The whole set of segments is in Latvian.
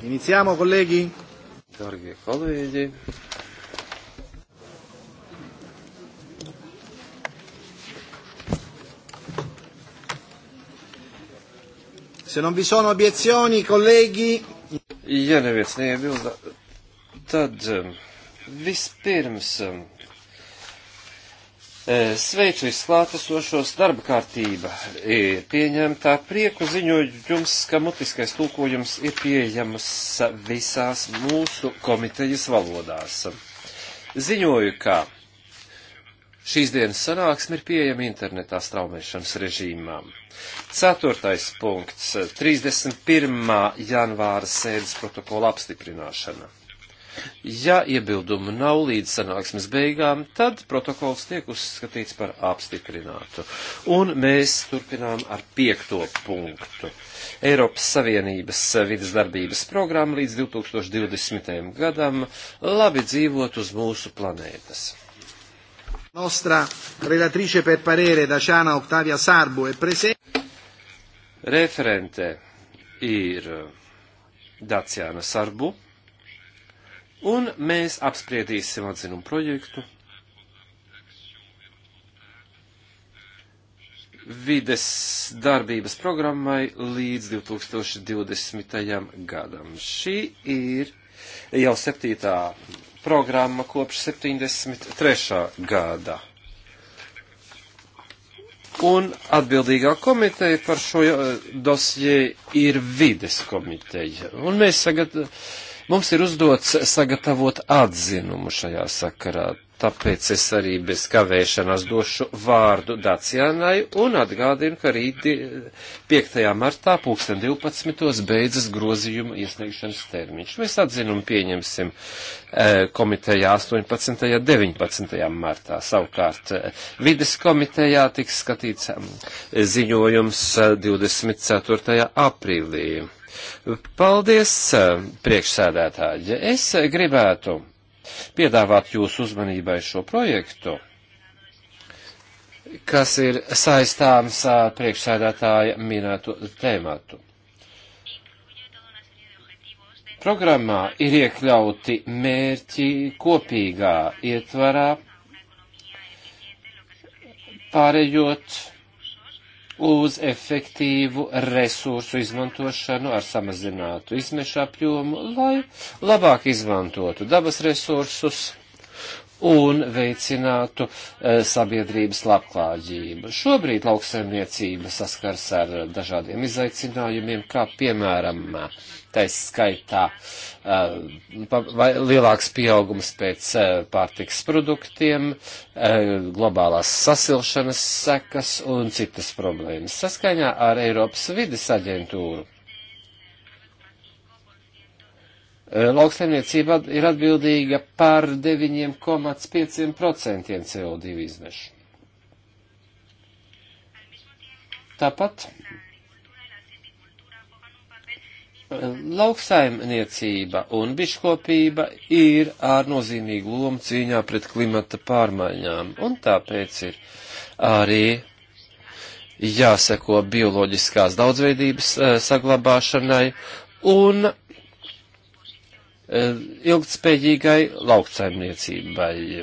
Iniziamo, colleghi. Dargie kolēģi. Se non vi sono obiezioni, colleghi. Ja neviens neiebilda, tad ehm, vispirms ehm, E, Sveicu izklātesošos, darba kārtība ir e, pieņemta. Prieku ziņoju jums, ka mutiskais tūkojums ir pieejams visās mūsu komitejas valodās. Ziņoju, ka šīs dienas sanāksme ir pieejama internetā straumēšanas režīmām. Ceturtais punkts - 31. janvāra sēdes protokola apstiprināšana. Ja iebildumu nav līdz sanāksmes beigām, tad protokols tiek uzskatīts par apstiprinātu. Un mēs turpinām ar piekto punktu. Eiropas Savienības vidas darbības programma līdz 2020. gadam labi dzīvot uz mūsu planētas. Nostra relatrice per parere Daciana Octavia Sarbo è e presente. Referente ir Daciana Sarbu. Un mēs apspriedīsim atzinumu projektu. Vides darbības programmai līdz 2020. gadam. Šī ir jau septītā programma kopš 73. gada. Un atbildīgā komiteja par šo eh, dosie ir vides komiteja. Un mēs sagatavojam Mums ir uzdots sagatavot atzinumu šajā sakarā, tāpēc es arī bez kavēšanās došu vārdu Dacianai un atgādinu, ka rīt 5. martā 2012. beidzas grozījuma iesniegšanas termiņš. Mēs atzinumu pieņemsim eh, komitejā 18. un 19. martā. Savukārt eh, vides komitejā tiks skatīts mm, ziņojums 24. Eh, aprīlī. Paldies, priekšsēdētāji. Es gribētu piedāvāt jūsu uzmanībai šo projektu, kas ir saistāms ar priekšsēdētāja minēto tēmatu. Programmā ir iekļauti mērķi kopīgā ietvarā, pārējot uz efektīvu resursu izmantošanu ar samazinātu izmešu apjomu, lai labāk izmantotu dabas resursus, un veicinātu e, sabiedrības labklājību. Šobrīd lauksaimniecība saskars ar dažādiem izaicinājumiem, kā piemēram, taisa skaitā e, pa, vai, lielāks pieaugums pēc e, pārtiks produktiem, globālās sasilšanas sekas un citas problēmas. Saskaņā ar Eiropas vides aģentūru Eh, lauksaimniecība ir atbildīga par 9,5% CO2 izmešu. Tāpat eh, lauksaimniecība un biškopība ir ar nozīmīgu lomu cīņā pret klimata pārmaiņām, un tāpēc ir arī jāseko bioloģiskās daudzveidības eh, saglabāšanai un Eh, ilgtspējīgai lauksaimniecībai.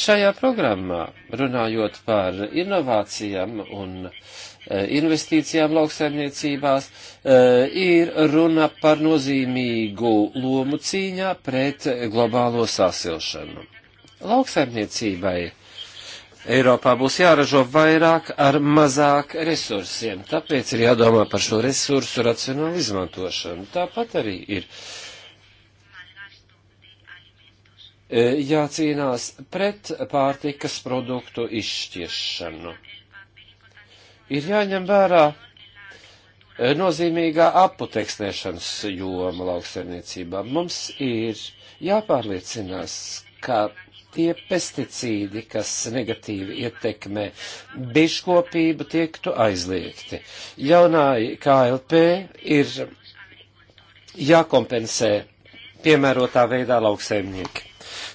Šajā programmā, runājot par inovācijām un eh, investīcijām lauksaimniecībās, eh, ir runa par nozīmīgu lomu cīņā pret globālo sasilšanu. Lauksaimniecībai Eiropā būs jāražo vairāk ar mazāk resursiem, tāpēc ir jādomā par šo resursu racionālu izmantošanu. Tāpat arī ir uh, E, jācīnās pret pārtikas produktu izšķiešanu. Ir jāņem vērā e, nozīmīgā aputeksnēšanas joma lauksaimniecībā. Mums ir jāpārliecinās, ka tie pesticīdi, kas negatīvi ietekmē biškopību, tiektu aizliegti. Jaunā KLP ir jākompensē piemērotā veidā lauksaimnieki.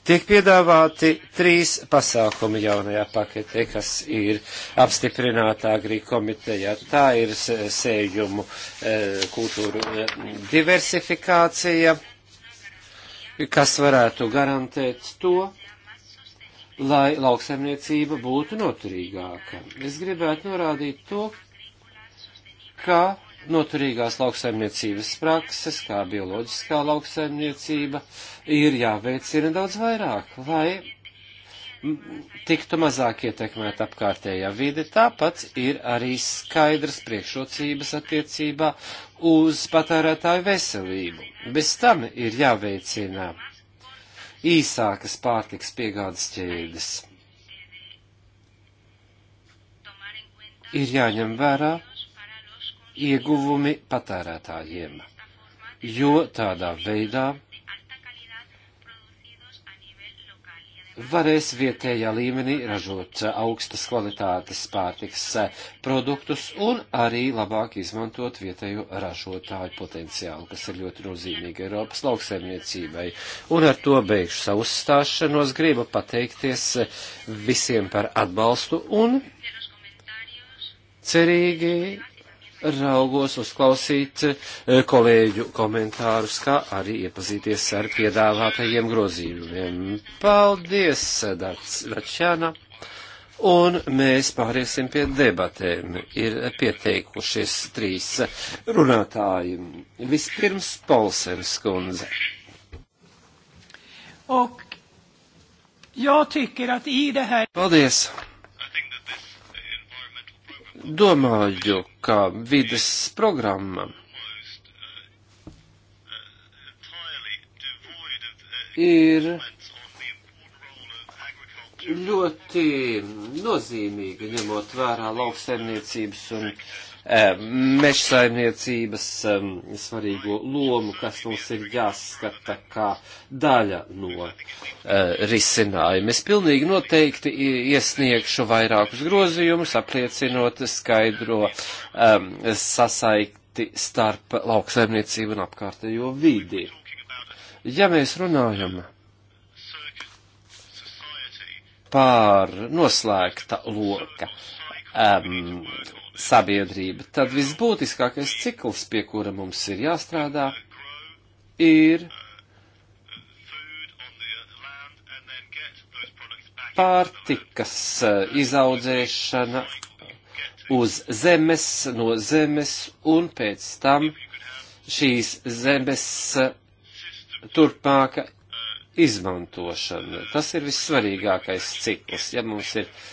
Tiek piedāvāti trīs pasākumi jaunajā paketē, kas ir apstiprinātā agrī komitejā. Tā ir sējumu e, kultūru e, diversifikācija, kas varētu garantēt to, lai lauksaimniecība būtu noturīgāka. Es gribētu norādīt to, ka noturīgās lauksaimniecības prakses, kā bioloģiskā lauksaimniecība, ir jāveicina daudz vairāk, lai tiktu mazāk ietekmēt apkārtējā vide. Tāpat ir arī skaidras priekšrocības attiecībā uz patērētāju veselību. Bez tam ir jāveicina īsākas pārtiks piegādes ķēdes. Ir jāņem vērā ieguvumi patērētājiem, jo tādā veidā varēs vietējā līmenī ražot augstas kvalitātes pārtiks produktus un arī labāk izmantot vietējo ražotāju potenciālu, kas ir ļoti nozīmīgi Eiropas lauksaimniecībai. Un ar to beigšu savu uzstāšanos. Gribu pateikties visiem par atbalstu un cerīgi raugos uzklausīt e, kolēģu komentārus, kā arī iepazīties ar piedāvātajiem grozījumiem. Paldies, Dačāna! Un mēs pāriesim pie debatēm. Ir pieteikušies trīs runātāji. Vispirms Polsens kundze. Ok. Paldies! Domāju, ka vides programma ir ļoti nozīmīga, ņemot vērā lauksaimniecības un uh, Eh, mežsaimniecības svarīgo lomu, kas mums ir jāskata kā daļa no eh, risinājuma. Es pilnīgi noteikti iesniegšu vairākus grozījumus, apliecinot skaidro sasaikti starp lauksaimniecību un apkārtējo vidi. Ja mēs runājam pār noslēgta loka um, sabiedrība, tad visbūtiskākais cikls, pie kura mums ir jāstrādā, ir pārtikas eh, izaudzēšana uz zemes, no zemes, un pēc tam šīs zemes eh, turpmāka izmantošana. Tas ir vissvarīgākais cikls. Ja mums ir uh,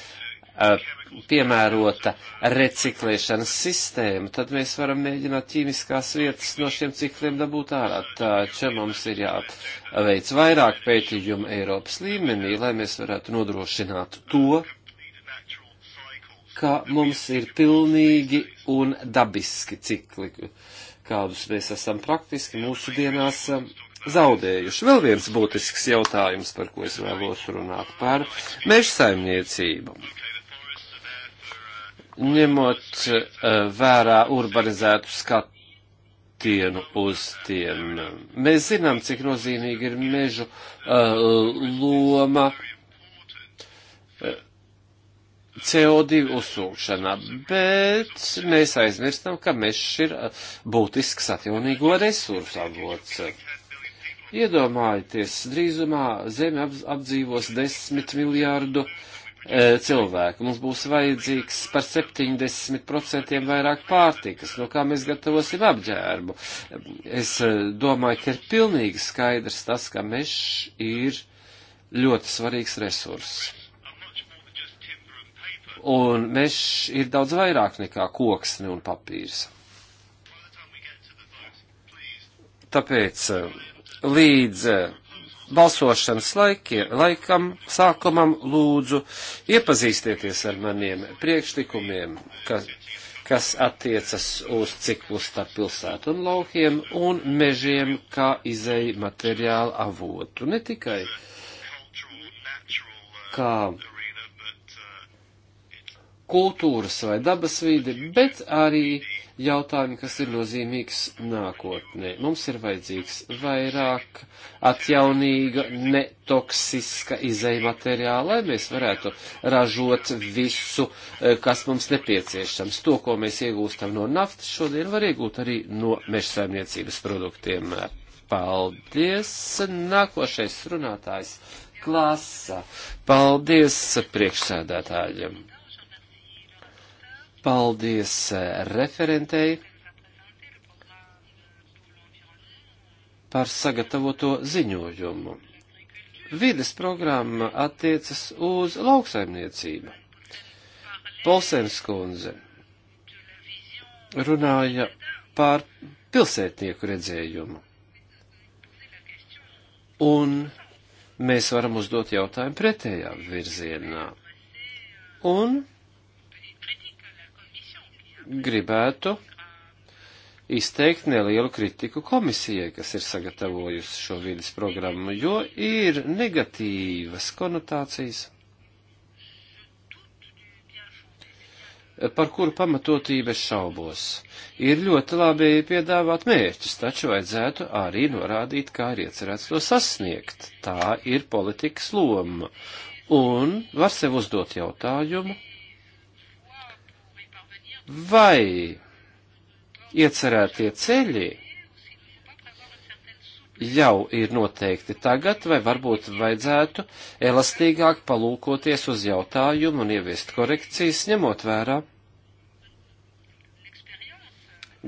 piemērota reciklēšanas sistēma, tad mēs varam mēģināt ķīmiskās vietas no šiem cikliem dabūt ārā. Taču mums ir jāveic vairāk pētījumu Eiropas līmenī, lai mēs varētu nodrošināt to, ka mums ir pilnīgi un dabiski cikli, kādus mēs esam praktiski mūsu dienās um, zaudējuši. Vēl viens būtisks jautājums, par ko es vēlos runāt, par mežsaimniecību ņemot eh, vērā urbanizētu skatienu uz tiem. Mēs zinām, cik nozīmīgi ir mežu uh, loma eh, CO2 uzsūkšanā, bet mēs aizmirstam, ka mežs ir būtisks atjaunīgo resursu avots. Iedomājieties, drīzumā Zeme apdzīvos desmit miljārdu uh, E, cilvēku. Mums būs vajadzīgs par 70% vairāk pārtikas, no kā mēs gatavosim apģērbu. Es e, domāju, ka ir pilnīgi skaidrs tas, ka mežs ir ļoti svarīgs resurss. Un mežs ir daudz vairāk nekā koksni un papīrs. Tāpēc e, līdz balsošanas laikie, laikam, sākumam lūdzu iepazīstieties ar maniem priekšlikumiem, kas, kas attiecas uz ciklu starp pilsētu un laukiem un mežiem kā izēju materiālu avotu. Ne tikai kā kultūras vai dabas vidi, bet arī jautājumi, kas ir nozīmīgs nākotnē. Mums ir vajadzīgs vairāk atjaunīga, netoksiska izēja materiāla, lai mēs varētu ražot visu, eh, kas mums nepieciešams. To, ko mēs iegūstam no naftas, šodien var iegūt arī no mežsaimniecības produktiem. Paldies! Nākošais runātājs klasa. Paldies priekšsēdētājiem! Paldies eh, referentei par sagatavoto ziņojumu. Vides programma attiecas uz lauksaimniecību. Polsēns kundze runāja par pilsētnieku redzējumu. Un mēs varam uzdot jautājumu pretējā virzienā. Un gribētu izteikt nelielu kritiku komisijai, kas ir sagatavojusi šo vidas programmu, jo ir negatīvas konotācijas, par kuru pamatotību es šaubos. Ir ļoti labi piedāvāt mērķus, taču vajadzētu arī norādīt, kā ir iecerēts to sasniegt. Tā ir politikas loma. Un var sev uzdot jautājumu, vai iecerētie ceļi jau ir noteikti tagad, vai varbūt vajadzētu elastīgāk palūkoties uz jautājumu un ieviest korekcijas, ņemot vērā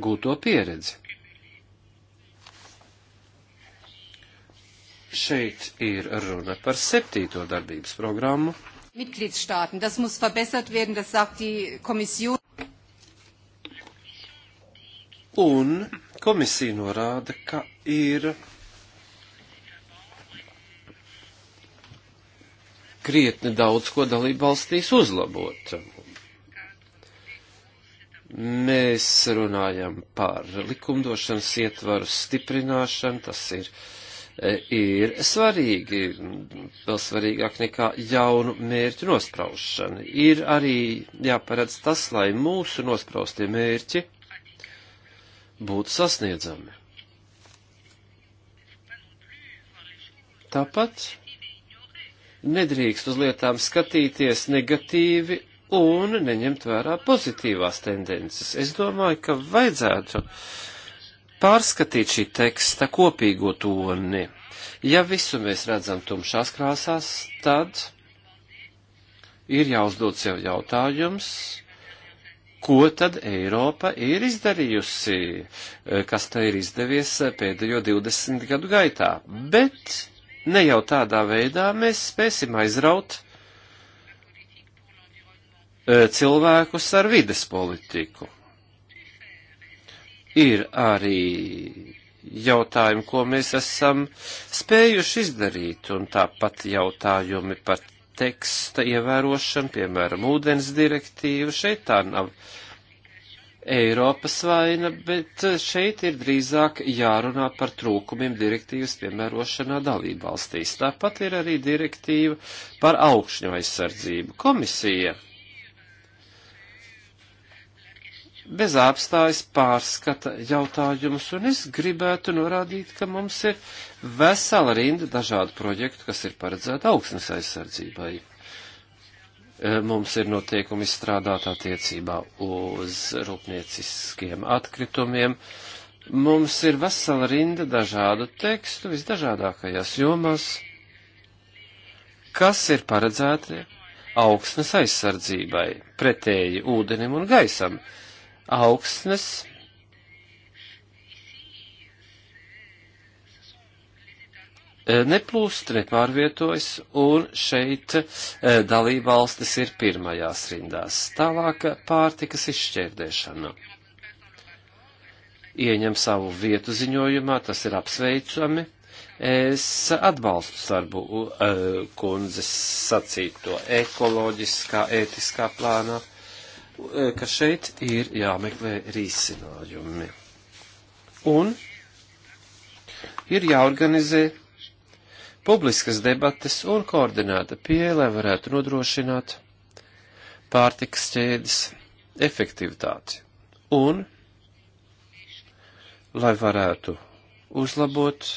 gūto pieredzi. Šeit ir runa par septīto darbības programmu. Mitgliedstaaten, das muss verbessert werden, das sagt die Kommission. Un komisija norāda, ka ir krietni daudz ko dalību valstīs uzlabot. Mēs runājam par likumdošanas ietvaru stiprināšanu, tas ir, e, ir svarīgi, vēl svarīgāk nekā jaunu mērķu nospraušana. Ir arī jāparedz tas, lai mūsu nospraustie mērķi būtu sasniedzami. Tāpat nedrīkst uz lietām skatīties negatīvi un neņemt vērā pozitīvās tendences. Es domāju, ka vajadzētu pārskatīt šī teksta kopīgo toni. Ja visu mēs redzam tumšās krāsās, tad ir jāuzdod sev jautājums, Ko tad Eiropa ir izdarījusi, eh, kas tai ir izdevies eh, pēdējo 20 gadu gaitā? Bet ne jau tādā veidā mēs spēsim aizraut eh, cilvēkus ar vides politiku. Ir arī jautājumi, ko mēs esam spējuši izdarīt, un tāpat jautājumi par teksta ievērošana, piemēram, ūdens direktīva, šeit tā nav Eiropas vaina, bet šeit ir drīzāk jārunā par trūkumiem direktīvas piemērošanā dalībvalstīs. Tāpat ir arī direktīva par augšņu aizsardzību. Komisija bez apstājas pārskata jautājumus, un es gribētu norādīt, ka mums ir vesela rinda dažādu projektu, kas ir paredzēta augsnes aizsardzībai. E, mums ir noteikumi izstrādāt attiecībā uz rūpnieciskiem atkritumiem. Mums ir vesela rinda dažādu tekstu visdažādākajās jomās, kas ir paredzēti augsnes aizsardzībai, pretēji ūdenim un gaisam. Uh, augsnes. E, neplūst, nepārvietojas, un šeit e, dalībvalstis ir pirmajās rindās. Tālāk pārtikas izšķērdēšana ieņem savu vietu ziņojumā, tas ir apsveicami. Es atbalstu sarbu uh, kundzes sacīto ekoloģiskā, ētiskā plānā. Uh, E, ka šeit ir jāmeklē risinājumi. Un ir jāorganizē publiskas debates un koordinēta pieeja, lai varētu nodrošināt pārtikas ķēdes efektivitāti. Un lai varētu uzlabot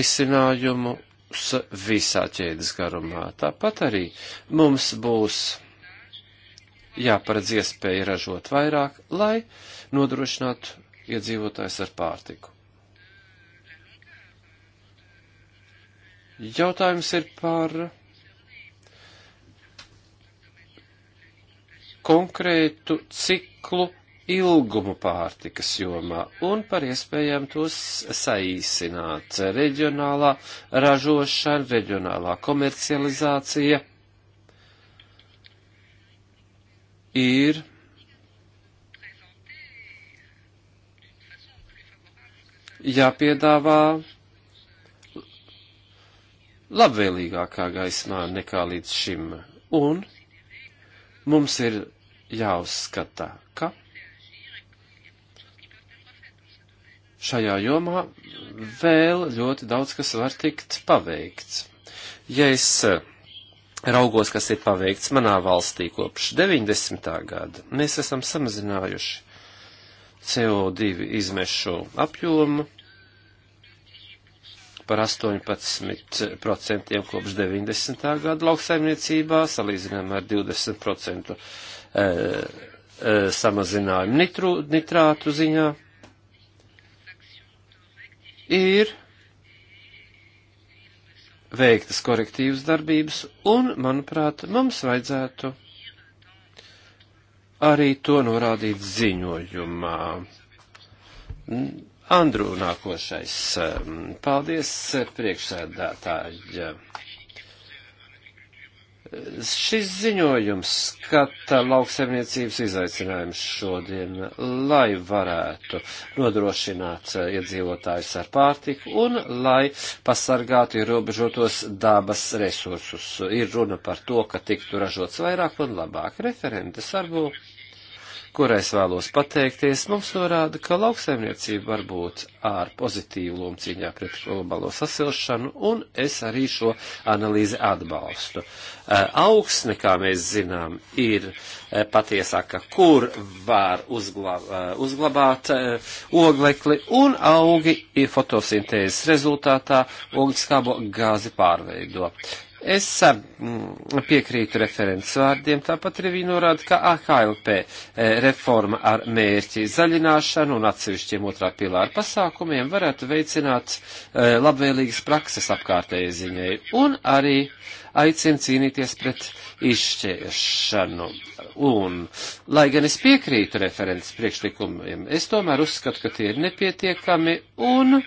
risinājumu visā ķēdes garumā. Tāpat arī mums būs jāparedz iespēja ražot vairāk, lai nodrošinātu iedzīvotājs ar pārtiku. Jautājums ir par konkrētu ciklu ilgumu pārtikas jomā un par iespējām tos saīsināt. Reģionālā ražošana, reģionālā komercializācija ir jāpiedāvā labvēlīgākā gaismā nekā līdz šim, un mums ir jāuzskata, ka šajā jomā vēl ļoti daudz kas var tikt paveikts. Ja es raugos, kas ir paveikts manā valstī kopš 90. gada, mēs esam samazinājuši CO2 izmešu apjomu par 18% kopš 90. gada lauksaimniecībā, salīdzinām ar 20% e, e, samazinājumu nitru, nitrātu ziņā. Ir veiktas korektīvas darbības, un, manuprāt, mums vajadzētu arī to norādīt ziņojumā. Andrū nākošais. Um, paldies, priekšsēdētāji. Šis ziņojums skata lauksaimniecības izaicinājumus šodien, lai varētu nodrošināt eh, iedzīvotājus ar pārtiku un lai pasargātu ierobežotos dabas resursus. Ir runa par to, ka tiktu ražots vairāk un labāk referentes varbūt kurai es vēlos pateikties, mums norāda, ka lauksaimniecība var būt ar pozitīvu lomu cīņā pret globālo sasilšanu, un es arī šo analīzi atbalstu. Eh, augsne, kā mēs zinām, ir eh, patiesāka, kur var uzglab, eh, uzglabāt oglekli, un augi ir fotosintēzes rezultātā ogliskābo gāzi pārveido. Es mm, piekrītu referents vārdiem, tāpat arī viņi norāda, ka AKLP e, reforma ar mērķi zaļināšanu un atsevišķiem otrā pilāra pasākumiem varētu veicināt e, labvēlīgas prakses apkārtējai ziņai un arī aicina cīnīties pret izšķiešanu. Un, lai gan es piekrītu referents priekšlikumiem, es tomēr uzskatu, ka tie ir nepietiekami un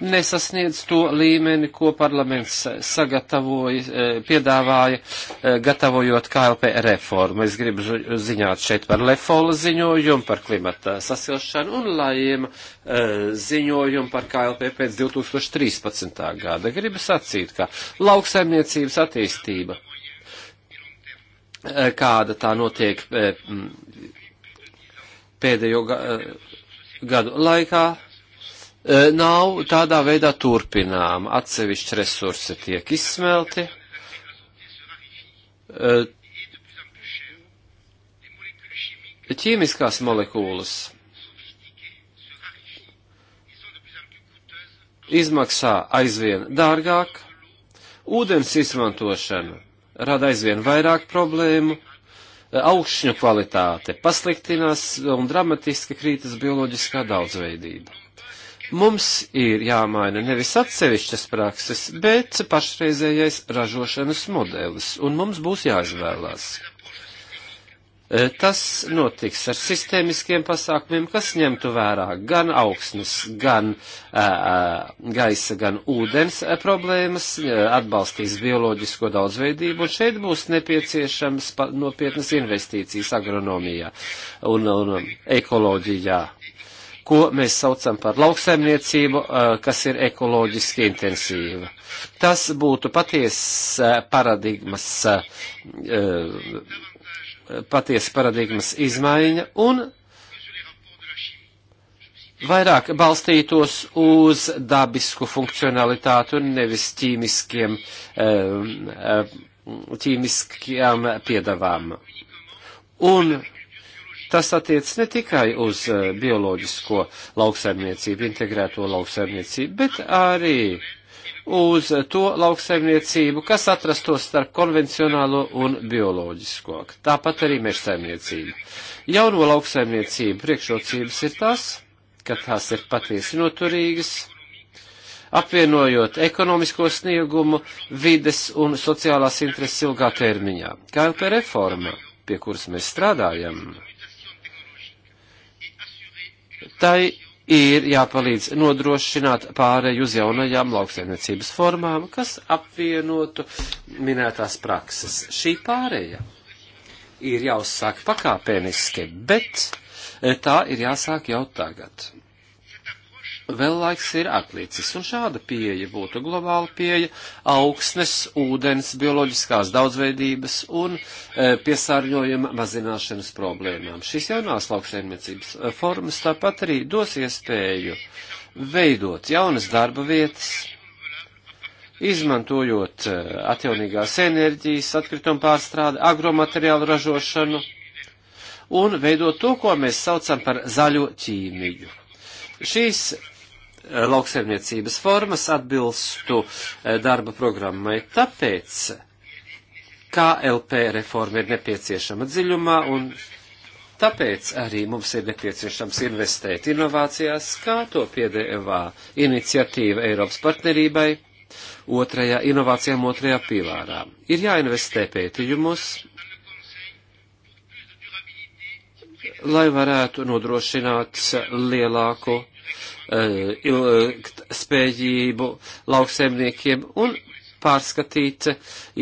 nesasniedz to līmeni, ko parlaments sagatavoja, e, piedāvāja, e, gatavojot KLP reformu. Es gribu ziņāt šeit par Lefola ziņojumu, par klimata sasilšanu un laima e, ziņojumu par KLP pēc 2013. gada. Gribu sacīt, ka lauksaimniecības attīstība, kāda tā notiek pēdējo gadu laikā, nav tādā veidā turpinām. Atsevišķi resursi tiek izsmelti. Ķīmiskās molekulas izmaksā aizvien dārgāk, ūdens izmantošana rada aizvien vairāk problēmu, augšņu kvalitāte pasliktinās un dramatiski krītas bioloģiskā daudzveidība. Mums ir jāmaina nevis atsevišķas prakses, bet pašreizējais ražošanas modelis, un mums būs jāizvēlās. E, tas notiks ar sistēmiskiem pasākumiem, kas ņemtu vērā gan augsnes, gan ā, e, e, gaisa, gan ūdens problēmas, atbalstīs bioloģisko daudzveidību, un šeit būs nepieciešams nopietnas investīcijas agronomijā un, un ekoloģijā ko mēs saucam par lauksaimniecību, kas ir ekoloģiski intensīva. Tas būtu paties paradigmas, paties paradigmas izmaiņa un vairāk balstītos uz dabisku funkcionalitātu un nevis ķīmiskiem, ķīmiskajām piedavām. Un Tas attiec ne tikai uz eh, bioloģisko lauksaimniecību, integrēto lauksaimniecību, bet arī uz to lauksaimniecību, kas atrastos starp konvencionālo un bioloģisko. Tāpat arī mežsaimniecība. Jauno lauksaimniecību priekšrocības ir tas, ka tās ir patiesi noturīgas, apvienojot ekonomisko sniegumu, vides un sociālās intereses ilgā termiņā. KLP reforma, pie kuras mēs strādājam, tai ir jāpalīdz nodrošināt pārēju uz jaunajām lauksaimniecības formām, kas apvienotu minētās prakses. Šī pārēja ir jāuzsāk pakāpeniski, bet eh, tā ir jāsāk jau tagad vēl laiks ir atlicis, un šāda pieeja būtu globāla pieeja augsnes, ūdens, bioloģiskās daudzveidības un e, piesārņojuma mazināšanas problēmām. Šīs jaunās lauksaimniecības e, formas tāpat arī dos iespēju veidot jaunas darba vietas, izmantojot e, atjaunīgās enerģijas, atkritumu pārstrādi, agromateriālu ražošanu un veidot to, ko mēs saucam par zaļo ķīmiju. Šīs Eh, lauksaimniecības formas atbilstu eh, darba programmai. Tāpēc KLP reforma ir nepieciešama dziļumā un tāpēc arī mums ir nepieciešams investēt inovācijās, kā to piedēvā iniciatīva Eiropas partnerībai otrajā inovācijām otrajā pīlārā. Ir jāinvestē pētījumus, lai varētu nodrošināt lielāku Eh, ilgspējību lauksemniekiem un pārskatīt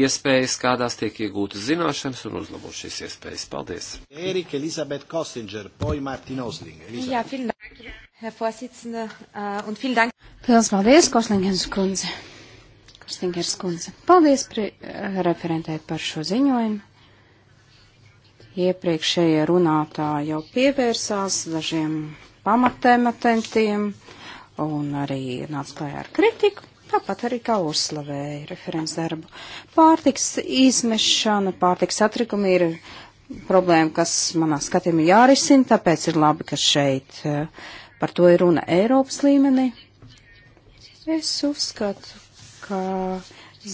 iespējas, kādās tiek iegūtas zināšanas un uzlabot šīs iespējas. Paldies! Erika Elisabeth Kostinger, poi Martin Osling. Jā, vielen dank, Herr Vorsitzende, äh, un vielen dank. Pils paldies, Kostingens kundze. Kostingers kundze. Paldies pri, äh, referentē par šo ziņojumu. Iepriekšējie runātāji jau pievērsās dažiem pamattematentiem un arī nāca klājā ar kritiku. Tāpat arī kā uzslavēja referents darbu. Pārtiks izmešana, pārtiks atrikumi ir problēma, kas manā skatījumā jārisina, tāpēc ir labi, ka šeit eh, par to ir runa Eiropas līmenī. Es uzskatu, ka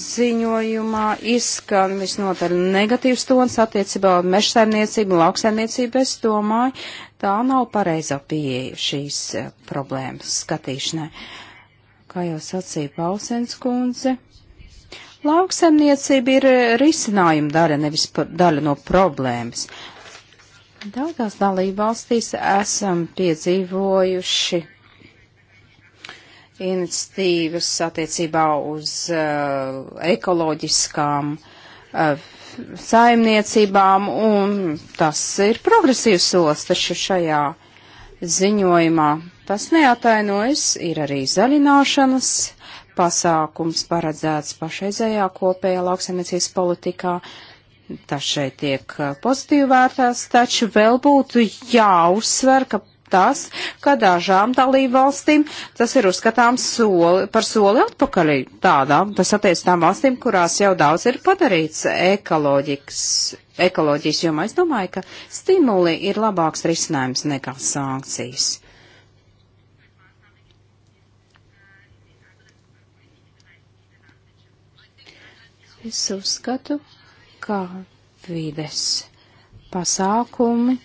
ziņojumā izskan visnotaļ negatīvs tons attiecībā uz mežsaimniecību un lauksaimniecību. Es domāju, tā nav pareizā pieeja šīs eh, problēmas skatīšanai. Kā jau sacīja Pausens kundze, lauksaimniecība ir eh, risinājuma daļa, nevis daļa no problēmas. Daudzās dalībvalstīs esam piedzīvojuši iniciatīvas attiecībā uz uh, ekoloģiskām uh, saimniecībām, un tas ir progresīvs solis, taču šajā ziņojumā tas neatainojas, ir arī zaļināšanas pasākums paredzēts pašreizējā kopējā lauksaimniecības politikā. Tas šeit tiek uh, pozitīvi vērtēts, taču vēl būtu jāuzsver, ka tas, ka dažām dalībvalstīm tas ir uzskatāms soli, par soli atpakaļ tādām. Tas attiec tām valstīm, kurās jau daudz ir padarīts ekoloģikas, ekoloģijas jomā. Es domāju, ka stimuli ir labāks risinājums nekā sankcijas. Es uzskatu, ka vides pasākumi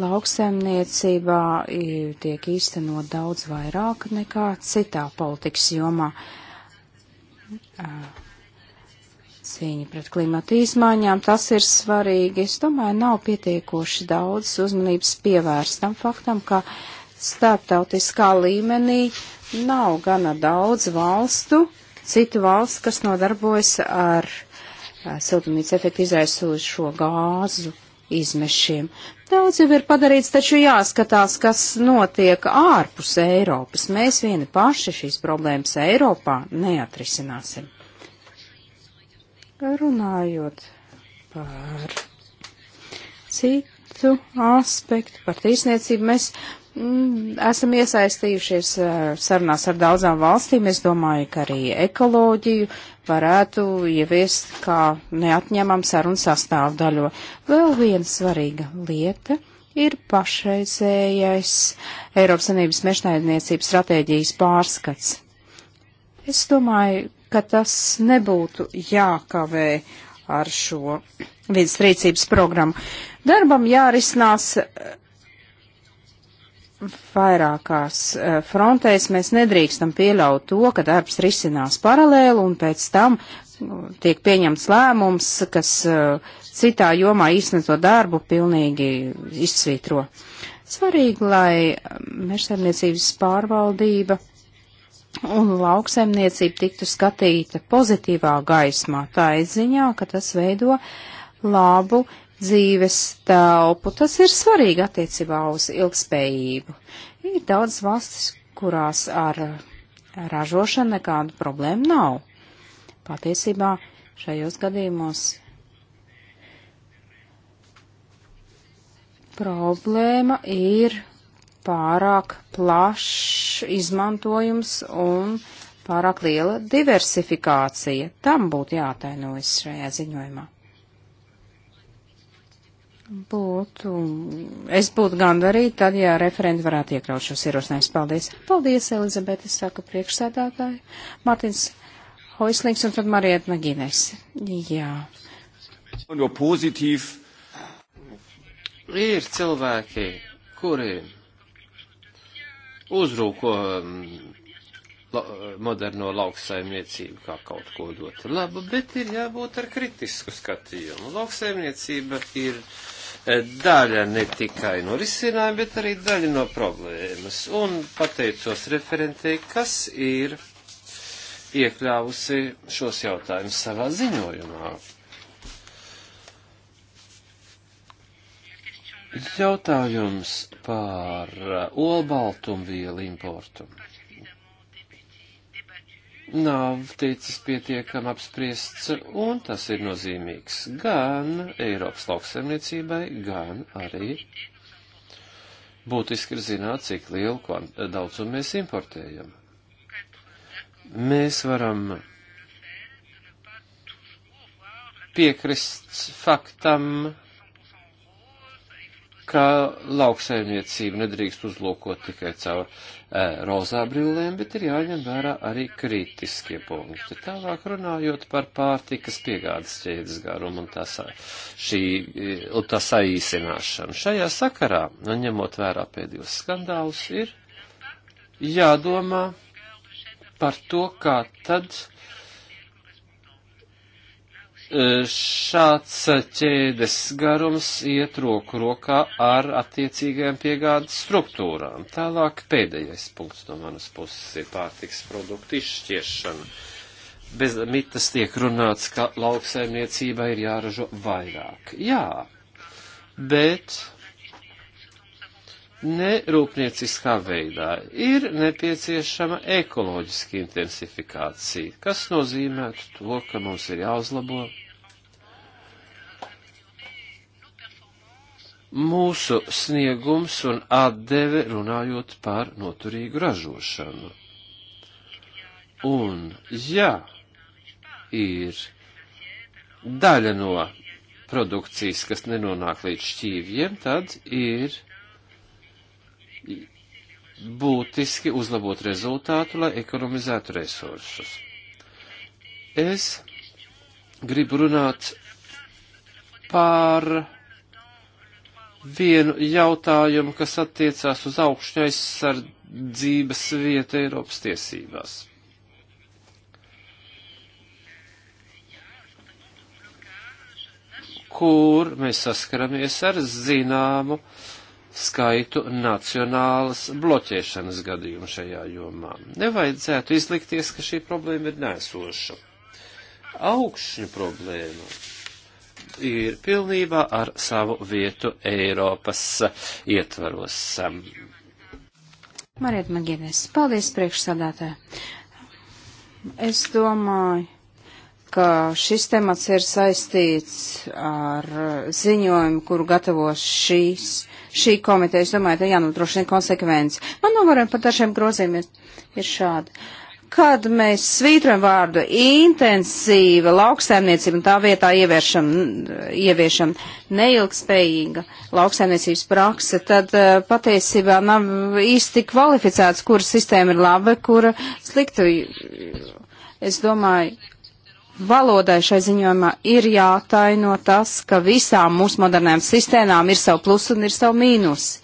lauksaimniecībā tiek īstenot daudz vairāk nekā citā politikas jomā. Cīņa pret klimata izmaiņām, tas ir svarīgi. Es domāju, nav pietiekoši daudz uzmanības pievērstam faktam, ka starptautiskā līmenī nav gana daudz valstu, citu valstu, kas nodarbojas ar siltumnīca efektu izraisošo gāzu izmešiem. Daudz jau ir padarīts, taču jāskatās, kas notiek ārpus Eiropas. Mēs vieni paši šīs problēmas Eiropā neatrisināsim. Runājot par citu aspektu, par tīsniecību, mēs Mm, esam iesaistījušies eh, sarunās ar daudzām valstīm. Es domāju, ka arī ekoloģiju varētu ieviest kā neatņemam sarunu sastāvdaļo. Vēl viena svarīga lieta ir pašreizējais Eiropas Sanības mežnaidniecības stratēģijas pārskats. Es domāju, ka tas nebūtu jākavē ar šo vidas rīcības programmu. Darbam jārisinās vairākās eh, frontēs mēs nedrīkstam pieļaut to, ka darbs risinās paralēli un pēc tam nu, tiek pieņemts lēmums, kas eh, citā jomā īstenoto darbu pilnīgi izsvītro. Svarīgi, lai eh, mežsaimniecības pārvaldība un lauksaimniecība tiktu skatīta pozitīvā gaismā, tā izziņā, ka tas veido labu dzīves telpu. Tas ir svarīgi attiecībā uz ilgspējību. Ir daudz valstis, kurās ar ražošanu nekādu problēmu nav. Patiesībā šajos gadījumos problēma ir pārāk plašs izmantojums un pārāk liela diversifikācija. Tam būtu jātainojas šajā ziņojumā būtu, es būtu gandarīta, tad, ja referenti varētu iekļaut šos ierosinājumus. Paldies. Paldies, Elizabete, saka priekšsēdētāji. Mārtiņš Hoislings un tad Marieta Maginēs. Jā. Un jo pozitīvi. Ir cilvēki, kuri uzrūko um, la, moderno lauksaimniecību kā kaut ko dot labu, bet ir jābūt ar kritisku skatījumu. Lauksaimniecība ir daļa ne tikai no risinājuma, bet arī daļa no problēmas. Un pateicos referentei, kas ir iekļāvusi šos jautājumus savā ziņojumā. Jautājums par uh, olbaltumvielu importu nav ticis pietiekam apspriests, un tas ir nozīmīgs gan Eiropas lauksaimniecībai, gan arī būtiski ir zināt, cik lielu daudzumu mēs importējam. Mēs varam piekrist faktam, ka lauksaimniecība nedrīkst uzlūkot tikai caur e, rozā brillēm, bet ir jāņem vērā arī kritiskie punkti. Tālāk runājot par pārtikas piegādes ķēdes garumu un tā, šī, eh, un tā saīsināšanu. Šajā sakarā, ņemot vērā pēdējos skandālus, ir jādomā par to, kā tad šāds ķēdes garums iet roku rokā ar attiecīgajām piegādes struktūrām. Tālāk pēdējais punkts no manas puses ir pārtiks produktu izšķiešana. Bez mitas tiek runāts, ka lauksaimniecībai ir jāražo vairāk. Jā, bet nerūpnieciskā veidā ir nepieciešama ekoloģiska intensifikācija, kas nozīmē to, ka mums ir jāuzlabo mūsu sniegums un atdeve runājot par noturīgu ražošanu. Un, ja ir daļa no produkcijas, kas nenonāk līdz šķīvjiem, tad ir būtiski uzlabot rezultātu, lai ekonomizētu resursus. Es gribu runāt par vienu jautājumu, kas attiecās uz augšņa aizsardzības vietu Eiropas tiesībās. Kur mēs saskaramies ar zināmu skaitu nacionālas bloķēšanas gadījumu šajā jomā. Nevajadzētu izlikties, ka šī problēma ir nēsoša. Augšņu problēma ir pilnībā ar savu vietu Eiropas ietvaros. Mariet Magīnes, paldies priekšsādātē. Es domāju, ka šis temats ir saistīts ar ziņojumu, kuru gatavos šīs, šī komiteja. Es domāju, ka jānodrošina konsekvences. Man novērojumi par dažiem grozījumiem ir, ir šādi. Uh, Kad mēs svītrojam vārdu intensīva lauksaimniecība un tā vietā ieviešam, ieviešam neilgspējīga lauksaimniecības prakse, tad eh, patiesībā nav īsti kvalificēts, kura sistēma ir laba, kura slikta. Es domāju, valodai šai ziņojumā ir jātaino tas, ka visām mūsu modernām sistēmām ir savu plusu un ir savu mīnusu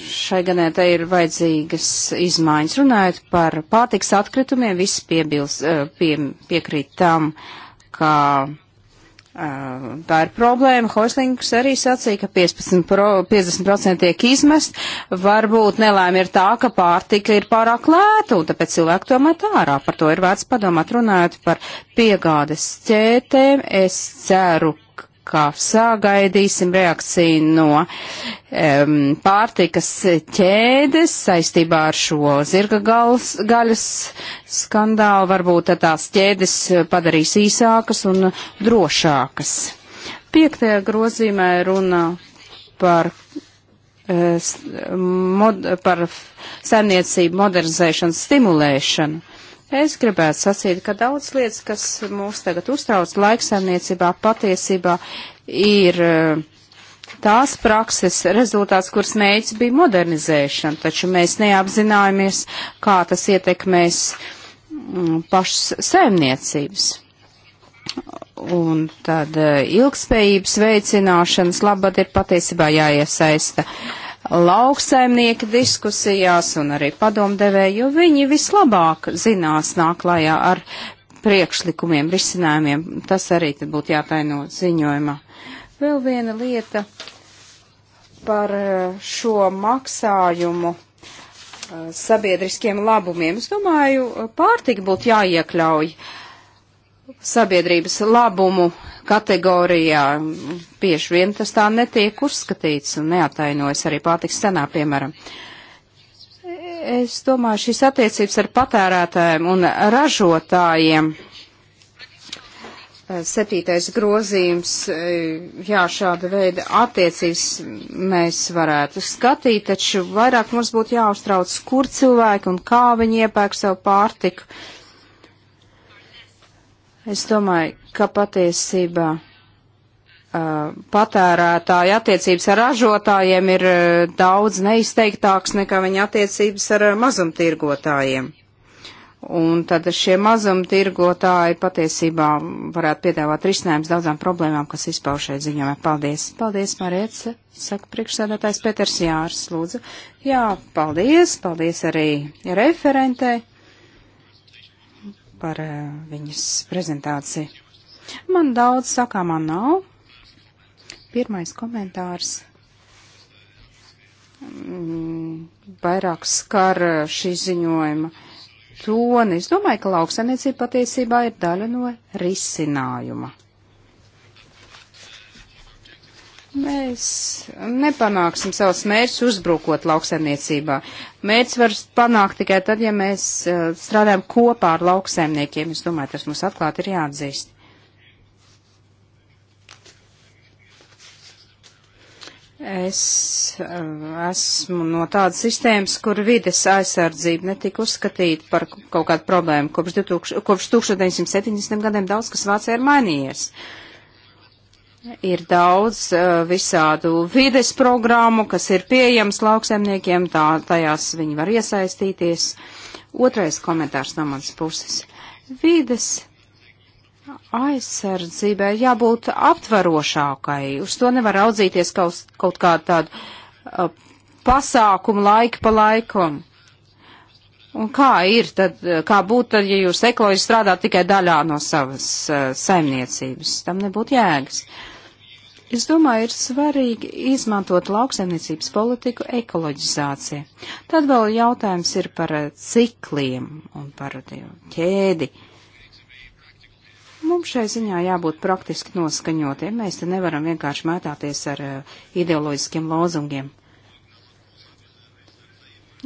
šai ganētai ir vajadzīgas izmaiņas. Runājot par pārtiks atkritumiem, viss piebils, eh, pie, piekrīt tam, ka eh, tā ir problēma. Hoislinks arī sacīja, ka 15 pro, 50% tiek izmest. Varbūt nelēma ir tā, ka pārtika ir pārāk lēta, un tāpēc cilvēki to met ārā. Par to ir vērts padomāt. Runājot par piegādes ķētēm, es ceru, kāpsā, gaidīsim reakciju no um, pārtikas ķēdes saistībā ar šo zirga gals, gaļas skandālu. Varbūt tās ķēdes padarīs īsākas un drošākas. Piektajā grozīmē runa par, uh, mod, par saimniecību modernizēšanu stimulēšanu Es gribētu sacīt, ka daudz lietas, kas mūs tagad uztrauc laiksaimniecībā, patiesībā ir eh, tās prakses rezultāts, kuras mērķis bija modernizēšana, taču mēs neapzināmies, kā tas ietekmēs mm, pašas saimniecības. Un tad eh, ilgspējības veicināšanas labad ir patiesībā jāiesaista. Uh, lauksaimnieki diskusijās un arī padomdevēji, jo viņi vislabāk zinās nāklājā ar priekšlikumiem, risinājumiem. Tas arī tad būtu jātaino ziņojumā. Vēl viena lieta par eh, šo maksājumu eh, sabiedriskiem labumiem. Es domāju, eh, pārtika būtu jāiekļauj uh, sabiedrības labumu kategorijā. Bieži vien tas tā netiek uzskatīts un neatainojas arī pārtiks cenā, piemēram. Es domāju, šīs attiecības ar patērētājiem un ražotājiem. Septītais grozījums, jā, šāda veida attiecības mēs varētu skatīt, taču vairāk mums būtu jāuztrauc, kur cilvēki un kā viņi iepērk savu pārtiku Es domāju, ka patiesībā patērētāja attiecības ar ražotājiem ir daudz neizteiktāks nekā viņa attiecības ar mazumtirgotājiem. Un tad šie mazumtirgotāji patiesībā varētu piedāvāt risinājums daudzām problēmām, kas izpauž šeit ziņojumā. Paldies! Paldies, Mariets! Saka priekšsēdētājs Peters Jārs, lūdzu. Jā, paldies! Paldies arī referentei! par eh, viņas prezentāciju. Man daudz sakāmā nav. Pirmais komentārs mm, vairāk skar eh, šī ziņojuma toni. Es domāju, ka lauksaimniecība patiesībā ir daļa no risinājuma. Mēs nepanāksim savus mērķus uzbrukot lauksaimniecībā. Mērķis var panākt tikai tad, ja mēs eh, strādājam kopā ar lauksaimniekiem. Es domāju, tas mums atklāti ir jāatzīst. Es eh, esmu no tādas sistēmas, kur vides aizsardzība netika uzskatīta par kaut kādu problēmu. Kopš, 2000, kopš 1970 gadiem daudz kas Vācijā ir mainījies. Uh, Ir daudz uh, visādu vides programmu, kas ir pieejams lauksaimniekiem, tā, tajās viņi var iesaistīties. Otrais komentārs no manas puses. Vides aizsardzībai jābūt aptvarošākai. Uz to nevar raudzīties kaut, kaut kā tādu uh, pasākumu laika pa laikam. Un kā ir, tad, uh, kā būtu, tad, ja jūs ekoloģiski strādāt tikai daļā no savas uh, saimniecības? Tam nebūtu jēgas. Uh, Es domāju, ir svarīgi izmantot lauksaimniecības politiku ekoloģizācija. Tad vēl jautājums ir par eh, cikliem un par eh, ķēdi. Mums šai ziņā jābūt praktiski noskaņotiem. Mēs te nevaram vienkārši mētāties ar eh, ideoloģiskiem lozungiem.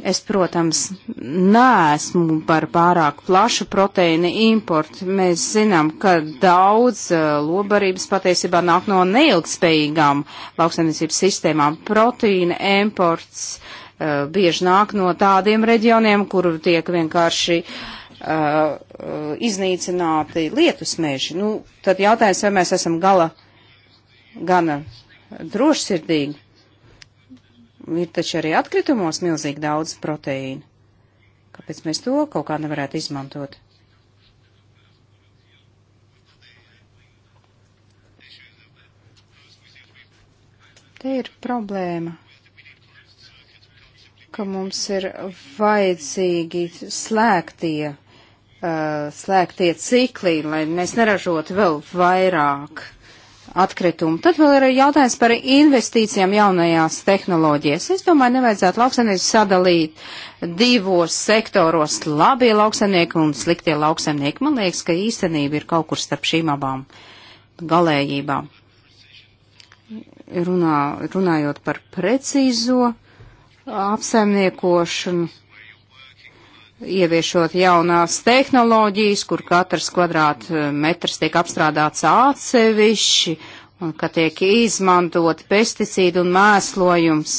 Es, protams, neesmu par pārāk plašu proteīnu importu. Mēs zinām, ka daudz uh, lobarības patiesībā nāk no neilgspējīgām lauksaimniecības sistēmām. Proteīna imports uh, bieži nāk no tādiem reģioniem, kur tiek vienkārši uh, iznīcināti lietusmeži. Nu, tad jautājums, vai mēs esam gala gana drošsirdīgi Ir taču arī atkritumos milzīgi daudz proteīnu. Kāpēc mēs to kaut kā nevarētu izmantot? Te ir problēma, ka mums ir vajadzīgi slēgtie, uh, slēgtie cikli, lai mēs neražotu vēl vairāk atkritumu. Tad vēl ir jautājums par investīcijām jaunajās tehnoloģijas. Es domāju, nevajadzētu lauksaimnieku sadalīt divos sektoros - labie lauksaimnieki un sliktie lauksaimnieki. Man liekas, ka īstenība ir kaut kur starp šīm abām galējībām. Runā, runājot par precīzo apsaimniekošanu ieviešot jaunās tehnoloģijas, kur katrs kvadrātmetrs eh, tiek apstrādāts atsevišķi un ka tiek izmantot pesticīdu un mēslojums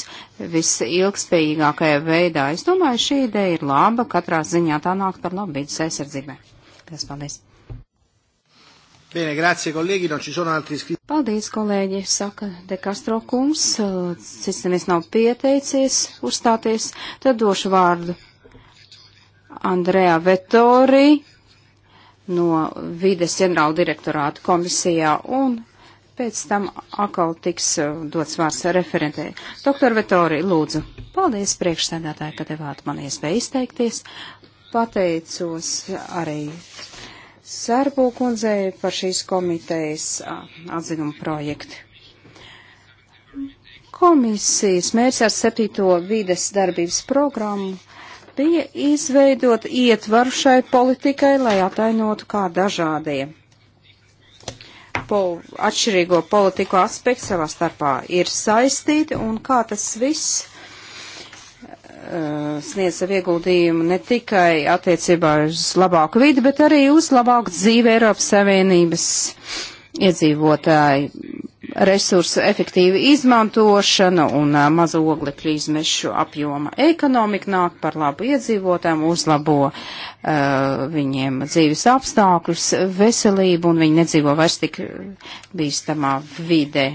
visilgspējīgākajā veidā. Es domāju, šī ideja ir laba, katrā ziņā tā nāk par labu vidas aizsardzībai. Paldies, paldies! Bene, grazie kolēģi, non ci sono altri iscritti. Paldies, kolēģi, saka De Castro kungs, cits neviens nav pieteicies uzstāties, tad došu vārdu Andrejā Vetori no vides ģenerāla direktorāta komisijā un pēc tam atkal tiks uh, dots vārds referentē. Doktor Vetori, lūdzu. Paldies priekšsēdētāji, ka devāt man iespēju izteikties. Pateicos arī Sērbu kundzei par šīs komitejas uh, atzinumu projektu. Komisijas mērķis ar septīto vides darbības programmu bija izveidot ietvaru šai politikai, lai atainotu kā dažādie pol atšķirīgo politiku aspektu savā starpā ir saistīti un kā tas viss uh, sniedz savu ieguldījumu ne tikai attiecībā uz labāku vidi, bet arī uz labāku dzīvi Eiropas Savienības uh, iedzīvotāji resursu efektīvu izmantošanu un mazo oglekļu izmešu apjoma ekonomika nāk par labu iedzīvotājiem, uzlabo uh, viņiem dzīves apstākļus, veselību un viņi nedzīvo vairs tik bīstamā vidē.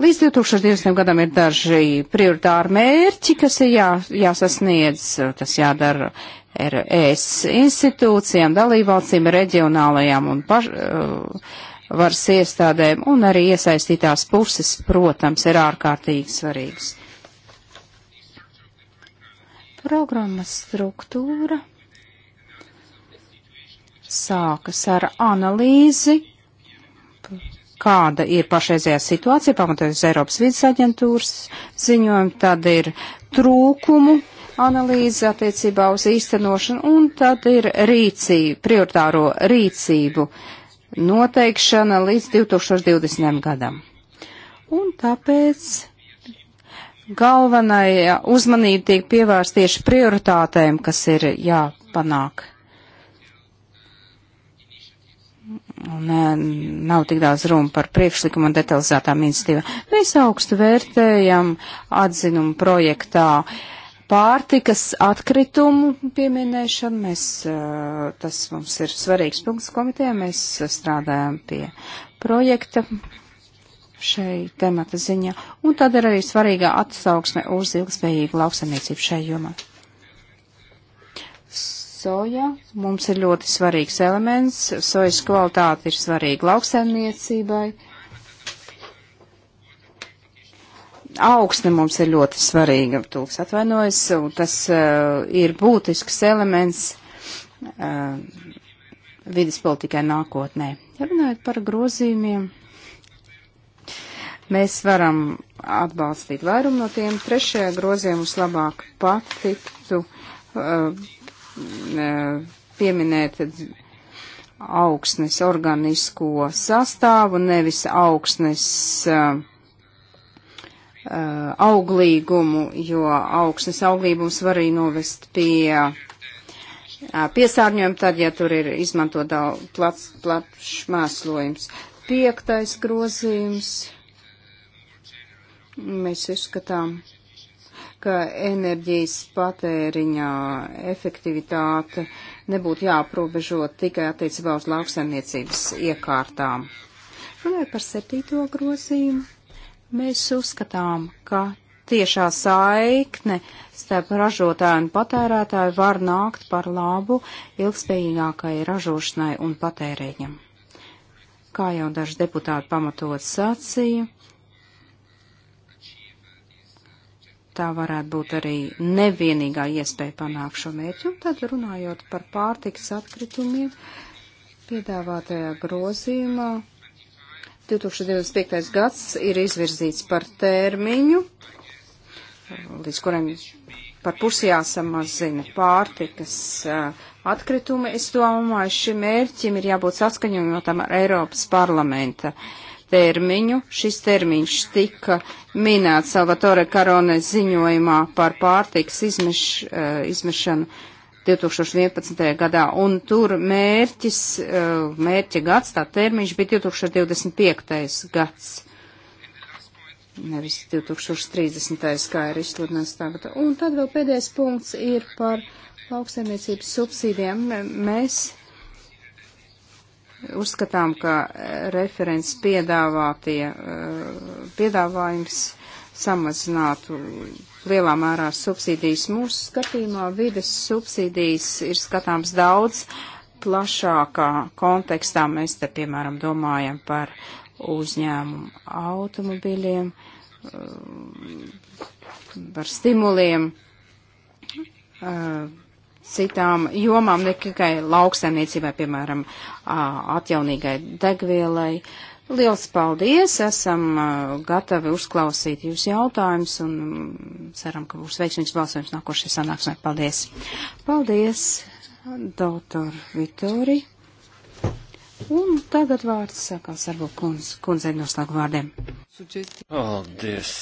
Līdz 2020. gadam ir daži prioritāri mērķi, kas ir jā, jāsasniedz, tas jādara ES institūcijām, dalībvalstīm, reģionālajām un paš, uh, varas iestādēm un arī iesaistītās puses, protams, ir ārkārtīgi svarīgas. Programmas struktūra sākas ar analīzi, kāda ir pašreizējā situācija, pamatojas Eiropas vidas aģentūras ziņojumu, tad ir trūkumu analīze attiecībā uz īstenošanu, un tad ir rīcību, prioritāro rīcību uh, noteikšana līdz 2020. gadam. Un tāpēc galvenai uzmanība tiek pievērsta tieši prioritātēm, kas ir jāpanāk. Un e, nav tik daudz runa par priekšlikumu un detalizētām institīvām. Mēs augstu vērtējam atzinumu projektā uh, pārtikas atkritumu pieminēšanu. Mēs, tas mums ir svarīgs punkts komitejā. Mēs strādājam pie projekta šai temata ziņā, un tad ir arī svarīga atsauksme uz ilgspējīgu lauksamniecību šai jomā. Soja mums ir ļoti svarīgs elements, sojas kvalitāte ir svarīga lauksaimniecībai augsne mums ir ļoti svarīga, tūks atvainojas, un tas uh, ir būtisks elements uh, vidas politikai nākotnē. Ja runājot par grozījumiem, mēs varam atbalstīt vairumu no tiem. Trešajā grozījumā mums labāk patiktu uh, pieminēt augsnes organisko sastāvu, nevis augsnes uh, Uh, auglīgumu, jo augsnes auglīgums var arī novest pie uh, piesārņojuma, tad, ja tur ir izmanto daudz plats, plats mēslojums. Piektais grozījums. Mēs uzskatām, ka enerģijas patēriņā efektivitāte nebūtu jāaprobežot tikai attiecībā uz lauksaimniecības iekārtām. Runājot par septīto grozījumu Mēs uzskatām, ka tiešā saikne starp ražotāju un patērētāju var nākt par labu ilgspējīgākai ražošanai un patērēņam. Kā jau daži deputāti pamatot sacīja, tā varētu būt arī nevienīgā iespēja panākt šo mērķu, un tad runājot par pārtiks atkritumiem, piedāvātajā grozījumā 2025. gads ir izvirzīts par tērmiņu, līdz kuriem par pusi jāsamazina pārtikas atkritumi. Es domāju, šim mērķim ir jābūt saskaņojotam ar Eiropas parlamenta termiņu. Šis termiņš tika minēts Salvatore Karone ziņojumā par pārtikas izmeš, izmešanu 2011. gadā, un tur mērķis, eh, mērķa gads, tā termiņš bija 2025. gads. Nevis 2030. kā ir izsludināts tagad. Un tad vēl pēdējais punkts ir par lauksaimniecības subsīdiem. Mēs uzskatām, ka referents piedāvātie, eh, piedāvājums samazinātu lielā mērā subsīdijas. Mūsu skatījumā vides subsīdijas ir skatāms daudz plašākā kontekstā. Mēs te, piemēram, domājam par uzņēmumu automobiļiem, um, par stimuliem, uh, citām jomām, ne tikai lauksaimniecībai, piemēram, atjaunīgai degvielai Liels paldies! Esam uh, gatavi uzklausīt jūsu jautājumus un mm, ceram, ka būs veiksmīgs balsojums nākošajā sanāksmē. Paldies! Paldies, doktor Vitori! Un tagad vārds sākā sarvo kundz, kundzei noslēgu vārdiem. Paldies,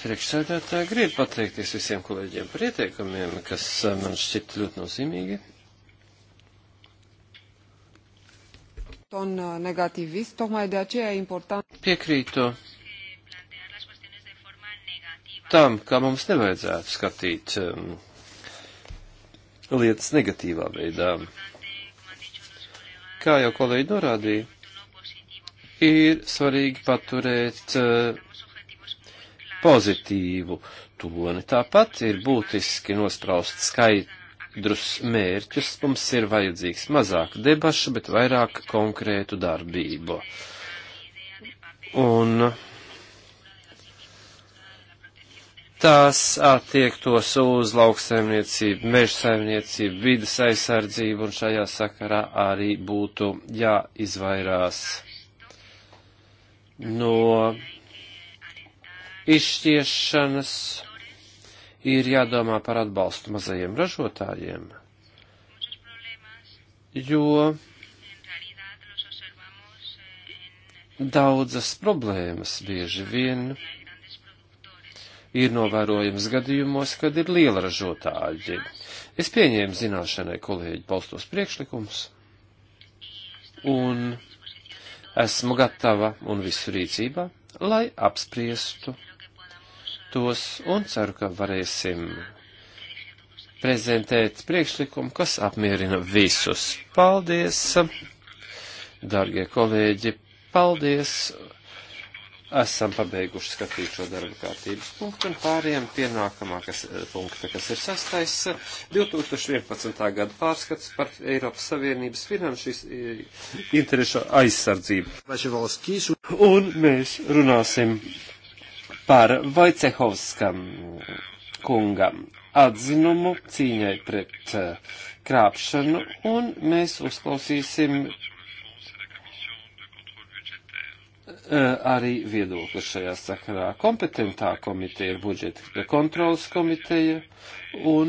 priekšsēdētāji. Gribu pateikties visiem kolēģiem par ieteikumiem, kas uh, man šķiet ļoti nozīmīgi. ton uh, negativist, tocmai de aceea e important. Piekrītu tam, ka mums nevajadzētu skatīt um, lietas negatīvā veidā. Kā jau kolēģi norādīja, ir svarīgi paturēt uh, pozitīvu toni. Tāpat ir būtiski nospraust skaitu skaidrus mērķus. Mums ir vajadzīgs mazāk debašu, bet vairāk konkrētu darbību. Un tās attiektos uz lauksaimniecību, mežsaimniecību, vidas aizsardzību, un šajā sakarā arī būtu jāizvairās no izšķiešanas ir jādomā par atbalstu mazajiem ražotājiem, jo daudzas problēmas bieži vien ir novērojams gadījumos, kad ir liela ražotāji. Es pieņēmu zināšanai kolēģi paustos priekšlikumus un esmu gatava un visu rīcībā, lai apspriestu tos un ceru, ka varēsim prezentēt priekšlikumu, kas apmierina visus. Paldies, dārgie kolēģi, paldies! Esam pabeiguši skatīt šo darba kārtības punktu un pāriem pie nākamā kas, punkta, kas ir sastais 2011. gada pārskats par Eiropas Savienības finanšu interešu aizsardzību. Un mēs runāsim par Vojcehovskam kungam atzinumu cīņai pret eh, krāpšanu, un mēs uzklausīsim eh, arī viedokli šajā sakarā. Kompetentā komiteja ir budžeta kontrolas komiteja, un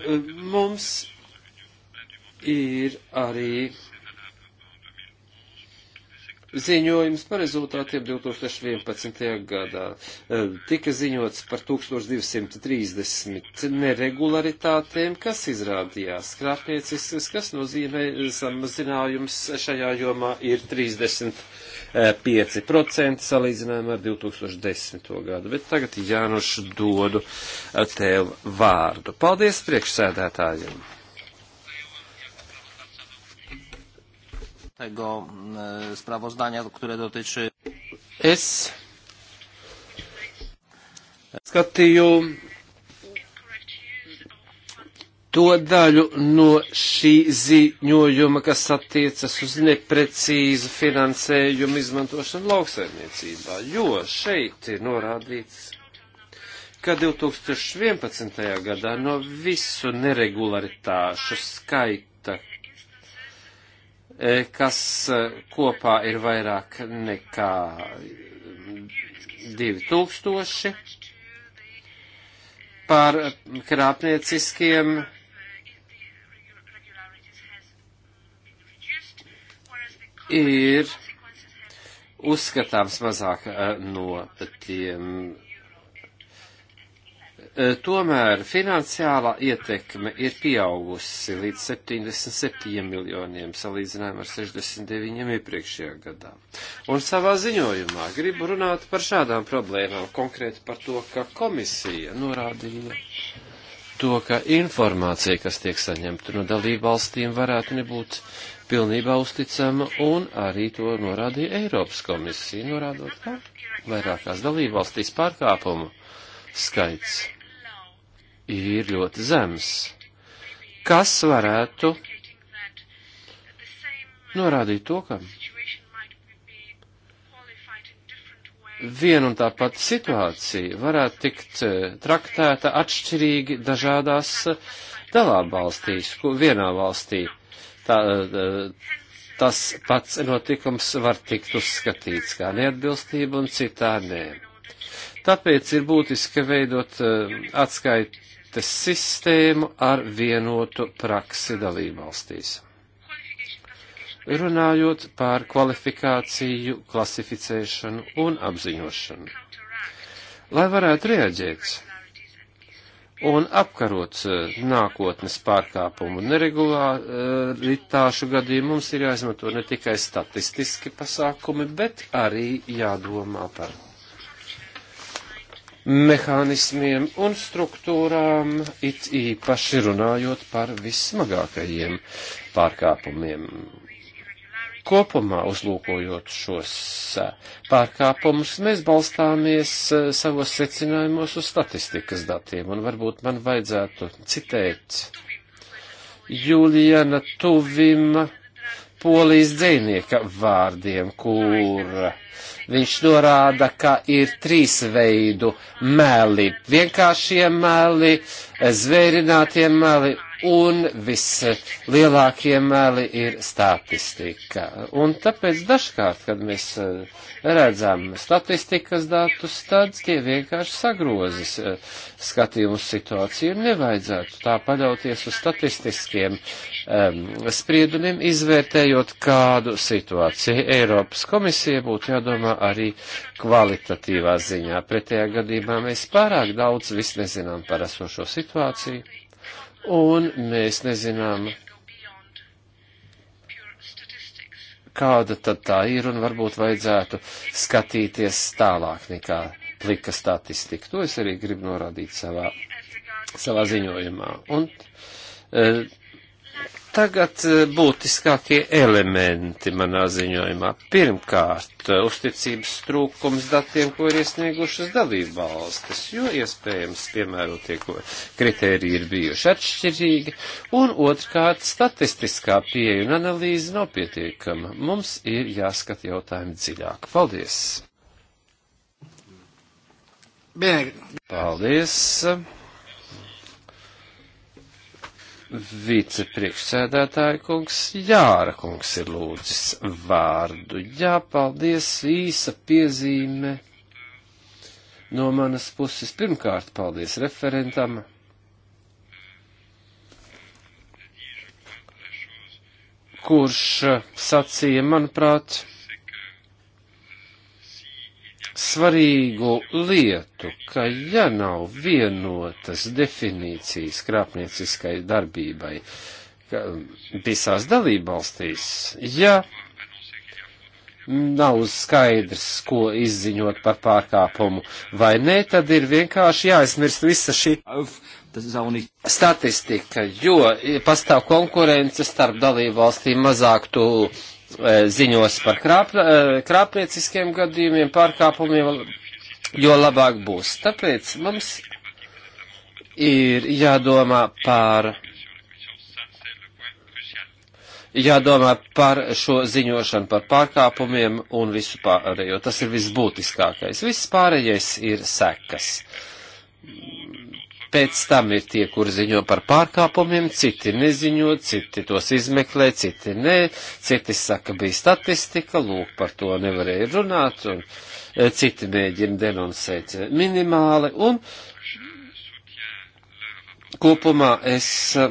eh, mums ir arī ziņojums par rezultātiem 2011. gadā. E, Tika ziņots par 1230 neregularitātēm, kas izrādījās krāpniecisks, kas nozīmē samazinājums šajā jomā ir 35% salīdzinājumā ar 2010. gadu. Bet tagad Jānušu dodu tev vārdu. Paldies priekšsēdētājiem! tego e, sprawozdania, które dotyczy. Es skatīju to daļu no šī ziņojuma, kas attiecas uz neprecīzu finansējumu izmantošanu lauksaimniecībā, jo šeit ir norādīts, ka 2011. gadā no visu neregularitāšu skaita E, kas e, kopā ir vairāk nekā 2000 par krāpnieciskiem ir uzskatāms mazāk e, no tiem E, tomēr finansiālā ietekme ir pieaugusi līdz 77 miljoniem salīdzinājumā ar 69 iepriekšējā gadā. Un savā ziņojumā gribu runāt par šādām problēmām, konkrēti par to, ka komisija norādīja to, ka informācija, kas tiek saņemta no dalībvalstīm, varētu nebūt pilnībā uzticama, un arī to norādīja Eiropas komisija, norādot, ka vairākās dalībvalstīs pārkāpumu skaits ir ļoti zems. Kas varētu norādīt to, ka viena un tā pati situācija varētu tikt e, traktēta atšķirīgi dažādās e, dalībvalstīs, kur vienā valstī tā, e, tas pats notikums var tikt uzskatīts kā neatbilstība un citā nē. Tāpēc ir būtiski veidot atskaitu kvalitātes sistēmu ar vienotu praksi dalībvalstīs. Runājot par kvalifikāciju, klasificēšanu un apziņošanu. Lai varētu rēģēt un apkarot eh, nākotnes pārkāpumu un neregulāritāšu gadījumu, mums ir jāizmanto ne tikai statistiski pasākumi, bet arī jādomā par mehānismiem un struktūrām, it īpaši runājot par vismagākajiem pārkāpumiem. Kopumā uzlūkojot šos eh, pārkāpumus, mēs balstāmies eh, savos secinājumos uz statistikas datiem, un varbūt man vajadzētu citēt Juliana Tuvima polijas dzēnieka vārdiem, kura Viņš norāda, ka ir trīs veidu meli - vienkāršie meli, zvērinātie meli un vislielākie meli ir statistika. Un tāpēc dažkārt, kad mēs eh, redzam statistikas datus, tad tie vienkārši sagrozis eh, skatījumu situāciju. Nevajadzētu tā paļauties uz statistiskiem um, spriedumiem, izvērtējot kādu situāciju. Eiropas komisija būtu jādomā arī kvalitatīvā ziņā. Pretējā gadījumā mēs pārāk daudz vis nezinām par esošo situāciju un mēs nezinām, kāda tad tā ir, un varbūt vajadzētu skatīties tālāk nekā plika statistika. To es arī gribu norādīt savā, savā ziņojumā. Un, uh, Tagad eh, būtiskākie elementi manā ziņojumā. Pirmkārt, eh, uzticības trūkums datiem, ko ir iesniegušas dalība valstis, jo iespējams piemērotie kritēriji ir bijuši atšķirīgi, un otrkārt, statistiskā pieeja un analīze nav pietiekama. Mums ir jāskat jautājumi dziļāk. Paldies! Bēg. Paldies! vicepriekšsēdētāja kungs Jāra kungs ir lūdzis vārdu. Jā, paldies, īsa piezīme no manas puses. Pirmkārt, paldies referentam. Kurš sacīja, manuprāt, svarīgu lietu, ka ja nav vienotas definīcijas krāpnieciskai darbībai um, visās dalībvalstīs, ja nav skaidrs, ko izziņot par pārkāpumu, vai nē, tad ir vienkārši jāizmirst visa šī statistika, jo pastāv konkurence starp dalībvalstīm mazāk tu Eh, ziņos par krāp, eh, krāpnieciskiem gadījumiem, pārkāpumiem, jo labāk būs. Tāpēc mums ir jādomā par, jādomā par šo ziņošanu, par pārkāpumiem un visu pārējo. Tas ir visbūtiskākais. Viss pārējais ir sekas pēc tam ir tie, kur ziņo par pārkāpumiem, citi neziņo, citi tos izmeklē, citi nē, citi saka, bija statistika, lūk, par to nevarēja runāt, un e, citi mēģina denonsēt minimāli, un kopumā es e,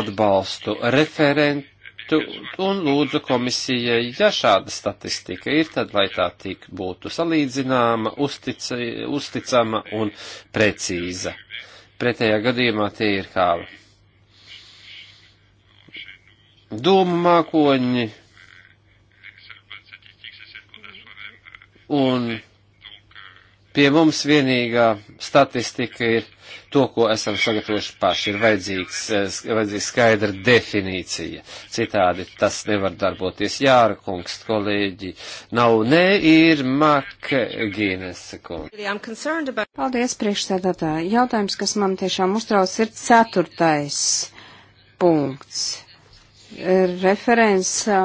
atbalstu referentu citu, un lūdzu komisijai, ja šāda statistika ir, tad lai tā tik būtu salīdzināma, uztica, uzticama un precīza. Pretējā gadījumā tie ir kā domu mākoņi un pie mums vienīgā statistika ir to, ko esam sagatavojuši paši. Ir vajadzīgs, eh, vajadzīgs skaidra definīcija. Citādi tas nevar darboties. Jāra kungs, kolēģi, nav ne, ir Makgīnes kungs. Paldies, priekšsēdētāji. Jautājums, kas man tiešām uztrauc, ir ceturtais punkts. Referencācija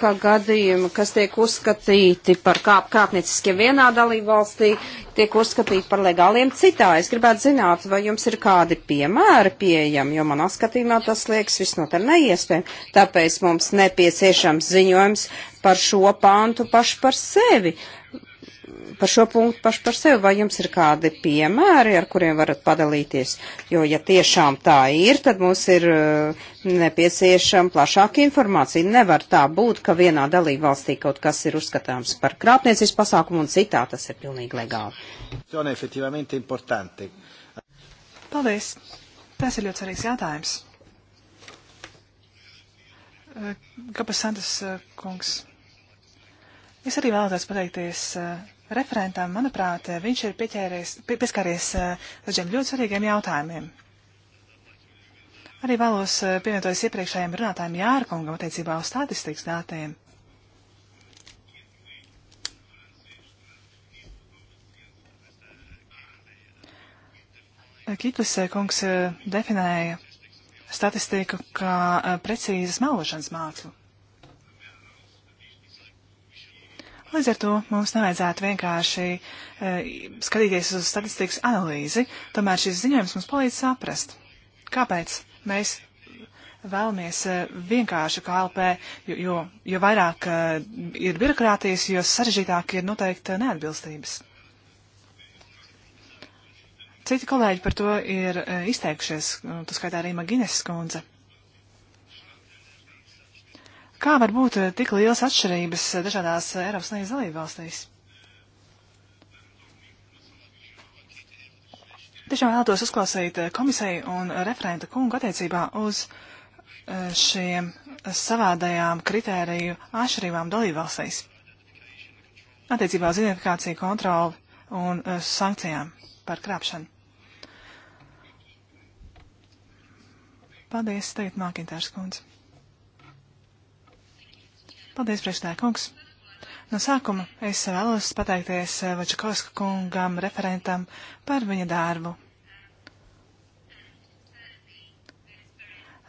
ka gadījumi, kas tiek uzskatīti par kāp, kāpnieciskiem vienā dalību valstī, tiek uzskatīti par legāliem citā. Es gribētu zināt, vai jums ir kādi piemēri pieejami, jo manā skatījumā tas liekas visnotaļ neiespējami. Tāpēc mums nepieciešams ziņojums par šo pāntu pašu par sevi. Uh, par šo punktu pašu par sevi, vai jums ir kādi piemēri, ar kuriem varat padalīties? Jo, ja tiešām tā ir, tad mums ir uh, nepieciešama plašāka informācija. Nevar tā būt, ka vienā dalība valstī kaut kas ir uzskatāms par krāpniecības pasākumu un citā tas ir pilnīgi legāli. Paldies! Tas ir ļoti svarīgs jautājums. Kāpēc uh, Santas uh, kungs? Es arī vēlētos pateikties uh, referentam, manuprāt, viņš ir pie, pieskāries dažiem eh, ļoti svarīgiem jautājumiem. Arī vēlos eh, pievienoties iepriekšējiem runātājiem Jārkungam attiecībā uz statistikas datiem. Kiplis eh, kungs definēja statistiku kā precīzas melošanas mākslu. Līdz ar to mums nevajadzētu vienkārši e, skatīties uz statistikas analīzi, tomēr šis ziņojums mums palīdz saprast, kāpēc mēs vēlamies e, vienkāršu KLP, jo, jo, jo vairāk e, ir birokrātijas, jo sarežģītāk ir noteikti e, neatbilstības. Citi kolēģi par to ir e, izteikušies, e, tu skaitā arī Magineses kundze. Kā var būt eh, tik lielas atšķirības eh, dažādās eh, Eiropas Savienības dalībvalstīs? Tiešām vēlētos uzklausīt komisiju un referenta kungu attiecībā uz šiem savādajām kritēriju atšķirībām dalībvalstīs. Attiecībā uz identifikāciju kontroli un sankcijām par krāpšanu. Paldies, teikt Mākintārs kundze. Paldies, priekšstādā kungs! No sākuma es vēlos pateikties eh, Vačakovska kungam, referentam, par viņa darbu.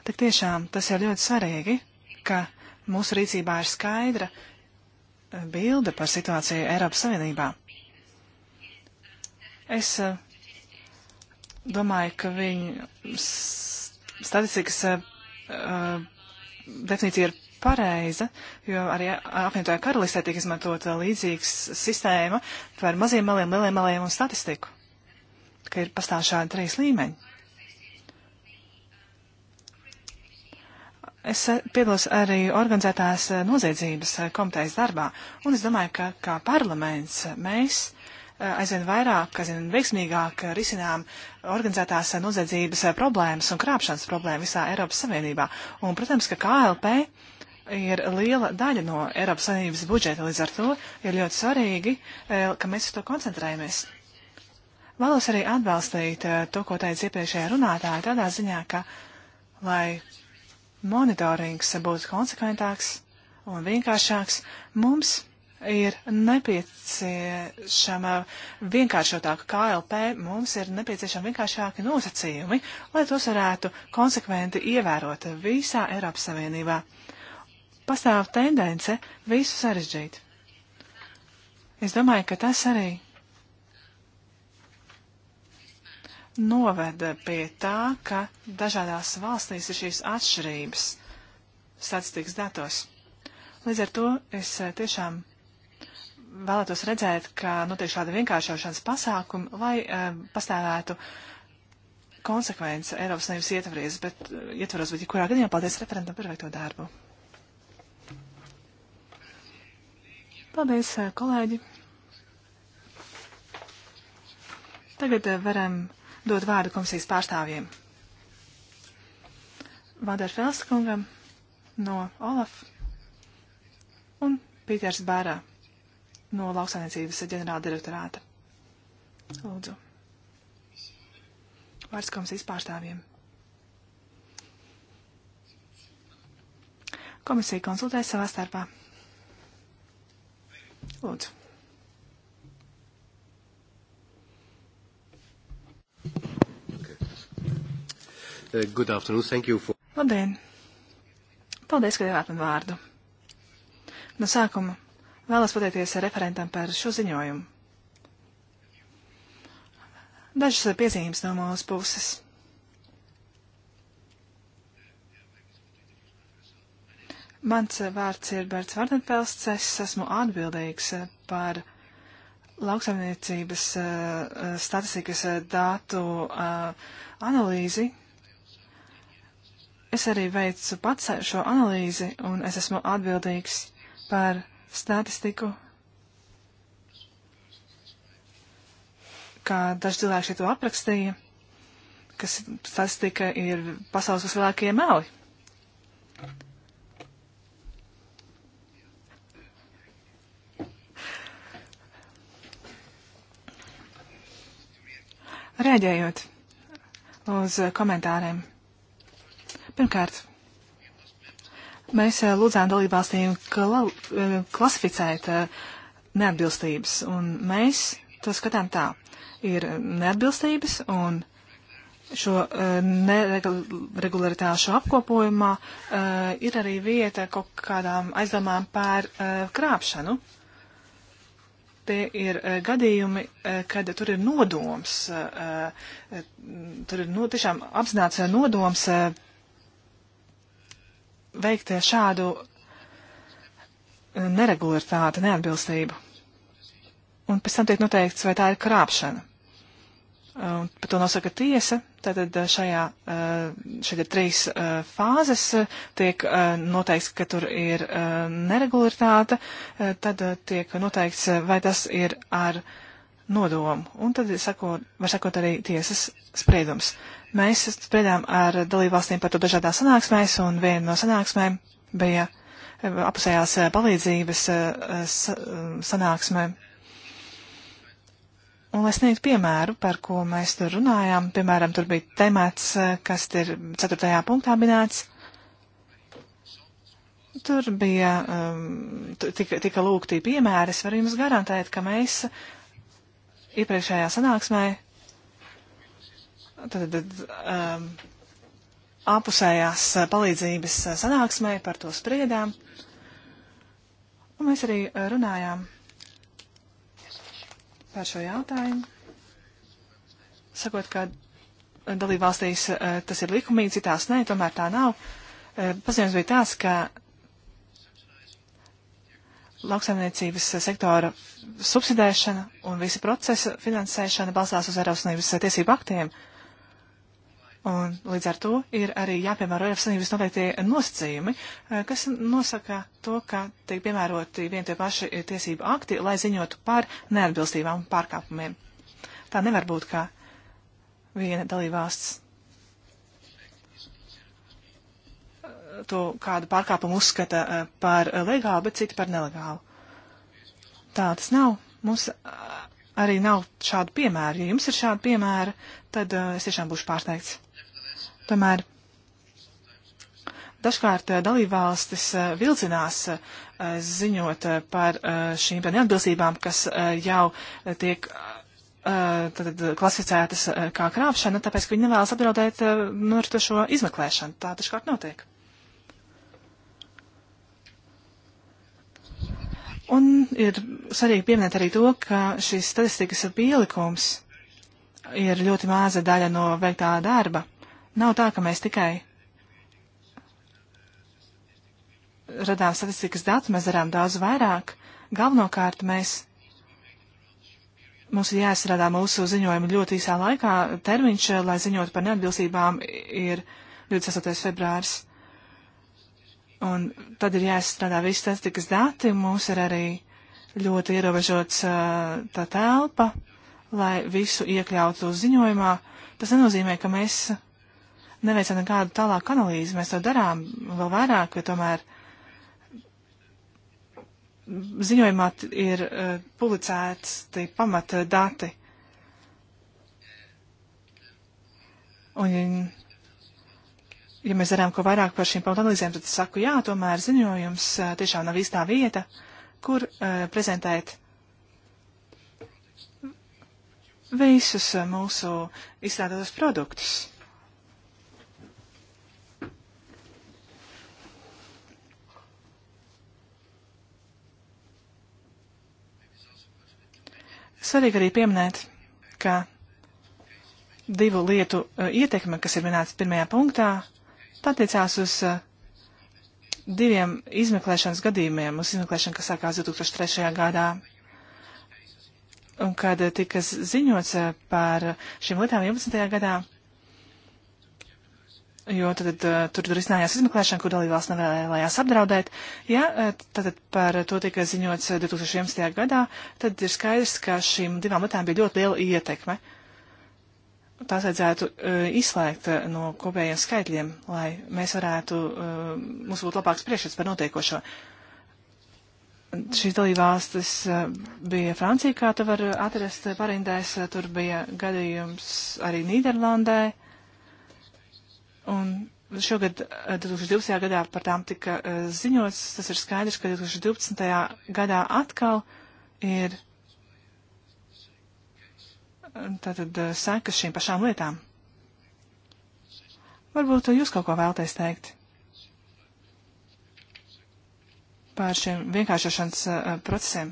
Tik tiešām tas ir ļoti svarīgi, ka mūsu rīcībā ir skaidra eh, bilde par situāciju Eiropas Savienībā. Es eh, domāju, ka viņa statistikas uh, definīcija ir pareiza, jo arī apvienotajā karalistē tiek izmantot līdzīgs sistēma par maziem maliem, lieliem maliem un statistiku, ka ir pastāv šādi trīs līmeņi. Es piedalos arī organizētās noziedzības komitejas darbā, un es domāju, ka kā parlaments mēs aizvien vairāk, aizvien veiksmīgāk risinām organizētās noziedzības problēmas un krāpšanas problēmu visā Eiropas Savienībā. Un, protams, ka KLP ir liela daļa no Eiropas Savienības budžeta, līdz ar to ir ļoti svarīgi, e, ka mēs uz to koncentrējamies. Vēlos arī atbalstīt e, to, ko teica iepriekšējā runātāja, tādā ziņā, ka, lai monitorings būtu konsekventāks un vienkāršāks, mums ir nepieciešama vienkāršotāka KLP, mums ir nepieciešama vienkāršāki nosacījumi, lai tos varētu konsekventi ievērot visā Eiropas Savienībā pastāv tendence visu sarežģīt. Es domāju, ka tas arī noveda pie tā, ka dažādās valstīs ir šīs atšķirības statistikas datos. Līdz ar to es eh, tiešām vēlētos redzēt, ka notiek šāda vienkāršošanas pasākuma, lai uh, pastāvētu konsekvence Eiropas Savienības ietvaros, bet, eh, ietvaros, bet jebkurā gadījumā paldies referentam par veikto darbu. Paldies, eh, kolēģi! Tagad eh, varam dot vārdu komisijas pārstāvjiem. Vādar Felskungam no Olaf un Pīters Bērā no Lauksainiecības ģenerāla direktorāta. Lūdzu. Vārds komisijas pārstāvjiem. Komisija konsultē savā starpā. Lūdzu. Uh, good afternoon. Thank you for. Labdien! Paldies, ka devāt man vārdu. No sākuma vēlos pateikties referentam par šo ziņojumu. Dažas piezīmes no mūsu puses. Mans vārds ir Berts Vārdenpelsts, es esmu atbildīgs eh, par lauksaimniecības eh, statistikas eh, datu analīzi. Es arī veicu pats šo analīzi un es esmu atbildīgs par statistiku, kā daži cilvēki šeit to aprakstīja, kas statistika ir pasaules vislielākie meli. Rēģējot uz komentāriem. Pirmkārt, mēs eh, lūdzām dalībvalstīm kla eh, klasificēt eh, neatbilstības, un mēs to skatām tā. Ir neatbilstības, un šo neregularitāšu apkopojumā ir arī vieta kaut kādām aizdomām par krāpšanu tie ir e, gadījumi, e, kad tur ir nodoms, e, tur ir no, tiešām apzināts nodoms veikt šādu neregularitāti, neatbilstību. Un pēc tam tiek noteikts, vai tā ir krāpšana un par to nosaka tiesa. Tātad šajā, šeit ir trīs fāzes, tiek noteikts, ka tur ir neregularitāte, tad tiek noteikts, vai tas ir ar nodomu, un tad sakot, var sakot arī tiesas spriedums. Mēs spriedām ar dalībvalstīm par to dažādās sanāksmēs, un viena no sanāksmēm bija apusējās palīdzības sanāksmēm Un, lai sniegtu piemēru, par ko mēs tur runājām, piemēram, tur bija temats, eh, kas ir ceturtajā punktā minēts. Tur bija, um, tika, tika lūgti piemēri, es varu jums garantēt, ka mēs iepriekšējā sanāksmē tad, tad, um, apusējās palīdzības sanāksmē par to spriedām. Un mēs arī uh, runājām par šo jautājumu. Sakot, ka dalībvalstīs eh, tas ir likumīgi, citās nē, tomēr tā nav. Eh, paziņojums bija tāds, ka lauksaimniecības sektora subsidēšana un visi procesa finansēšana balstās uz Eiropas Savienības tiesību aktiem. Uh, Un līdz ar to ir arī jāpiemēro Eiropas Savienības noteiktie nosacījumi, eh, kas nosaka to, ka tiek piemēroti vien tie paši eh, tiesību akti, lai ziņotu par neatbilstībām un pārkāpumiem. Tā nevar būt kā viena dalībvalsts eh, to kādu pārkāpumu uzskata par legālu, bet citi par nelegālu. Tā tas nav. Mums arī nav šādu piemēru. Ja jums ir šādi piemēri, tad es tiešām būšu pārsteigts. Tomēr dažkārt eh, dalībvalstis eh, vilcinās eh, ziņot par šīm neatbilstībām, kas jau tiek tad, klasificētas kā krāpšana, tāpēc, ka viņi nevēlas apdraudēt noritošo izmeklēšanu. Tā dažkārt notiek. Un ir svarīgi pieminēt arī to, ka šis statistikas pielikums ir ļoti māza daļa no veiktā darba Nav tā, ka mēs tikai radām statistikas datus, mēs darām daudz vairāk. Galvenokārt mēs, mums ir jāizstrādā mūsu ziņojumi ļoti īsā laikā. Termiņš, lai ziņot par neatbilstībām, ir 28. februārs. Un tad ir jāizstrādā visi statistikas dati, mums ir arī ļoti ierobežots tā telpa, lai visu iekļautu ziņojumā. Tas nenozīmē, ka mēs neveicam nekādu tālāku analīzi. Mēs to darām vēl vairāk, jo tomēr ziņojumā ir uh, eh, publicēts tie pamata eh, dati. Un, ja mēs darām ko vairāk par šīm pamatanalīzēm, tad es saku, jā, tomēr ziņojums eh, tiešām nav īstā vieta, kur uh, prezentēt visus mūsu izstrādātos produktus. Svarīgi arī pieminēt, ka divu lietu uh, ietekme, kas ir minēts pirmajā punktā, attiecās uz uh, diviem izmeklēšanas gadījumiem, uz izmeklēšanu, kas sākās 2003. gadā. Un kad eh, tika ziņots par šīm lietām 11. gadā, jo tad, tad eh, tur risinājās izmeklēšana, kur dalībvalsts nevēlējās apdraudēt. Ja eh, tad par to tika ziņots 2011. Eh, gadā, tad ir skaidrs, ka šīm divām lietām bija ļoti liela ietekme. Tās vajadzētu uh, izslēgt no kopējiem skaitļiem, lai mēs varētu, uh, mums būtu labāks priekšstats par notiekošo. Šīs dalībvalstis uh, bija Francija, kā tu var atrast parindēs, tur bija gadījums arī Nīderlandē. Uh, Un šogad, 2012. Eh, gadā, par tām tika eh, ziņots. Tas ir skaidrs, ka 2012. gadā atkal ir eh, tātad sekas šīm pašām lietām. Varbūt jūs kaut ko vēlties teikt par šiem vienkāršošanas procesiem.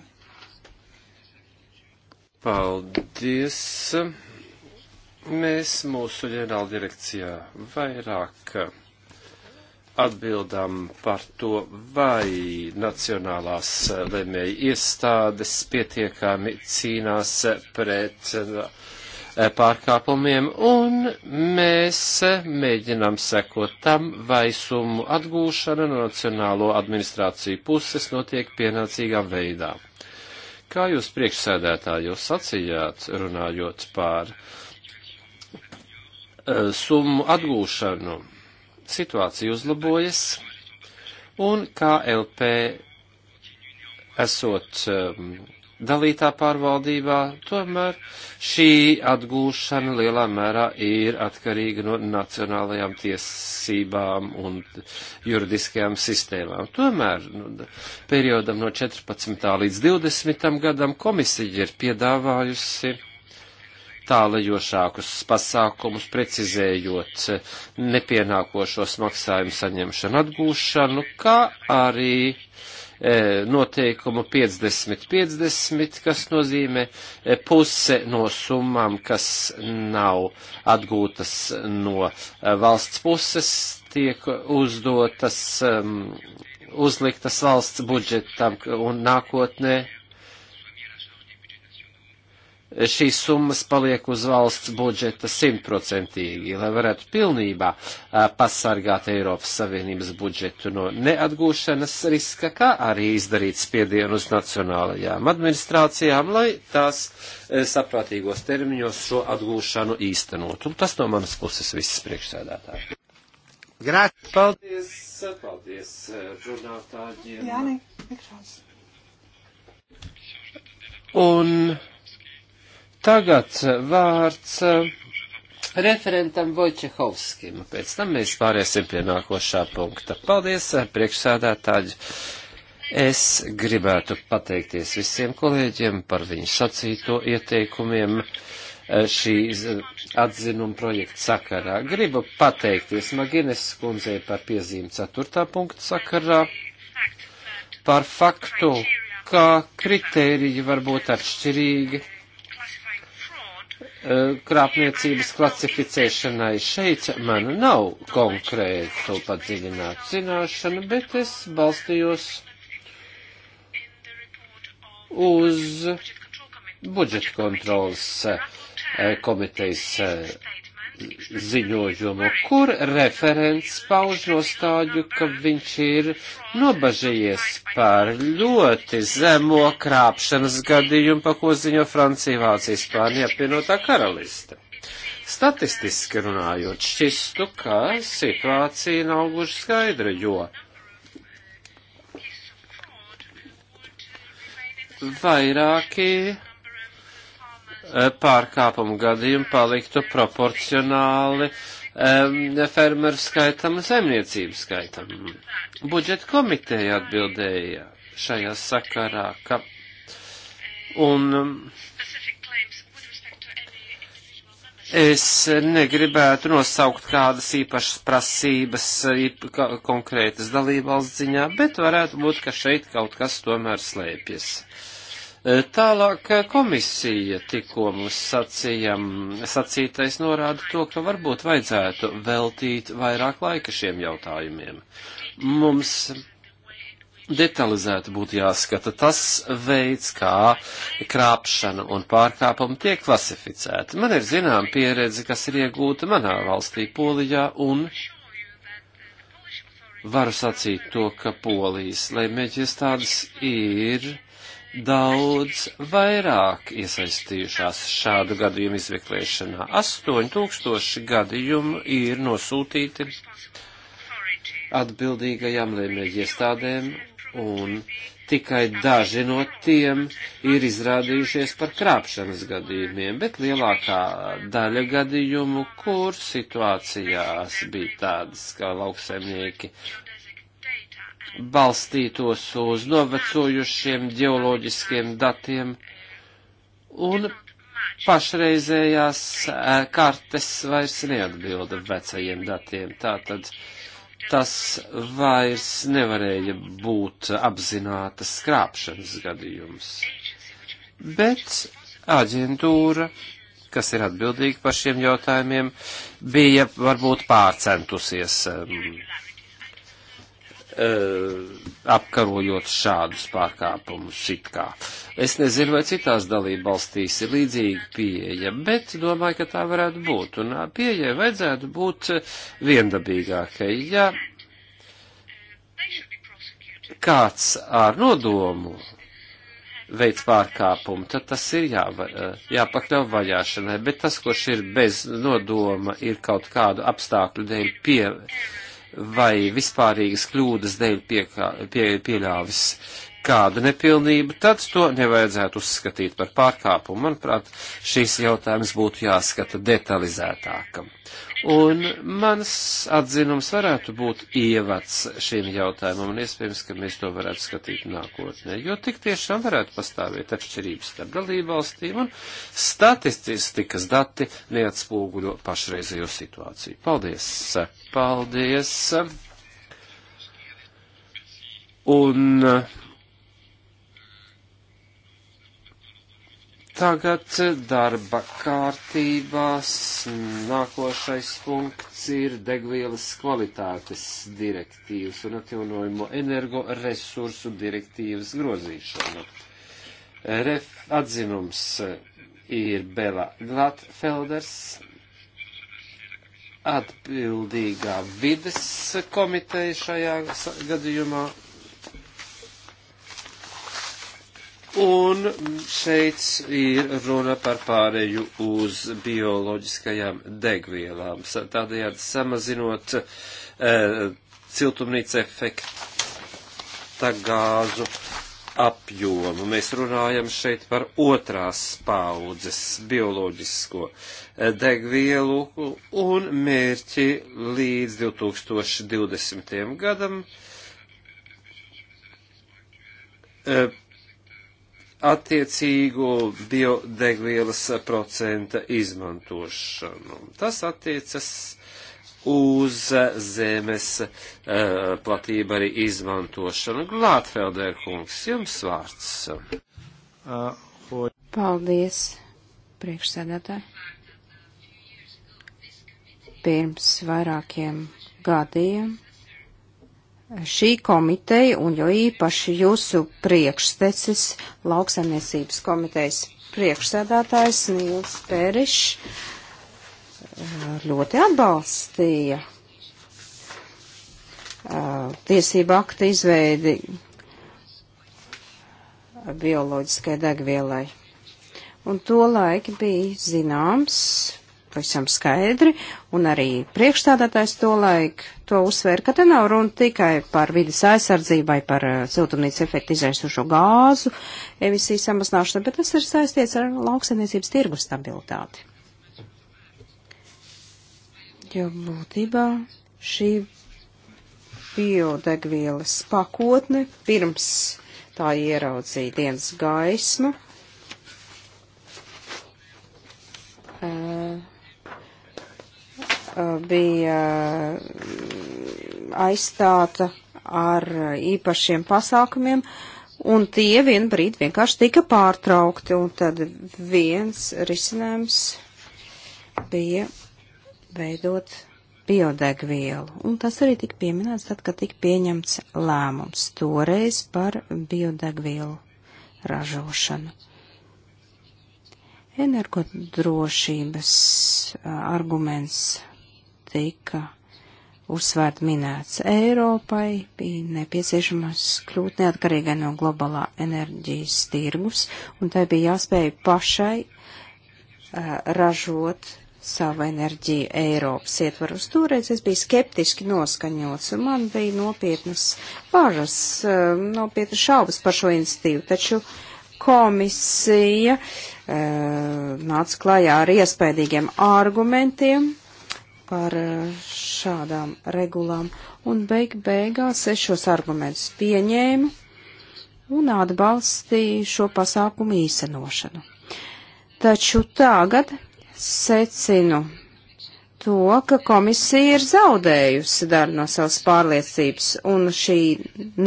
Paldies! Mēs mūsu ģenerāldirekcijā vairāk atbildam par to, vai nacionālās lemēja iestādes pietiekami cīnās pret eh, pārkāpumiem, un mēs mēģinām sekot tam, vai summu atgūšana no nacionālo administrāciju puses notiek pienācīgā veidā. Kā jūs priekšsēdētāji jūs sacījāt, runājot pār uh, Eh, summu atgūšanu. Situācija uzlabojas, un KLP esot eh, dalītā pārvaldībā, tomēr šī atgūšana lielā mērā ir atkarīga no nacionālajām tiesībām un juridiskajām sistēmām. Tomēr nu, periodam no 14. līdz 20. gadam komisija ir piedāvājusi tālajošākus pasākumus, precizējot nepienākošos maksājumu saņemšanu atgūšanu, kā arī e, noteikumu 50-50, kas nozīmē e, puse no summām, kas nav atgūtas no e, valsts puses, tiek uzdotas, um, uzliktas valsts budžetam un nākotnē šīs summas paliek uz valsts budžeta simtprocentīgi, lai varētu pilnībā pasargāt Eiropas Savienības budžetu no neatgūšanas riska, kā arī izdarīt spiedienu uz nacionālajām administrācijām, lai tās saprātīgos termiņos šo atgūšanu īstenot. Un tas no manas puses viss priekšsēdētāji. Grāci. Paldies, paldies, runātāģiem. Jā, ne, mikrofons. Un Tagad vārds eh, referentam Vojčehovskim. Pēc tam mēs pāriesim pie nākošā punkta. Paldies, eh, priekšsēdētāji! Es gribētu pateikties visiem kolēģiem par viņu sacīto ieteikumiem eh, šīs atzinuma projekta sakarā. Gribu pateikties Magines skundzei par piezīmi 4. punktu sakarā, par faktu, ka kritēriji var būt atšķirīgi Eh, krāpniecības klasificēšanai. Šeit man nav konkrētu padziļinātu zināšanu, bet es balstījos uz budžeta kontrolas eh, komitejas eh, ziņojumu, kur referents pauž nostāju, ka viņš ir nobažījies par ļoti zemo krāpšanas gadījumu, pa ko ziņo Francija, Vācija, Spānija, apvienotā karaliste. Statistiski runājot, šķistu, ka situācija nav gluži skaidra, jo vairāki pārkāpumu gadījumu paliktu proporcionāli um, fermeru skaitam un zemniecības skaitam. Budžeta komiteja atbildēja šajā sakarā, ka un um, es negribētu nosaukt kādas īpašas prasības īpa, konkrētas dalībvalsts ziņā, bet varētu būt, ka šeit kaut kas tomēr slēpjas. Tālāk eh, komisija tikko mums sacīja, sacītais norāda to, ka varbūt vajadzētu veltīt vairāk laika šiem jautājumiem. Mums detalizēti būtu jāskata tas veids, kā krāpšana un pārkāpumi tiek klasificēti. Man ir zinām pieredze, kas ir iegūta manā valstī Polijā, un varu sacīt to, ka Polijas lēmēķiestādes ir daudz vairāk iesaistījušās šādu gadījumu izmeklēšanā. 8000 gadījumu ir nosūtīti atbildīgajām lēmēju iestādēm, un tikai daži no tiem ir izrādījušies par krāpšanas gadījumiem, bet lielākā daļa gadījumu, kur situācijās bija tādas, ka lauksaimnieki balstītos uz novecojušiem ģeoloģiskiem datiem un pašreizējās eh, kartes vairs neatbilda vecajiem datiem. Tātad tas vairs nevarēja būt apzinātas krāpšanas gadījums. Bet aģentūra, kas ir atbildīga par šiem jautājumiem, bija varbūt pārcentusies. Um, Eh, apkarojot šādus pārkāpumus it kā. Es nezinu, vai citās dalība valstīs ir līdzīga pieeja, bet domāju, ka tā varētu būt. Un eh, pieeja vajadzētu būt eh, viendabīgākai. Ja kāds ar nodomu veids pārkāpumu, tad tas ir jā, jāpakļauj vajāšanai, bet tas, kurš ir bez nodoma, ir kaut kādu apstākļu dēļ pie vai vispārīgas kļūdas dēļ pie, pie, pieļāvis uh, kādu nepilnību, tad to nevajadzētu uzskatīt par pārkāpumu. Manuprāt, šīs jautājums būtu jāskata detalizētākam. Un mans atzinums varētu būt ievads šīm jautājumam, un iespējams, ka mēs to varētu skatīt nākotnē, jo tik tiešām varētu pastāvēt atšķirības starp dalībvalstīm, un statistikas dati neatspūguļo pašreizējo situāciju. Paldies! Paldies! Un uh, Tagad darba kārtībās nākošais punkts ir degvielas kvalitātes direktīvas un atjaunojumu energoresursu direktīvas grozīšana. Ref atzinums ir Bela Glatfelders, atbildīgā vides komiteja šajā gadījumā Un šeit ir runa par pāreju uz bioloģiskajām degvielām, tādējādi samazinot e, ciltumnīca efekta gāzu apjomu. Mēs runājam šeit par otrās paudzes bioloģisko e, degvielu un mērķi līdz 2020. gadam. E, attiecīgo biodegvielas procenta izmantošanu. Tas attiecas uz zemes uh, platību arī izmantošanu. Glātfelder kungs, jums vārds. Paldies, priekšsēdētāji. Pirms vairākiem gadiem šī komiteja un jo īpaši jūsu priekšstecis lauksaimniecības komitejas priekšsēdētājs Nils Pērišs eh, ļoti atbalstīja eh, tiesību akta izveidi bioloģiskai degvielai. Un to laika bija zināms pavisam skaidri, un arī priekšstādātājs to laik to uzsver, ka te nav runa tikai par vidas aizsardzību vai par eh, siltumnīca efektu izraisušo gāzu emisiju samazināšanu, bet tas ir saistīts ar lauksainiecības tirgu stabilitāti. Jo būtībā šī biodegvielas pakotne pirms tā ieraudzīja dienas gaismu Eh, bija eh, aizstāta ar īpašiem pasākumiem, un tie vien brīd vienkārši tika pārtraukti, un tad viens risinājums bija veidot biodegvielu, un tas arī tika pieminēts tad, kad tika pieņemts lēmums toreiz par biodegvielu ražošanu energodrošības eh, arguments tika uzsvērt minēts. Eiropai bija nepieciešamas kļūt neatkarīgai no globālā enerģijas tirgus, un tai bija jāspēj pašai uh, ražot savu enerģiju Eiropas ietvaros. Toreiz es biju skeptiski noskaņots, un man bija nopietnas bažas, nopietnas šaubas par šo institīvu, taču komisija nāca klajā ar iespējīgiem argumentiem, par eh, šādām regulām, un beig beigās es šos argumentus pieņēmu un atbalstīju šo pasākumu īsenošanu. Taču tagad secinu to, ka komisija ir zaudējusi daļu no savas pārliecības, un šī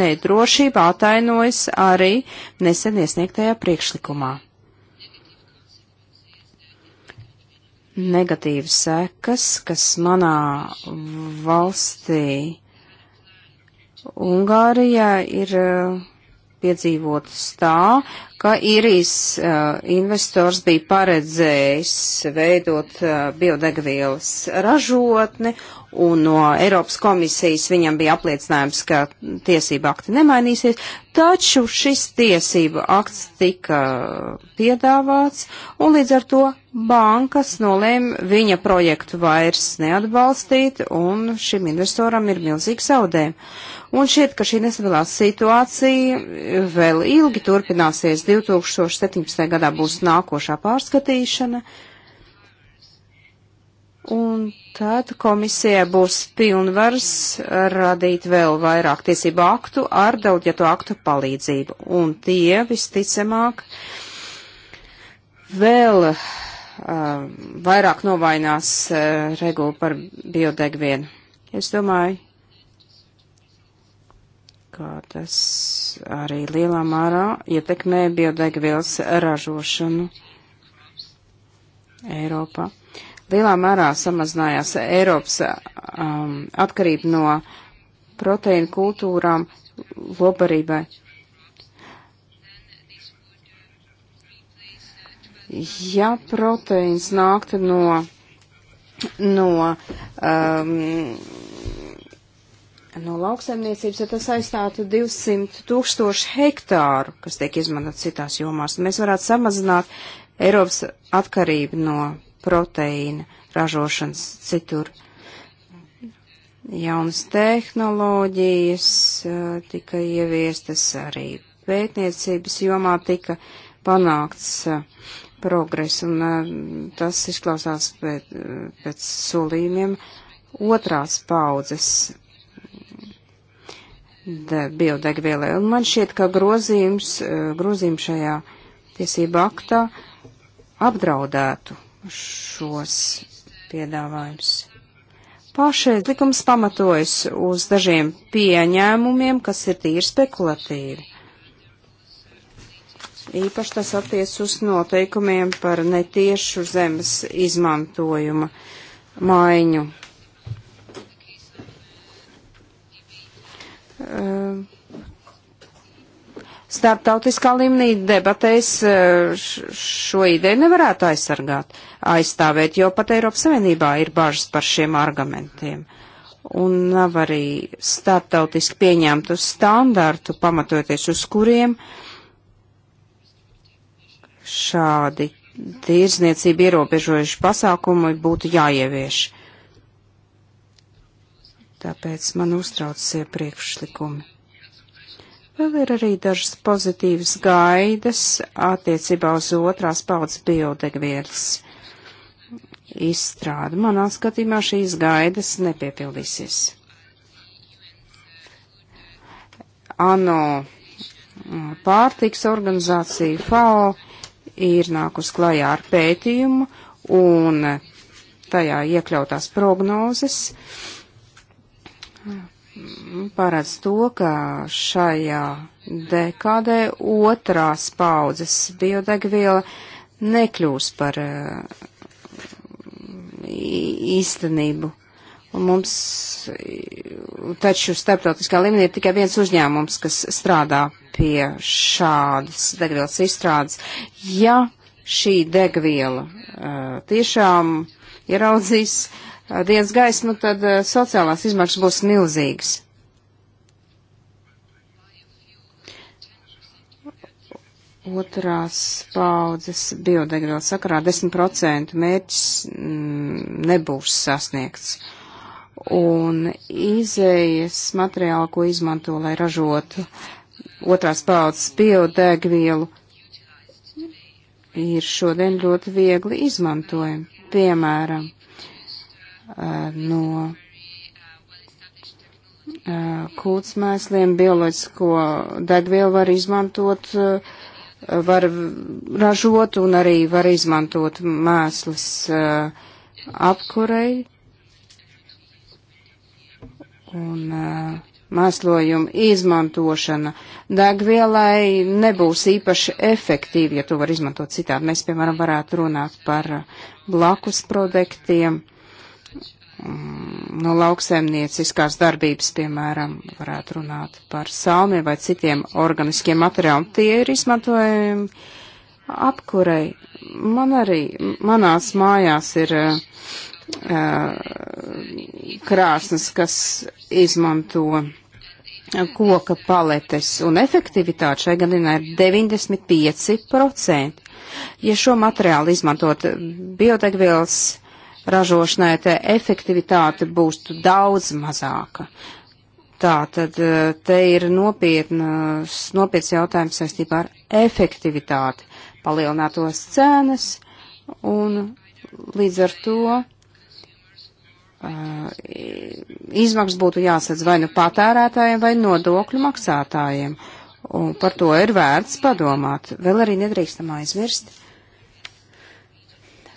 nedrošība atainojas arī nesen iesniegtajā priekšlikumā. negatīvas sekas, kas manā valstī Ungārijā ir uh, piedzīvot tā, ka īrijas uh, investors bija paredzējis veidot uh, biodegvielas ražotni, un no Eiropas komisijas viņam bija apliecinājums, ka tiesība akti nemainīsies, taču šis tiesība akts tika piedāvāts, un līdz ar to bankas nolēma viņa projektu vairs neatbalstīt, un šim investoram ir milzīgi zaudējumi un šķiet, ka šī nestabilā situācija vēl ilgi turpināsies. 2017. gadā būs nākošā pārskatīšana, un tad komisijai būs pilnvars radīt vēl vairāk tiesību aktu ar daudzieto aktu palīdzību, un tie visticamāk vēl um, vairāk novainās uh, regulu par biodegvienu. Es domāju, kā tas arī lielā mērā ietekmē biodegvielas ražošanu Eiropā. Lielā mērā samazinājās Eiropas um, atkarība no proteīnu kultūrām lobarībai. Ja proteīns nāktu no, no um, no lauksaimniecības, ja tas aizstātu 200 tūkstošu hektāru, kas tiek izmantot citās jomās. Mēs varētu samazināt Eiropas atkarību no proteīna ražošanas citur. Jaunas tehnoloģijas eh, tika ieviestas arī pētniecības jomā tika panākts eh, progress, un eh, tas izklausās pēc, pēc solījumiem otrās paudzes biodegvielai. Un man šķiet, ka grozījums, eh, grozījums šajā tiesība aktā apdraudētu šos piedāvājums. Pašais likums pamatojas uz dažiem pieņēmumiem, kas ir tīri spekulatīvi. Īpaši tas attiec uz noteikumiem par netiešu zemes izmantojuma maiņu Eh, starptautiskā līmenī debatēs eh, šo ideju nevarētu aizsargāt, aizstāvēt, jo pat Eiropas Savienībā ir bažas par šiem argumentiem. Un nav arī starptautiski pieņemtu standārtu, pamatoties uz kuriem šādi tirzniecība ierobežojuši pasākumi būtu jāievieš tāpēc man uztrauc šie priekšlikumi. Vēl ir arī dažas pozitīvas gaidas attiecībā uz otrās paudzes biodegvielas izstrādi. Manā skatījumā šīs gaidas nepiepildīsies. ANO mm, pārtīks organizācija FAO ir nākus klajā ar pētījumu un tajā iekļautās prognozes. Uh, paredz to, ka šajā dekādē otrās paudzes biodegviela nekļūs par eh, īstenību. Un mums taču starptautiskā līmenī ir tikai viens uzņēmums, kas strādā pie šādas degvielas izstrādes. Ja šī degviela uh, tiešām ieraudzīs uh, dienas gaismu, tad sociālās izmaksas būs milzīgas. Otrās paudzes biodegvielas sakarā 10% mērķis mm, nebūs sasniegts. Un izējas materiāli, ko izmanto, lai ražotu otrās paudzes biodegvielu, ir šodien ļoti viegli izmantojami. Piemēram, no kūtsmēsliem bioloģisko degvielu var izmantot, var ražot un arī var izmantot mēslis apkurei. Un mēslojuma izmantošana degvielai nebūs īpaši efektīva, ja to var izmantot citādi. Mēs, piemēram, varētu runāt par blakus produktiem. Uh, Mm, no lauksaimnieciskās darbības, piemēram, varētu runāt par salmiem vai citiem organiskiem materiāliem. Tie ir izmantojami apkurei. Man arī, manās mājās ir uh, krāsnes, kas izmanto koka paletes, un efektivitāte šai gadījumā ir 95%. Ja šo materiālu izmantot biodegvielas, ražošanai, te efektivitāte būs daudz mazāka. Tā tad e, te ir nopietnas, nopietns jautājums saistībā ar efektivitāti, palielinātos cenas un līdz ar to Uh, izmaksas būtu jāsadz vai nu patērētājiem, vai nodokļu maksātājiem. Un par to ir vērts padomāt. Vēl arī nedrīkstam aizmirst,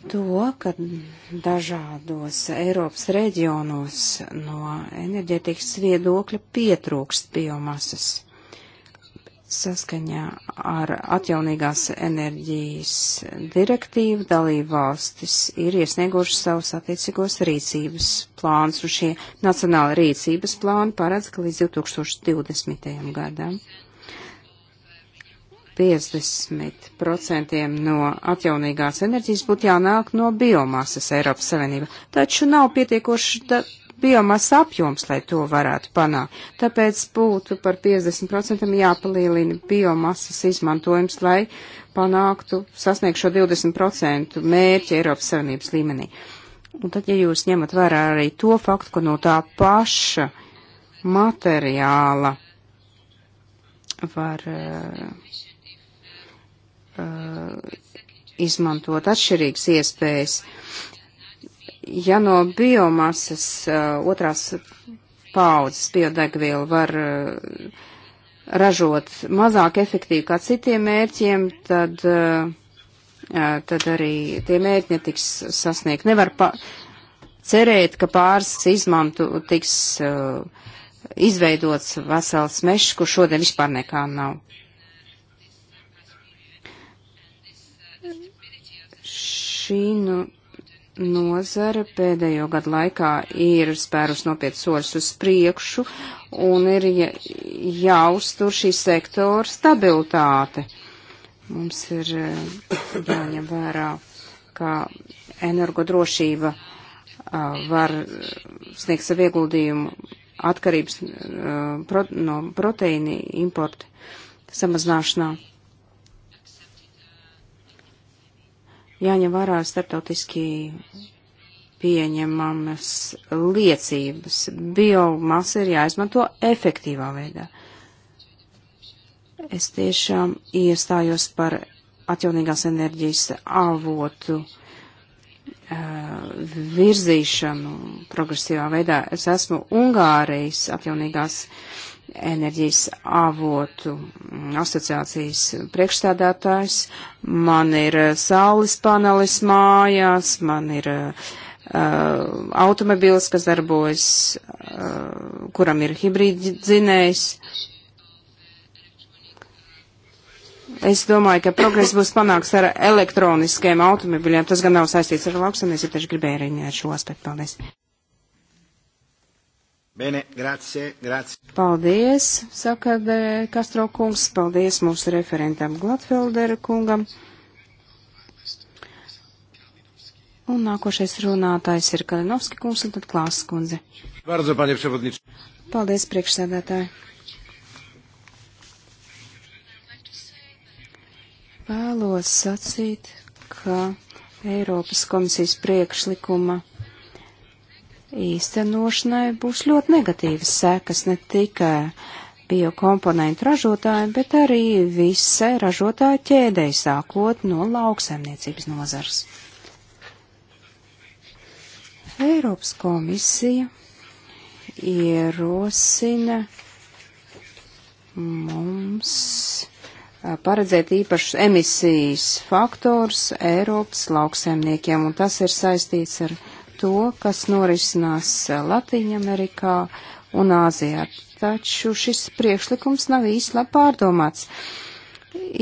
to, ka dažādos Eiropas reģionos no enerģetikas viedokļa pietrūkst biomasas saskaņā ar atjaunīgās enerģijas direktīvu dalībvalstis ir iesnieguši savus attiecīgos rīcības plāns, un šie nacionāli rīcības plāni paredz, ka līdz 2020. gadam 50% no atjaunīgās enerģijas būtu jānāk no biomasas Eiropas Savienībā, taču nav pietiekoši biomasa apjoms, lai to varētu panākt. Tāpēc būtu par 50% jāpalielina biomasas izmantojums, lai panāktu sasniegt šo 20% mērķi Eiropas Savienības līmenī. Un tad, ja jūs ņemat vērā arī to faktu, ka no tā paša materiāla var uh, Uh, izmantot atšķirīgas iespējas. Ja no biomasas uh, otrās paudzes biodegvielu var uh, ražot mazāk efektīvi kā citiem mērķiem, tad, tad arī tie mērķi netiks sasniegt. Nevar pa cerēt, ka pāris izmantu tiks izveidots vesels mešs, kur šodien vispār nekā nav. šī nu, nozara pēdējo gadu laikā ir spērus nopietnas soļus uz priekšu un ir jāuztur šī sektora stabilitāte. Mums ir eh, jāņem vērā, ka energodrošība eh, var sniegt savu ieguldījumu atkarības eh, no proteīna importa samazināšanā. jāņem vērā starptautiski pieņemamas liecības. Biomasa ir jāizmanto efektīvā veidā. Es tiešām iestājos par atjaunīgās enerģijas avotu virzīšanu progresīvā veidā. Es esmu Ungārijas atjaunīgās enerģijas enerģijas avotu asociācijas priekšstādātājs, man ir eh, saules panelis mājās, man ir uh, automobils, kas darbojas, uh, kuram ir hibrīdzinējs. Es domāju, ka progress būs panāks ar elektroniskiem automobiļiem. Tas gan nav saistīts ar lauksanies, ja taču gribēju arī ar šo aspektu. Paldies. Bene, grazie, grazie. Paldies, saka Kastro kungs, paldies mūsu referentam Glatfeldera kungam. Un nākošais runātājs ir Kalinovski kungs un tad Klāsas kundze. Bardzo, panie przewodniczy. Paldies, priekšsēdētāji. Vēlos sacīt, ka Eiropas komisijas priekšlikuma īstenošanai būs ļoti negatīvas sekas ne tikai biokomponentu ražotājiem, bet arī visai ražotāja ķēdei sākot no lauksaimniecības nozars. Eiropas komisija ierosina mums paredzēt īpašus emisijas faktors Eiropas lauksaimniekiem, un tas ir saistīts ar to, kas norisinās eh, Latvijā-Amerikā un Āzijā. Taču šis priekšlikums nav īsti labi pārdomāts.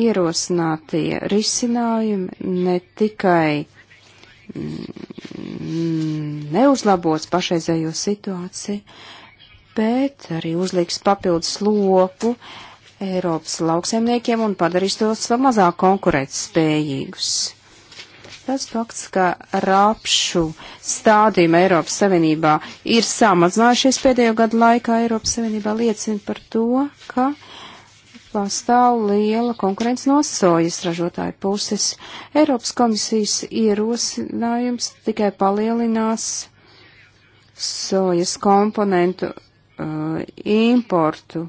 Ierosinātie risinājumi ne tikai mm, neuzlabos pašreizējo situāciju, bet arī uzliks papildus loku Eiropas lauksaimniekiem un padarīs tos vēl mazāk konkurētspējīgus. Tas fakts, ka rapšu stādījuma Eiropas Savienībā ir samazinājušies pēdējo gadu laikā Eiropas Savienībā, liecina par to, ka pastāv liela konkurence no sojas ražotāju puses. Eiropas komisijas ierosinājums tikai palielinās sojas komponentu uh, importu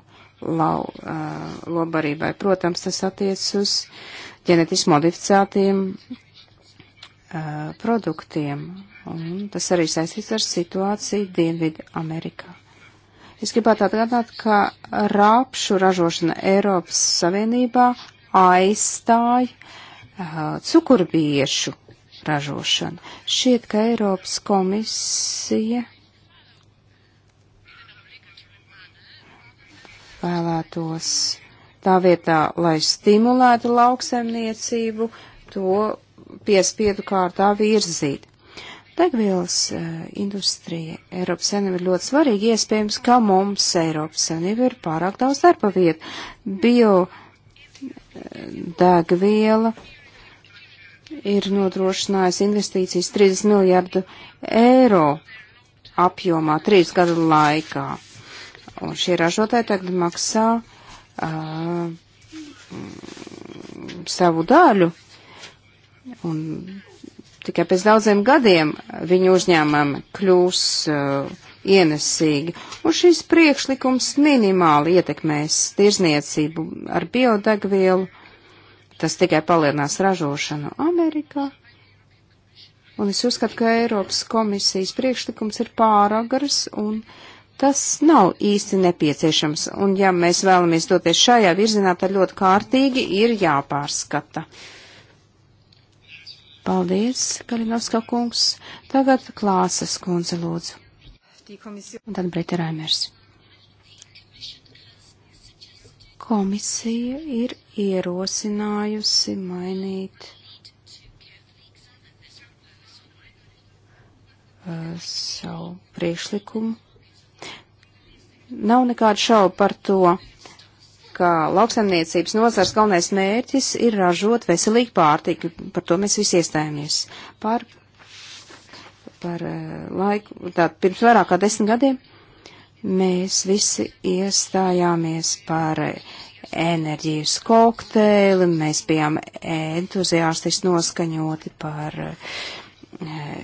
lau, uh, lobarībai. Protams, tas attiec uz ģenetiski modificētiem produktiem. Un tas arī saistīts ar situāciju Dienvidu Amerikā. Es gribētu atgādināt, ka rāpšu ražošana Eiropas Savienībā aizstāja uh, cukurbiešu ražošanu. Šķiet, ka Eiropas komisija vēlētos tā vietā, lai stimulētu lauksaimniecību, to piespiedu kārtā virzīt. Degvielas eh, industrija Eiropas Savienība ir ļoti svarīga. Iespējams, ka mums Eiropas Savienība ir pārāk daudz darba vietu. Bio eh, degviela ir nodrošinājusi investīcijas 30 miljardu eiro apjomā trīs gadu laikā. Un šie ražotāji tagad maksā uh, savu daļu Un tikai pēc daudziem gadiem viņu uzņēmumi kļūs uh, ienesīgi. Un šis priekšlikums minimāli ietekmēs tirzniecību ar biodegvielu. Tas tikai palielinās ražošanu Amerikā. Un es uzskatu, ka Eiropas komisijas priekšlikums ir pāragars un tas nav īsti nepieciešams. Un ja mēs vēlamies doties šajā virzienā, tad ļoti kārtīgi ir jāpārskata. Uh, Paldies, Kalinovska kungs. Tagad klāsas kundze lūdzu. Un tad Brita Raimers. Komisija ir ierosinājusi mainīt uh, savu priekšlikumu. Nav nekādu šaubu par to ka lauksaimniecības nozars galvenais mērķis ir ražot veselīgu pārtiku. Par to mēs visi iestājāmies. Par, par eh, laiku, tā, pirms vairāk kā desmit gadiem mēs visi iestājāmies par eh, enerģijas kokteili, mēs bijām entuziastiski noskaņoti par eh,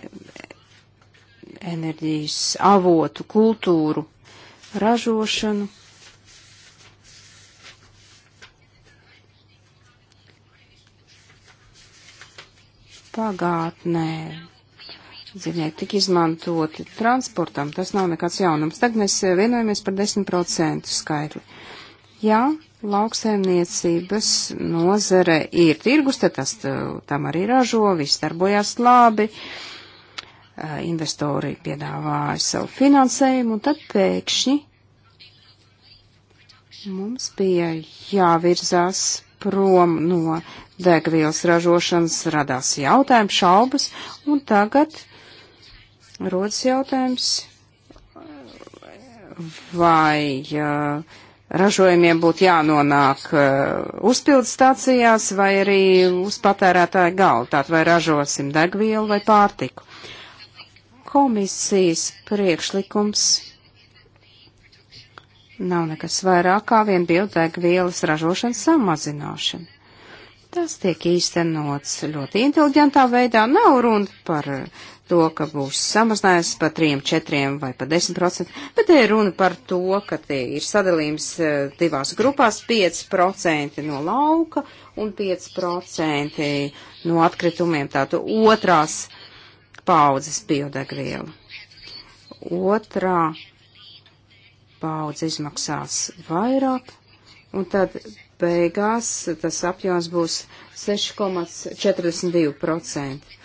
enerģijas avotu kultūru ražošanu. pagātnē dzīvnieki tika izmantoti transportam, tas nav nekāds jaunums. Tagad mēs eh, vienojamies par 10% skaidri. Jā, lauksaimniecības nozare ir tirgus, tad tas eh, tam arī ražo, viss darbojās labi, eh, investori piedāvāja savu finansējumu, un tad pēkšņi mums bija jāvirzās prom no degvielas ražošanas, radās jautājums, šaubas, un tagad rodas jautājums, vai uh, ražojumiem būtu jānonāk uh, eh, uzpildu stācijās vai arī uz patērētāju galvu, tātad vai ražosim degvielu vai pārtiku. Komisijas priekšlikums Nav nekas vairāk kā vien biodegvielas ražošanas samazināšana. Tas tiek īstenots ļoti inteliģentā veidā. Nav runa par eh, to, ka būs samazinājies par 3, 4 vai par 10%, bet te ir runa par to, ka tie ir sadalījums eh, divās grupās 5% no lauka un 5% no atkritumiem, tātad otrās paudzes biodegvielu. Otrā paudze izmaksās vairāk, un tad beigās tas apjoms būs 6,42%.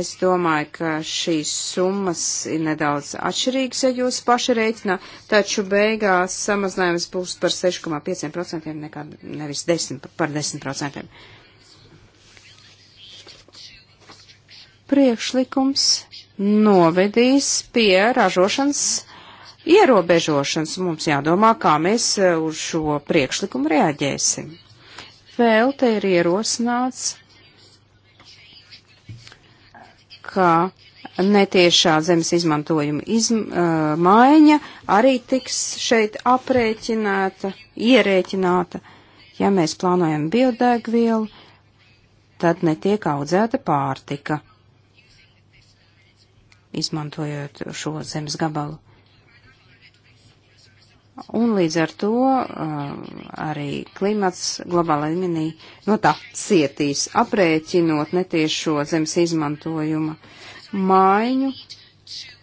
Es domāju, ka šīs summas ir nedaudz atšķirīgas, ja jūs paši rēķinā, taču beigās samazinājums būs par 6,5% nekā nevis 10, par 10%. Priekšlikums novedīs pie ražošanas ierobežošanas mums jādomā, kā mēs e, uz šo priekšlikumu reaģēsim. Vēl te ir ierosināts, ka netiešā zemes izmantojuma izm, uh, maiņa arī tiks šeit aprēķināta, ierēķināta. Ja mēs plānojam biodegvielu, tad netiek audzēta pārtika, izmantojot šo zemes gabalu. Un līdz ar to um, arī klimats globālā līmenī no tā cietīs, aprēķinot netiešo zemes izmantojuma maiņu,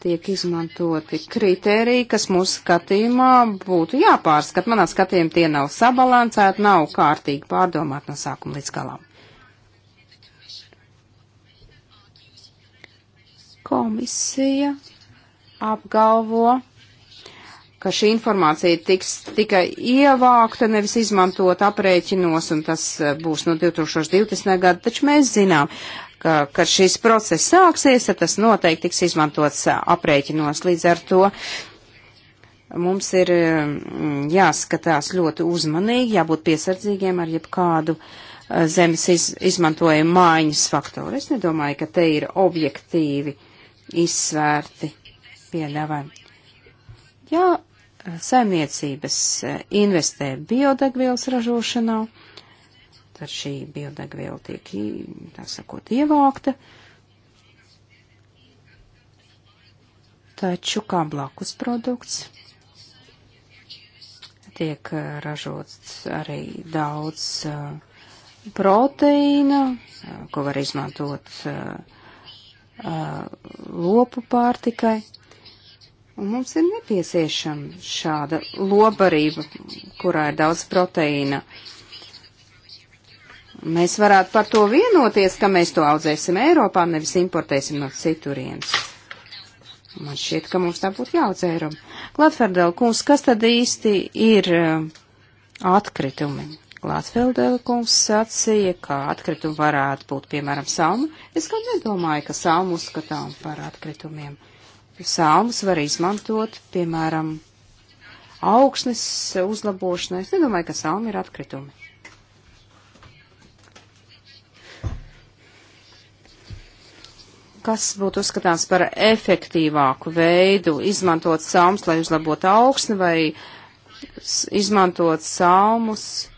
tiek izmantoti kriteriji, kas mūsu skatījumā būtu jāpārskat. Manā skatījumā tie nav sabalansēti, nav kārtīgi pārdomāti no sākuma līdz galam. Komisija apgalvo, ka šī informācija tiks tikai ievākta, nevis izmantot aprēķinos, un tas eh, būs no 2020. gada, taču mēs zinām, ka, kad šis process sāksies, tad tas noteikti tiks izmantots eh, aprēķinos. Līdz ar to mums ir mm, jāskatās ļoti uzmanīgi, jābūt piesardzīgiem ar jebkādu eh, zemes iz, izmantojuma mājas faktoru. Es nedomāju, ka te ir objektīvi izsvērti piedāvājumi. Jā, saimniecības eh, investē biodegvielas ražošanā, tad šī biodegviela tiek, tā sakot, ievākta. Taču kā blakus produkts tiek eh, ražots arī daudz uh, proteīna, uh, ko var izmantot uh, lopu pārtikai. Un mums ir nepieciešama šāda lobarība, kurā ir daudz proteīna. Mēs varētu par to vienoties, ka mēs to audzēsim Eiropā, nevis importēsim no citurienes. Man šķiet, ka mums tā būtu jāaudzē Eiropā. Glatferdēl kungs, kas tad īsti ir uh, atkritumi? Glatferdēl kungs sacīja, ka atkritumi varētu būt, piemēram, salmu. Es gan nedomāju, ka salmu uzskatām par atkritumiem salmus var izmantot, piemēram, augsnes uzlabošanai. Es nedomāju, ka salmi ir atkritumi. Kas būtu uzskatāms par efektīvāku veidu izmantot salmus, lai uzlabotu augsni, vai izmantot salmus,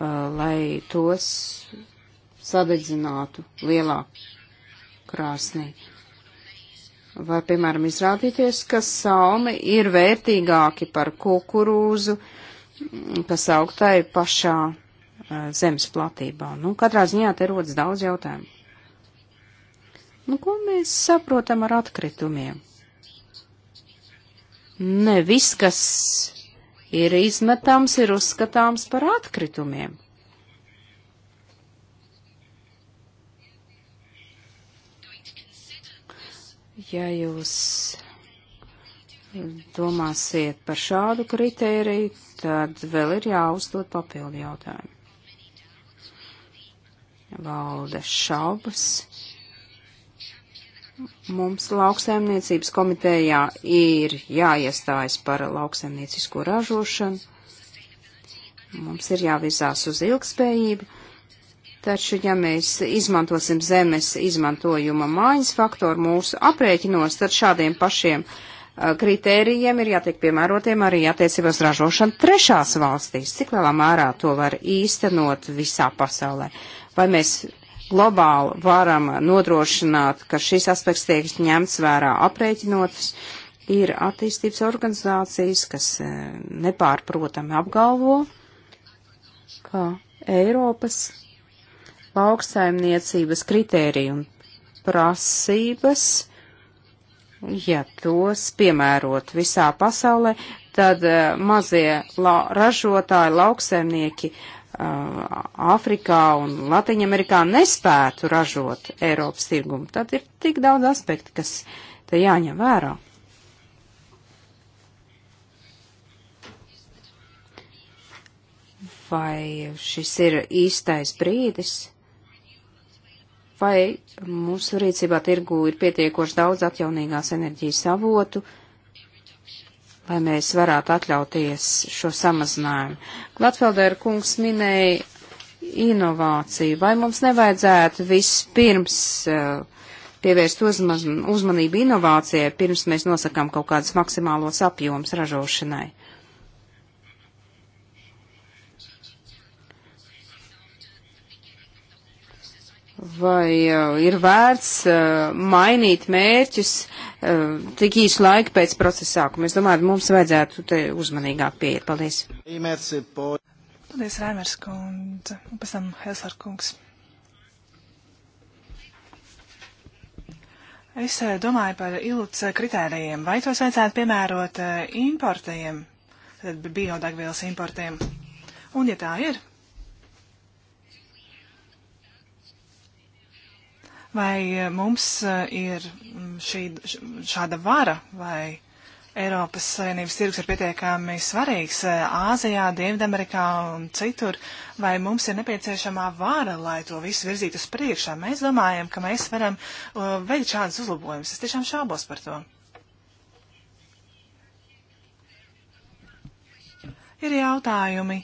uh, lai tos sadedzinātu lielā krāsnī? Vai, piemēram, izrādīties, ka salmi ir vērtīgāki par kukurūzu, mm, kas augtai pašā e, zemes platībā. Nu, katrā ziņā te rodas daudz jautājumu. Nu, ko mēs saprotam ar atkritumiem? Ne viss, kas ir izmetams, ir uzskatāms par atkritumiem. ja jūs domāsiet par šādu kritēriju, tad vēl ir jāuzdod papildu jautājumu. Valda šaubas. Mums lauksaimniecības komitejā ir jāiestājas par lauksaimniecisko ražošanu. Mums ir jāvizās uz ilgspējību Taču, ja mēs izmantosim zemes izmantojuma mājas faktoru mūsu aprēķinos, tad šādiem pašiem uh, kritērijiem ir jātiek piemērotiem arī attiecībā uz ražošanu trešās valstīs. Cik lielā mērā to var īstenot visā pasaulē? Vai mēs globāli varam nodrošināt, ka šis aspekts tiek ņemts vērā aprēķinotas? Ir attīstības organizācijas, kas uh, nepārprotami apgalvo, ka Eiropas lauksaimniecības kritēriju un prasības, ja tos piemērot visā pasaulē, tad uh, mazie la ražotāji, lauksaimnieki eh, Āfrikā uh, un Latviņamerikā nespētu ražot Eiropas tirgumu. Tad ir tik daudz aspektu, kas te jāņem vērā. Vai šis ir īstais brīdis? vai mūsu rīcībā tirgu ir pietiekoši daudz atjaunīgās enerģijas avotu, lai mēs varētu atļauties šo samazinājumu. Glatfeldēra kungs minēja inovāciju. Vai mums nevajadzētu vispirms eh, pievērst uzmanību inovācijai, pirms mēs nosakām kaut kādus maksimālos apjomus ražošanai? vai uh, ir vērts uh, mainīt mērķus uh, tik īsu laiku pēc procesa sākuma. Es domāju, mums vajadzētu te uzmanīgāk pieiet. Paldies. Paldies, Rēmers kundze, un pēc tam Helsvar kungs. Es eh, domāju par ilūts kritērijiem. Vai tos vajadzētu piemērot eh, importiem, tad biodegvielas importiem? Un ja tā ir, Vai eh, mums eh, ir mm, šī, šāda vara vai Eiropas Savienības tirgus ir pietiekami svarīgs eh, Āzijā, Dienvidamerikā un citur, vai mums ir nepieciešamā vara, lai to visu virzītu uz priekšā? Mēs domājam, ka mēs varam veikt šādus uzlabojumus. Es tiešām šaubos par to. Ir jautājumi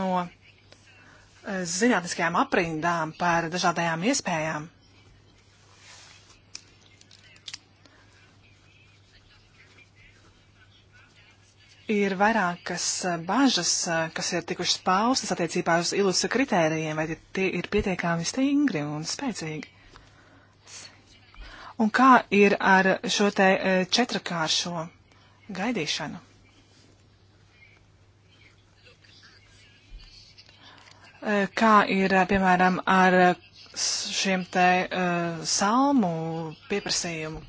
no zinātniskajām aprindām par dažādajām iespējām Ir vairākas eh, bažas, eh, kas ir tikušas paustas attiecībā uz ilusa kritērijiem, vai tie ir pietiekami stingri un spēcīgi. Un kā ir ar šo te eh, četrakāršo gaidīšanu? Kā ir, piemēram, ar šiem te uh, salmu pieprasījumu?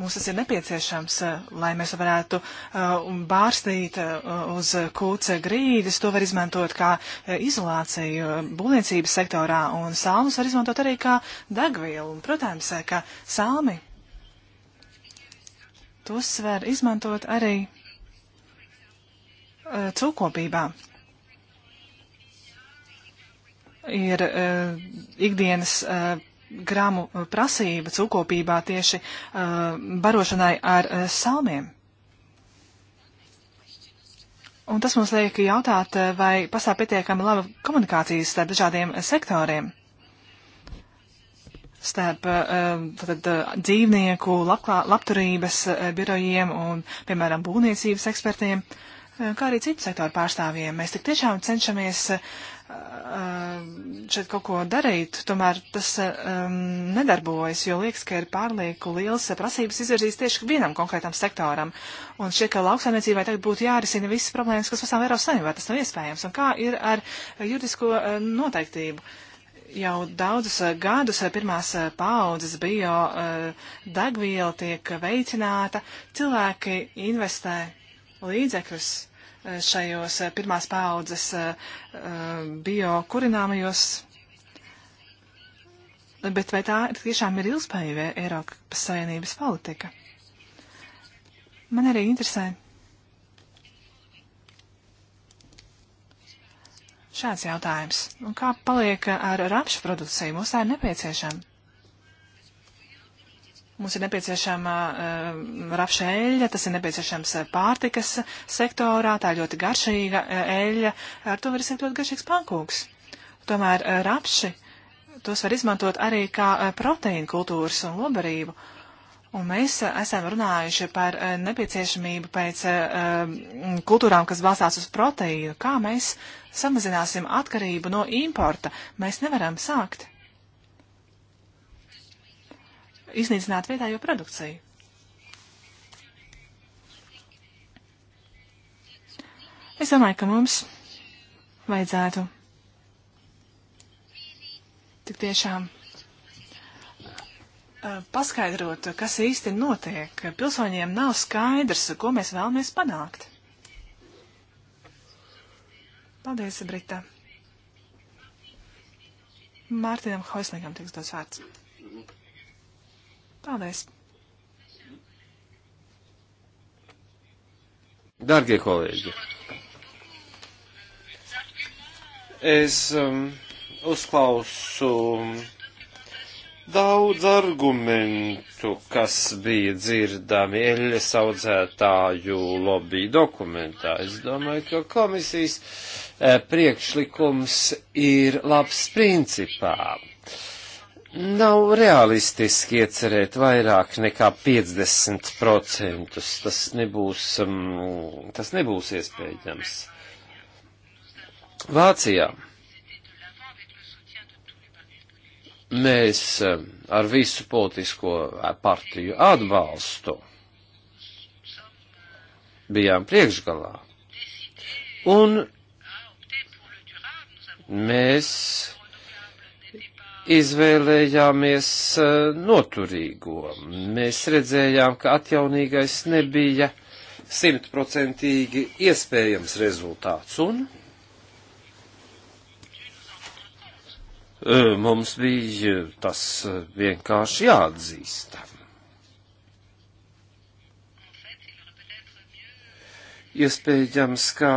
Mums tas ir nepieciešams, eh, lai mēs varētu eh, bārstīt eh, uz kūce grīdas. To var izmantot kā izolāciju būvniecības sektorā, un salmus var izmantot arī kā degvielu. Un, protams, ka salmi tos var izmantot arī cūkopībā. Ir ikdienas gramu uh, prasība cūkopībā tieši uh, barošanai ar uh, salmiem. Un tas mums liek jautāt, vai pastāv pietiekami laba komunikācijas starp dažādiem sektoriem, starp tātad, dzīvnieku labklā, labturības birojiem un, piemēram, būvniecības ekspertiem. Uh, kā arī citu sektoru pārstāvjiem. Mēs tik tiešām cenšamies uh, uh, šeit kaut ko darīt, tomēr tas uh, um, nedarbojas, jo liekas, ka ir pārlieku liels prasības izvirzīs tieši vienam konkrētam sektoram. Un šķiet, ka lauksaimniecībai tagad būtu jārisina visas problēmas, kas pastāv Eiropas Savienībā. Tas nav iespējams. Un kā ir ar juridisko noteiktību? Jau daudzus gadus pirmās paaudzes bio degviela tiek veicināta, cilvēki investē līdzekļus šajos eh, pirmās paaudzes eh, eh, biokurināmajos. Bet vai tā tiešām ir ilgspējīga Eiropas Savienības politika? Man arī interesē šāds jautājums. Un kā paliek ar rapšu produkciju? Mums tā ir nepieciešama. Mums ir nepieciešama uh, rapša eļļa, tas ir nepieciešams pārtikas sektorā, tā ļoti garšīga uh, eļļa, ar to var izsniegt ļoti garšīgs pankūks. Tomēr uh, rapši, tos var izmantot arī kā uh, proteīna kultūras un lobarību. Un mēs uh, esam runājuši par uh, nepieciešamību pēc uh, kultūrām, kas balstās uz proteīnu. Kā mēs samazināsim atkarību no importa? Mēs nevaram sākt iznīcināt vietējo produkciju. Es domāju, ka mums vajadzētu tik tiešām paskaidrot, kas īsti notiek. Pilsoņiem nav skaidrs, ko mēs vēlamies panākt. Paldies, Brita. Mārtiņam Hoislingam tiks dots vārds. Paldies! Dargie kolēģi, es um, uzklausu daudz argumentu, kas bija dzirdami eļļas audzētāju lobby dokumentā. Es domāju, ka komisijas eh, priekšlikums ir labs principām Nav realistiski iecerēt vairāk nekā 50%. Tas nebūs, um, tas nebūs iespējams. Vācijā mēs um, ar visu politisko uh, partiju atbalstu bijām priekšgalā. Un mēs izvēlējāmies eh, noturīgo. Mēs redzējām, ka atjaunīgais nebija simtprocentīgi iespējams rezultāts, un eh, mums bija tas vienkārši jāatzīst. Iespējams, ka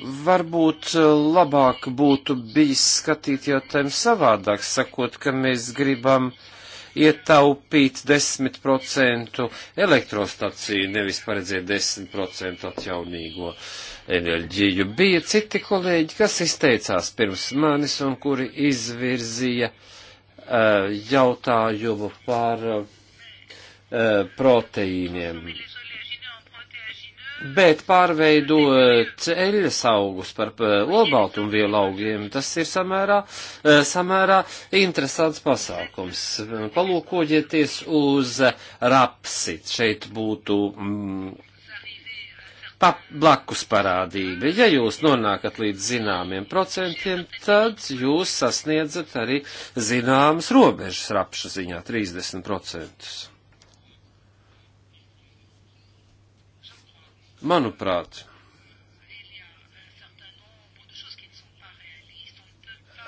Varbūt eh, labāk būtu bijis skatīt jautājumu savādāk, sakot, ka mēs gribam ietaupīt 10% elektrostaciju, nevis paredzēt 10% atjaunīgo enerģiju. Bija citi kolēģi, kas izteicās pirms manis un kuri izvirzīja uh, jautājumu par uh, proteīniem. Bet pārveidot eļļas augus par olbaltumvielu augiem, tas ir samērā, eh, samērā interesants pasākums. Palūkoģieties uz rapsit, šeit būtu mm, pa, blakus parādība. Ja jūs nonākat līdz zināmiem procentiem, tad jūs sasniedzat arī zināmas robežas rapša ziņā - 30%. Manuprāt,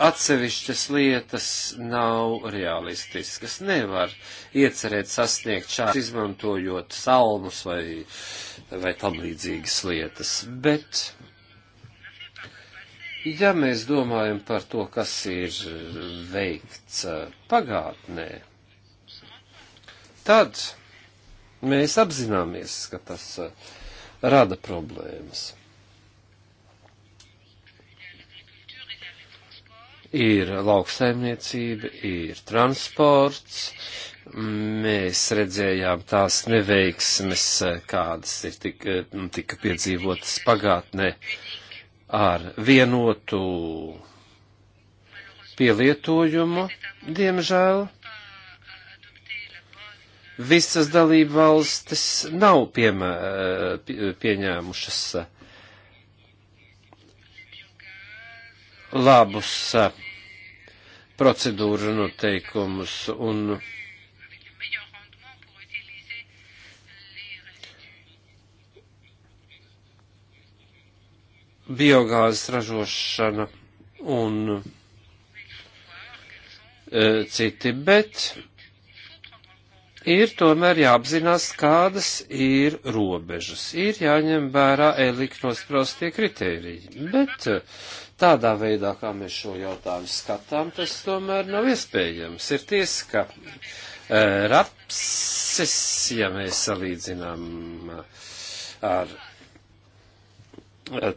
atsevišķas lietas nav realistiskas. Nevar iecerēt sasniegt šādu izmantojot salmus vai, vai tam līdzīgas lietas. Bet, ja mēs domājam par to, kas ir veikts uh, pagātnē, tad mēs apzināmies, ka tas uh, rada problēmas. Ir lauksaimniecība, ir transports, mēs redzējām tās neveiksmes, kādas ir tik, tika piedzīvotas pagātnē ar vienotu pielietojumu, diemžēl visas dalība valstis nav piemē, pieņēmušas eh, labus eh, procedūru noteikumus un biogāzes ražošana un e, citi, bet ir tomēr jāapzinās, kādas ir robežas. Ir jāņem vērā eliknosprostie kritēriji, bet eh, tādā veidā, kā mēs šo jautājumu skatām, tas tomēr nav iespējams. Ir tiesa, ka e, rapses, ja mēs salīdzinām eh, ar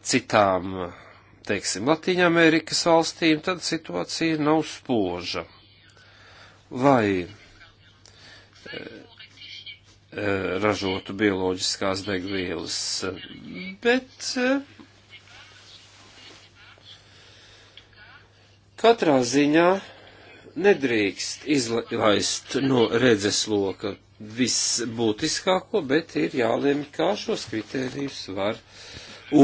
citām, teiksim, Latīņamerikas valstīm, tad situācija nav spoža. Vai Eh, ražotu bioloģiskās degvielas, bet eh, katrā ziņā nedrīkst izlaist no redzesloka visbūtiskāko, bet ir jālēm, kā šos kritērijus var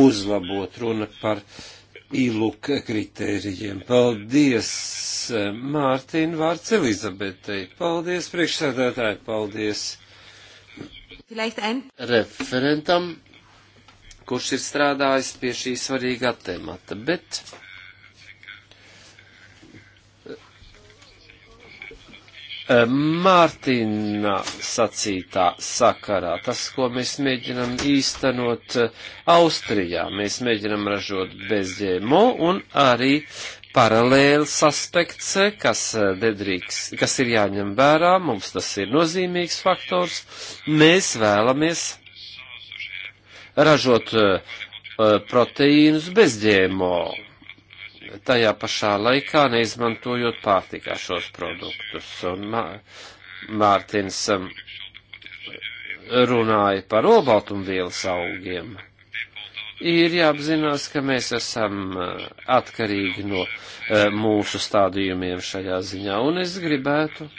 uzlabot. Runa par uh, iluk kritērijiem. Paldies, eh, Mārtiņ, vārds Elizabetei. Paldies, priekšsēdētāji, paldies. Referentam, kurš ir strādājis pie šī svarīgā temata, bet Eh, Mārtiņa sacītā sakarā, tas, ko mēs mēģinam īstenot eh, Austrijā, mēs mēģinam ražot bez ģēmo un arī paralēls aspekts, eh, kas nedrīks, kas ir jāņem vērā, mums tas ir nozīmīgs faktors. Mēs vēlamies ražot proteīnus bez ģēmo tajā pašā laikā neizmantojot pārtikā šos produktus. Un Mārtins um, runāja par obaltumvielas augiem. Ir jāapzinās, ka mēs esam uh, atkarīgi no uh, mūsu stādījumiem šajā ziņā, un es gribētu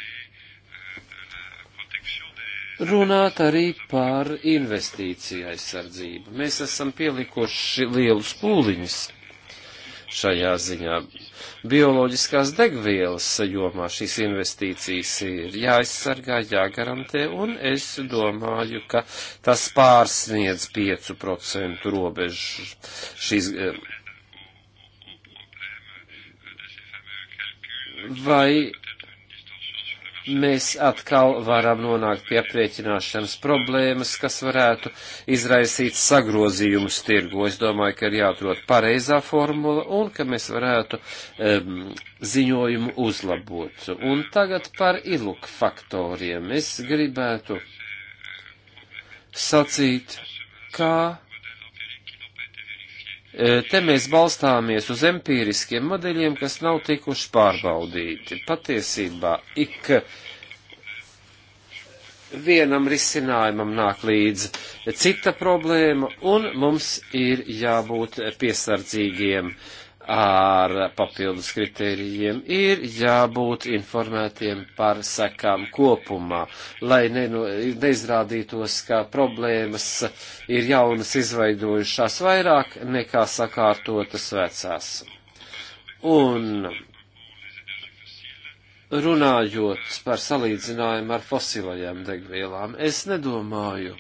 runāt arī par investīciju aizsardzību. Mēs esam pielikuši lielus pūliņus šajā ziņā. Bioloģiskās degvielas jomā šīs investīcijas ir jāaizsargā, jāgarantē, un es domāju, ka tas pārsniedz 5% robežu šīs. Eh, vai mēs atkal varam nonākt pie aprēķināšanas problēmas, kas varētu izraisīt sagrozījumus tirgu. Es domāju, ka ir jāatrod pareizā formula un ka mēs varētu um, ziņojumu uzlabot. Un tagad par iluk faktoriem. Es gribētu sacīt, kā E, te mēs balstāmies uz empīriskiem modeļiem, kas nav tikuši pārbaudīti. Patiesībā ik vienam risinājumam nāk līdz cita problēma, un mums ir jābūt piesardzīgiem uh, ar papildus kritērijiem ir jābūt informētiem par sekām kopumā, lai neno, neizrādītos, ka problēmas ir jaunas izveidojušās vairāk nekā sakārtotas vecās. Un runājot par salīdzinājumu ar fosilajām degvielām, es nedomāju,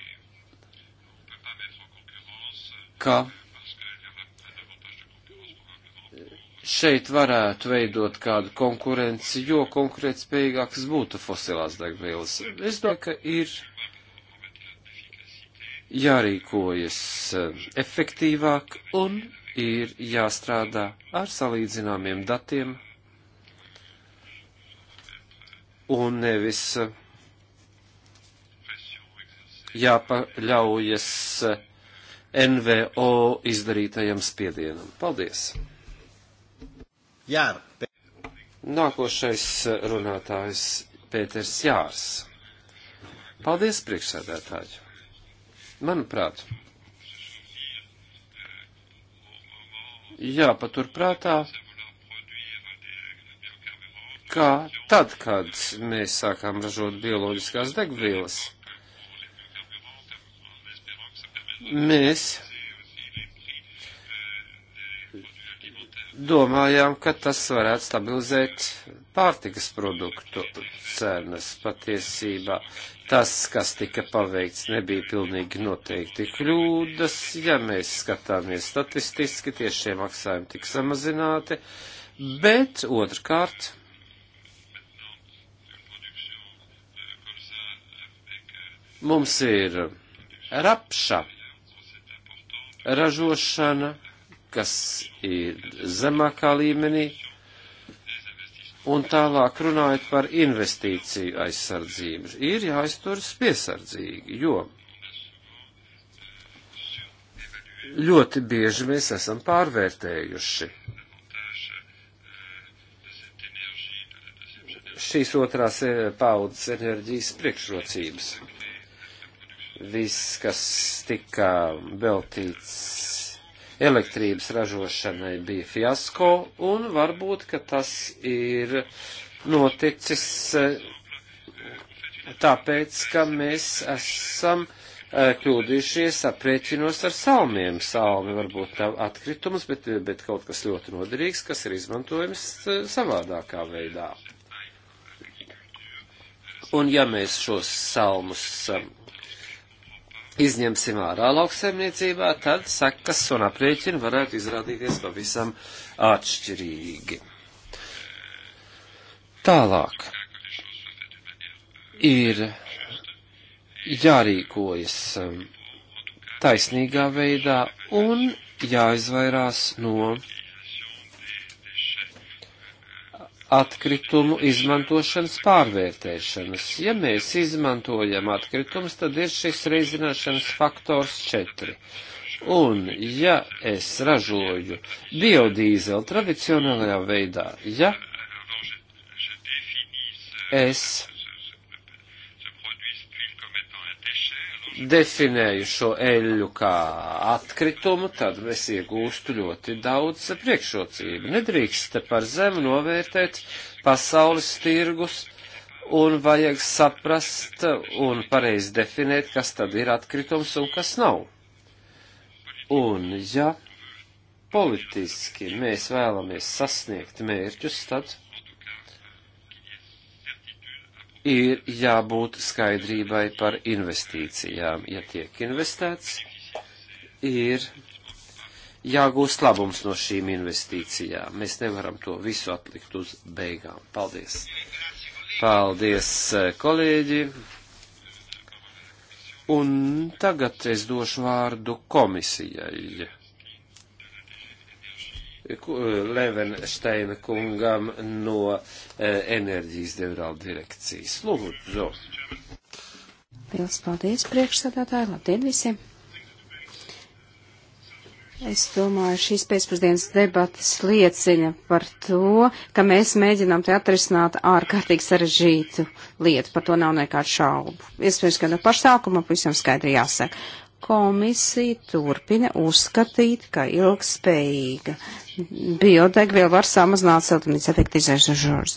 ka šeit varētu veidot kādu konkurenci, jo konkurētspējīgāks būtu fosilās degvielas. Es domāju, ka ir jārīkojas eh, efektīvāk un ir jāstrādā ar salīdzināmiem datiem un nevis eh, jāpaļaujas eh, NVO izdarītajam spiedienam. Paldies! Jār. Nākošais runātājs Pēters Jārs. Paldies, priekšsēdētāji. Manuprāt, jāpaturprātā, ka tad, kad mēs sākām ražot bioloģiskās degvielas, mēs domājām, ka tas varētu stabilizēt pārtikas produktu cenas. Patiesībā tas, kas tika paveikts, nebija pilnīgi noteikti kļūdas. Ja mēs skatāmies statistiski, tiešie maksājumi tika samazināti, bet otrkārt. Mums ir rapša, ražošana, kas ir zemākā līmenī, un tālāk runājot par investīciju aizsardzību, ir jāizturas piesardzīgi, jo ļoti bieži mēs esam pārvērtējuši šīs otrās eh, paudzes enerģijas priekšrocības. Viss, kas tika veltīts elektrības ražošanai bija fiasko, un varbūt, ka tas ir noticis eh, tāpēc, ka mēs esam eh, kļūdījušies aprēķinos ar salmiem. Salmi varbūt nav atkritums, bet, bet kaut kas ļoti noderīgs, kas ir izmantojams eh, savādākā veidā. Un ja mēs šos salmus izņemsim ārā lauksaimniecībā, tad sekas un aprēķini varētu izrādīties pavisam atšķirīgi. Tālāk ir jārīkojas um, taisnīgā veidā un jāizvairās no atkritumu izmantošanas pārvērtēšanas. Ja mēs izmantojam atkritumus, tad ir šis reizināšanas faktors 4. Un, ja es ražoju biodīzeli tradicionālajā veidā, ja es definēju šo eļļu kā atkritumu, tad es iegūstu ļoti daudz priekšrocību. Nedrīkst par zemu novērtēt pasaules tirgus un vajag saprast un pareizi definēt, kas tad ir atkritums un kas nav. Un ja politiski mēs vēlamies sasniegt mērķus, tad ir jābūt skaidrībai par investīcijām. Ja tiek investēts, ir jāgūst labums no šīm investīcijām. Mēs nevaram to visu atlikt uz beigām. Paldies! Paldies, eh, kolēģi! Un tagad es došu vārdu komisijai. Eh, Levensteina kungam no eh, enerģijas devrāla direkcijas. Lūdzu! Liels paldies priekšsādātāji, labdien visiem! Es domāju, šīs pēcpusdienas debatas liecina par to, ka mēs mēģinām te atrisināt ārkārtīgi sarežģītu lietu. Par to nav nekādu šaubu. Iespējams, ka no pašsākuma pavisam skaidri jāsaka. Komisija turpina uzskatīt, ka ilgspējīga biodegviela var samazināt siltumnīca efekta izraisušos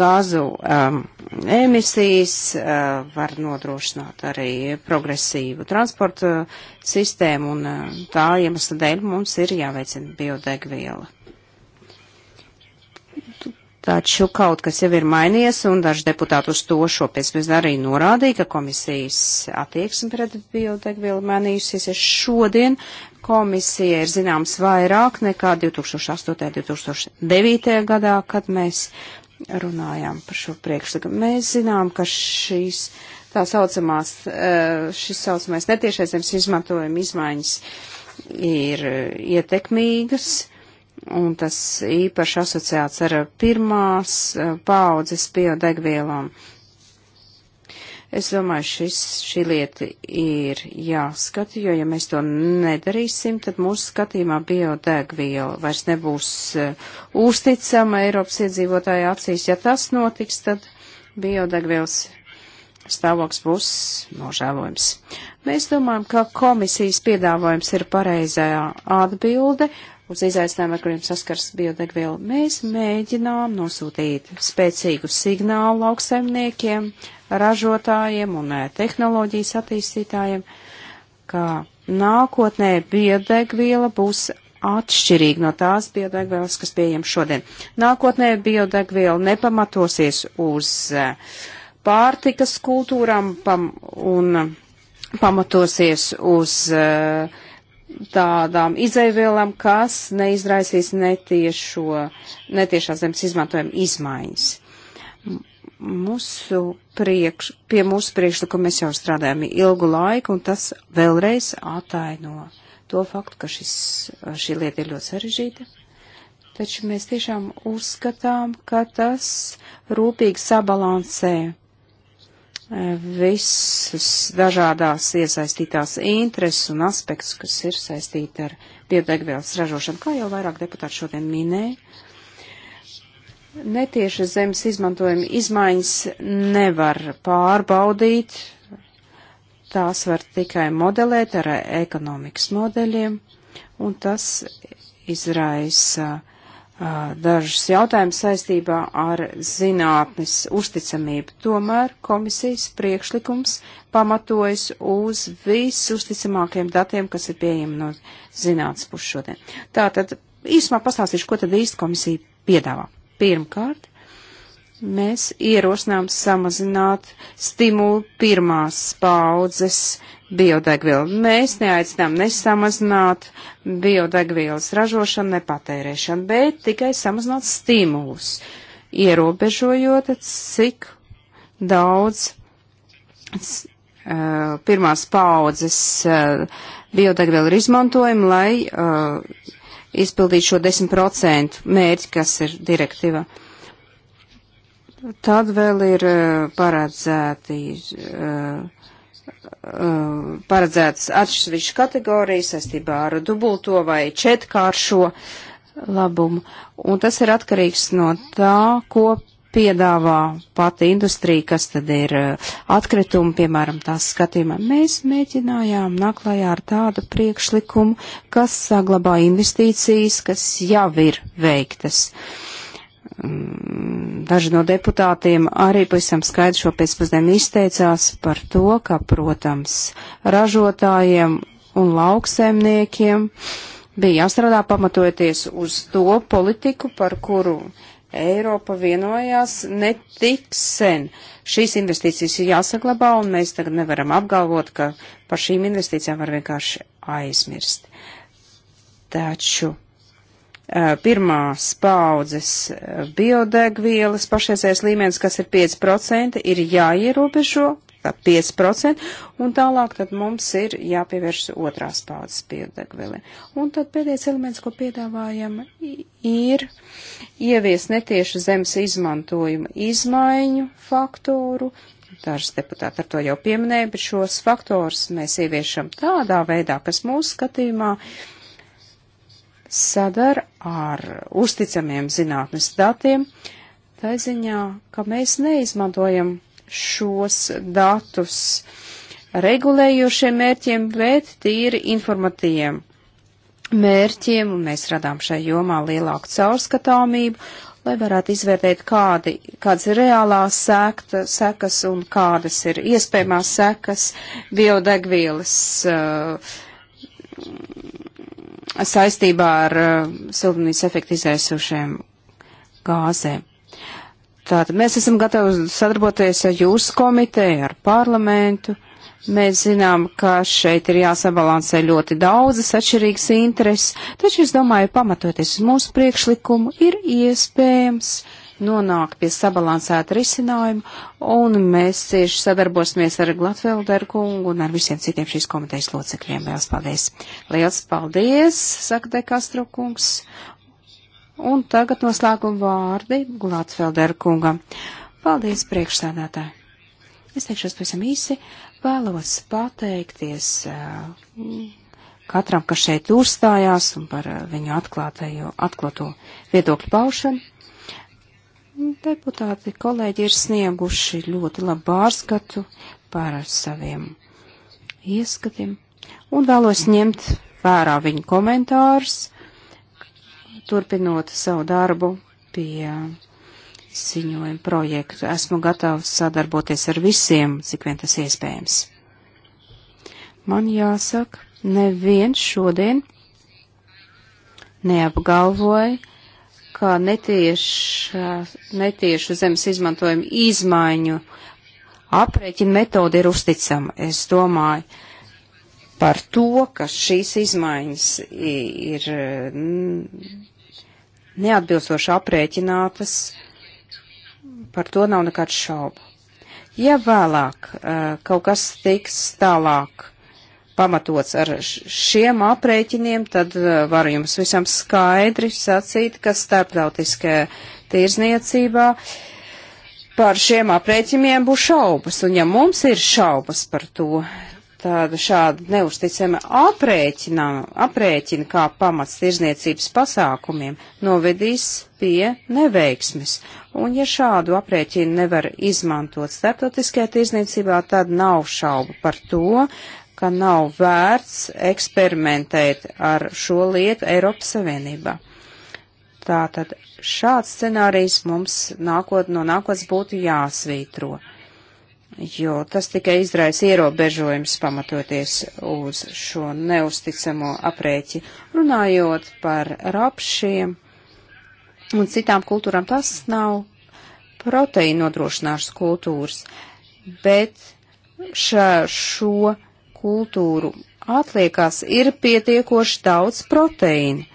gāzu um, emisijas, uh, var nodrošināt arī progresīvu transporta uh, sistēmu, un uh, tā iemesla dēļ mums ir jāveicina biodegviela Taču kaut kas jau ir mainījies, un daži deputāti uz to šo pēcpēc arī norādīja, ka komisijas attieksme pret biodegvielu mainījusies. Šodien komisija ir zināms vairāk nekā 2008. un 2009. gadā, kad mēs runājām par šo priekšlikumu. Mēs zinām, ka šīs tā saucamās, eh, šis saucamais netiešais zemes izmantojuma izmaiņas ir ietekmīgas un tas īpaši asociēts ar pirmās paudzes biodegvielām. Es domāju, šis, šī lieta ir jāskata, jo ja mēs to nedarīsim, tad mūsu skatījumā biodegviela vairs nebūs uh, uzticama Eiropas iedzīvotāja acīs. Ja tas notiks, tad biodegvielas stāvoklis būs nožēlojams. Mēs domājam, ka komisijas piedāvājums ir pareizajā atbilde uz izaicinājumu, ar kuriem saskars biodegviela. Mēs mēģinām nosūtīt spēcīgu signālu lauksaimniekiem, ražotājiem un eh, tehnoloģijas attīstītājiem, ka nākotnē biodegviela būs atšķirīga no tās biodegvielas, kas pieejam šodien. Nākotnē biodegviela nepamatosies uz eh, pārtikas kultūram pam un pamatosies uz uh, tādām izēvielām, kas neizraisīs netiešo, netiešā zemes izmantojuma izmaiņas. Mūsu priekš, pie mūsu priekšlikuma mēs jau strādājam ilgu laiku, un tas vēlreiz ataino to faktu, ka šis, šī lieta ir ļoti sarežģīta taču mēs tiešām uzskatām, ka tas rūpīgi sabalansē visas dažādās iesaistītās intereses un aspektus, kas ir saistīti ar biodegvielas ražošanu, kā jau vairāk deputāti šodien minēja. Netieši zemes izmantojuma izmaiņas nevar pārbaudīt, tās var tikai modelēt ar ekonomikas modeļiem, un tas izraisa dažus jautājumus saistībā ar zinātnes uzticamību. Tomēr komisijas priekšlikums pamatojas uz visusticamākiem datiem, kas ir pieejami no zinātnes puses šodien. Tātad īsumā pastāstīšu, ko tad īsti komisija piedāvā. Pirmkārt, mēs ierosinām samazināt stimulu pirmās paudzes biodegvielu. Mēs neaicinām nesamazināt biodegvielas ražošanu, nepatērēšanu, bet tikai samazināt stimulus, ierobežojot, cik daudz uh, pirmās paudzes uh, biodegvielu ir izmantojumi, lai uh, izpildītu šo 10% mērķi, kas ir direktīva. Tad vēl ir paredzēti uh, Uh, paredzētas atsevišķas kategorijas saistībā ar dubulto vai četkāršo labumu. Un tas ir atkarīgs no tā, ko piedāvā pati industrija, kas tad ir uh, atkritumi, piemēram, tās skatījumā. Mēs mēģinājām naklajā ar tādu priekšlikumu, kas saglabā investīcijas, kas jau ir veiktas. Uh, Mm, daži no deputātiem arī pavisam skaidri šo pēcpusdienu izteicās par to, ka, protams, ražotājiem un lauksēmniekiem bija jāstrādā pamatojoties uz to politiku, par kuru Eiropa vienojās netik sen. Šīs investīcijas ir jāsaglabā, un mēs tagad nevaram apgalvot, ka par šīm investīcijām var vienkārši aizmirst. Taču Eh, pirmās paudzes eh, biodegvielas pašreizējais līmenis, kas ir 5%, ir jāierobežo, tā 5%, un tālāk tad mums ir jāpievērš otrās paudzes biodegvielai. Un tad pēdējais elements, ko piedāvājam, ir ievies netiešu zemes izmantojuma izmaiņu faktoru. Dažs deputāti ar to jau pieminēja, bet šos faktors mēs ieviešam tādā veidā, kas mūsu skatījumā uh, sadara ar uzticamiem zinātnes datiem, tā ziņā, ka mēs neizmantojam šos datus regulējošiem mērķiem, bet tīri informatīviem mērķiem, un mēs radām šai jomā lielāku caurskatāmību, lai varētu izvērtēt, kādi, kādas ir reālās sekta, sekas un kādas ir iespējamās sekas biodegvielas uh, saistībā ar uh, siltumnīcas efektu izraisušiem gāzēm. Tātad mēs esam gatavi sadarboties ar jūsu komiteju, ar parlamentu. Mēs zinām, ka šeit ir jāsabalansē ļoti daudzas atšķirīgas intereses, taču es domāju, pamatoties uz mūsu priekšlikumu, ir iespējams uh, nonāk pie sabalansēta risinājuma, un mēs cieši sadarbosimies ar Glatvelderu kungu un ar visiem citiem šīs komitejas locekļiem. Liels paldies! Liels paldies, saka Dekastro kungs. Un tagad noslēguma vārdi Glatvelderu kungam. Paldies, priekšsēdētāji! Es teikšos pavisam īsi, vēlos pateikties. Uh, katram, kas šeit uzstājās un par uh, viņu atklāto viedokļu paušanu. Deputāti kolēģi ir snieguši ļoti labu pārskatu par saviem ieskatiem un vēlos ņemt vērā viņu komentārus, turpinot savu darbu pie ziņojuma projektu. Esmu gatavs sadarboties ar visiem, cik vien tas iespējams. Man jāsaka, neviens šodien neapgalvoja, kā netiešu netieša zemes izmantojuma izmaiņu aprēķina metode ir uzticama. Es domāju par to, ka šīs izmaiņas ir mm, neatbilstoši aprēķinātas, par to nav nekāds šaubu. Ja vēlāk eh, kaut kas tiks tālāk pamatots ar šiem aprēķiniem, tad eh, varu jums visam skaidri sacīt, ka starptautiskajā tirzniecībā par šiem aprēķiniem būs šaubas, un ja mums ir šaubas par to, tad šādi neusticami aprēķini kā pamats tirzniecības pasākumiem novedīs pie neveiksmes. Un ja šādu aprēķinu nevar izmantot starptautiskajā tirzniecībā, tad nav šaubu par to, ka nav vērts eksperimentēt ar šo lietu Eiropas Savienībā. Tātad šāds scenārijs mums nākot, no nākotnes būtu jāsvītro, jo tas tikai izraisa ierobežojums pamatoties uz šo neusticamo aprēķi. Runājot par rapšiem un citām kultūrām, tas nav proteīna nodrošināšanas kultūras, bet šā, šo kultūru atliekās ir pietiekoši daudz proteīna.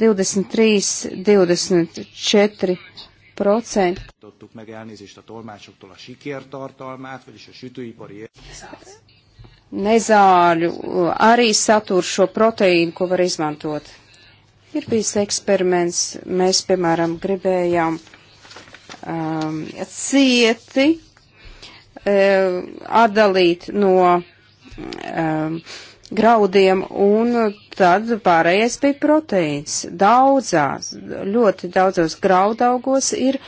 23, 24 procent. Tudtuk meg elnézést a tolmácsoktól a sikertartalmát, vagyis a sütőipari Nezāļu arī satur šo proteīnu, ko var izmantot. Ir bijis eksperiments, mēs, piemēram, gribējām um, cieti um, atdalīt no um, graudiem, un tad pārējais bija proteīns. Daudzās, ļoti daudzos graudaugos ir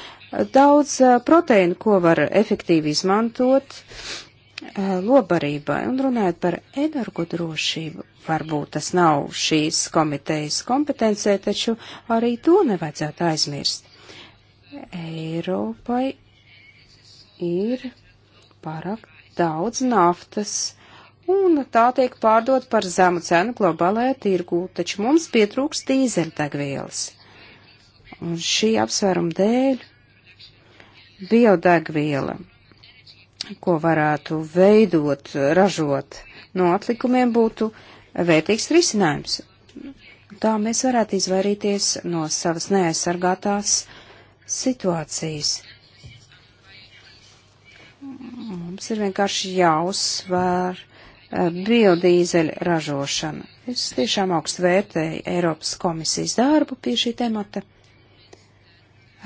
daudz uh, proteīnu, ko var efektīvi izmantot uh, lobarībai. Un runājot par energodrošību, varbūt tas nav šīs komitejas kompetencē, taču arī to nevajadzētu aizmirst. Eiropai ir pārāk daudz naftas un tā tiek pārdot par zemu cenu globālajā tirgū, taču mums pietrūks dīzeļdegvielas. Un šī apsvēruma dēļ biodegviela, ko varētu veidot, ražot no atlikumiem, būtu vērtīgs risinājums. Tā mēs varētu izvairīties no savas neaizsargātās situācijas mums ir vienkārši jāuzsver Eh, biodīzeļa ražošana. Es tiešām augstu vērtēju Eiropas komisijas darbu pie šī temata.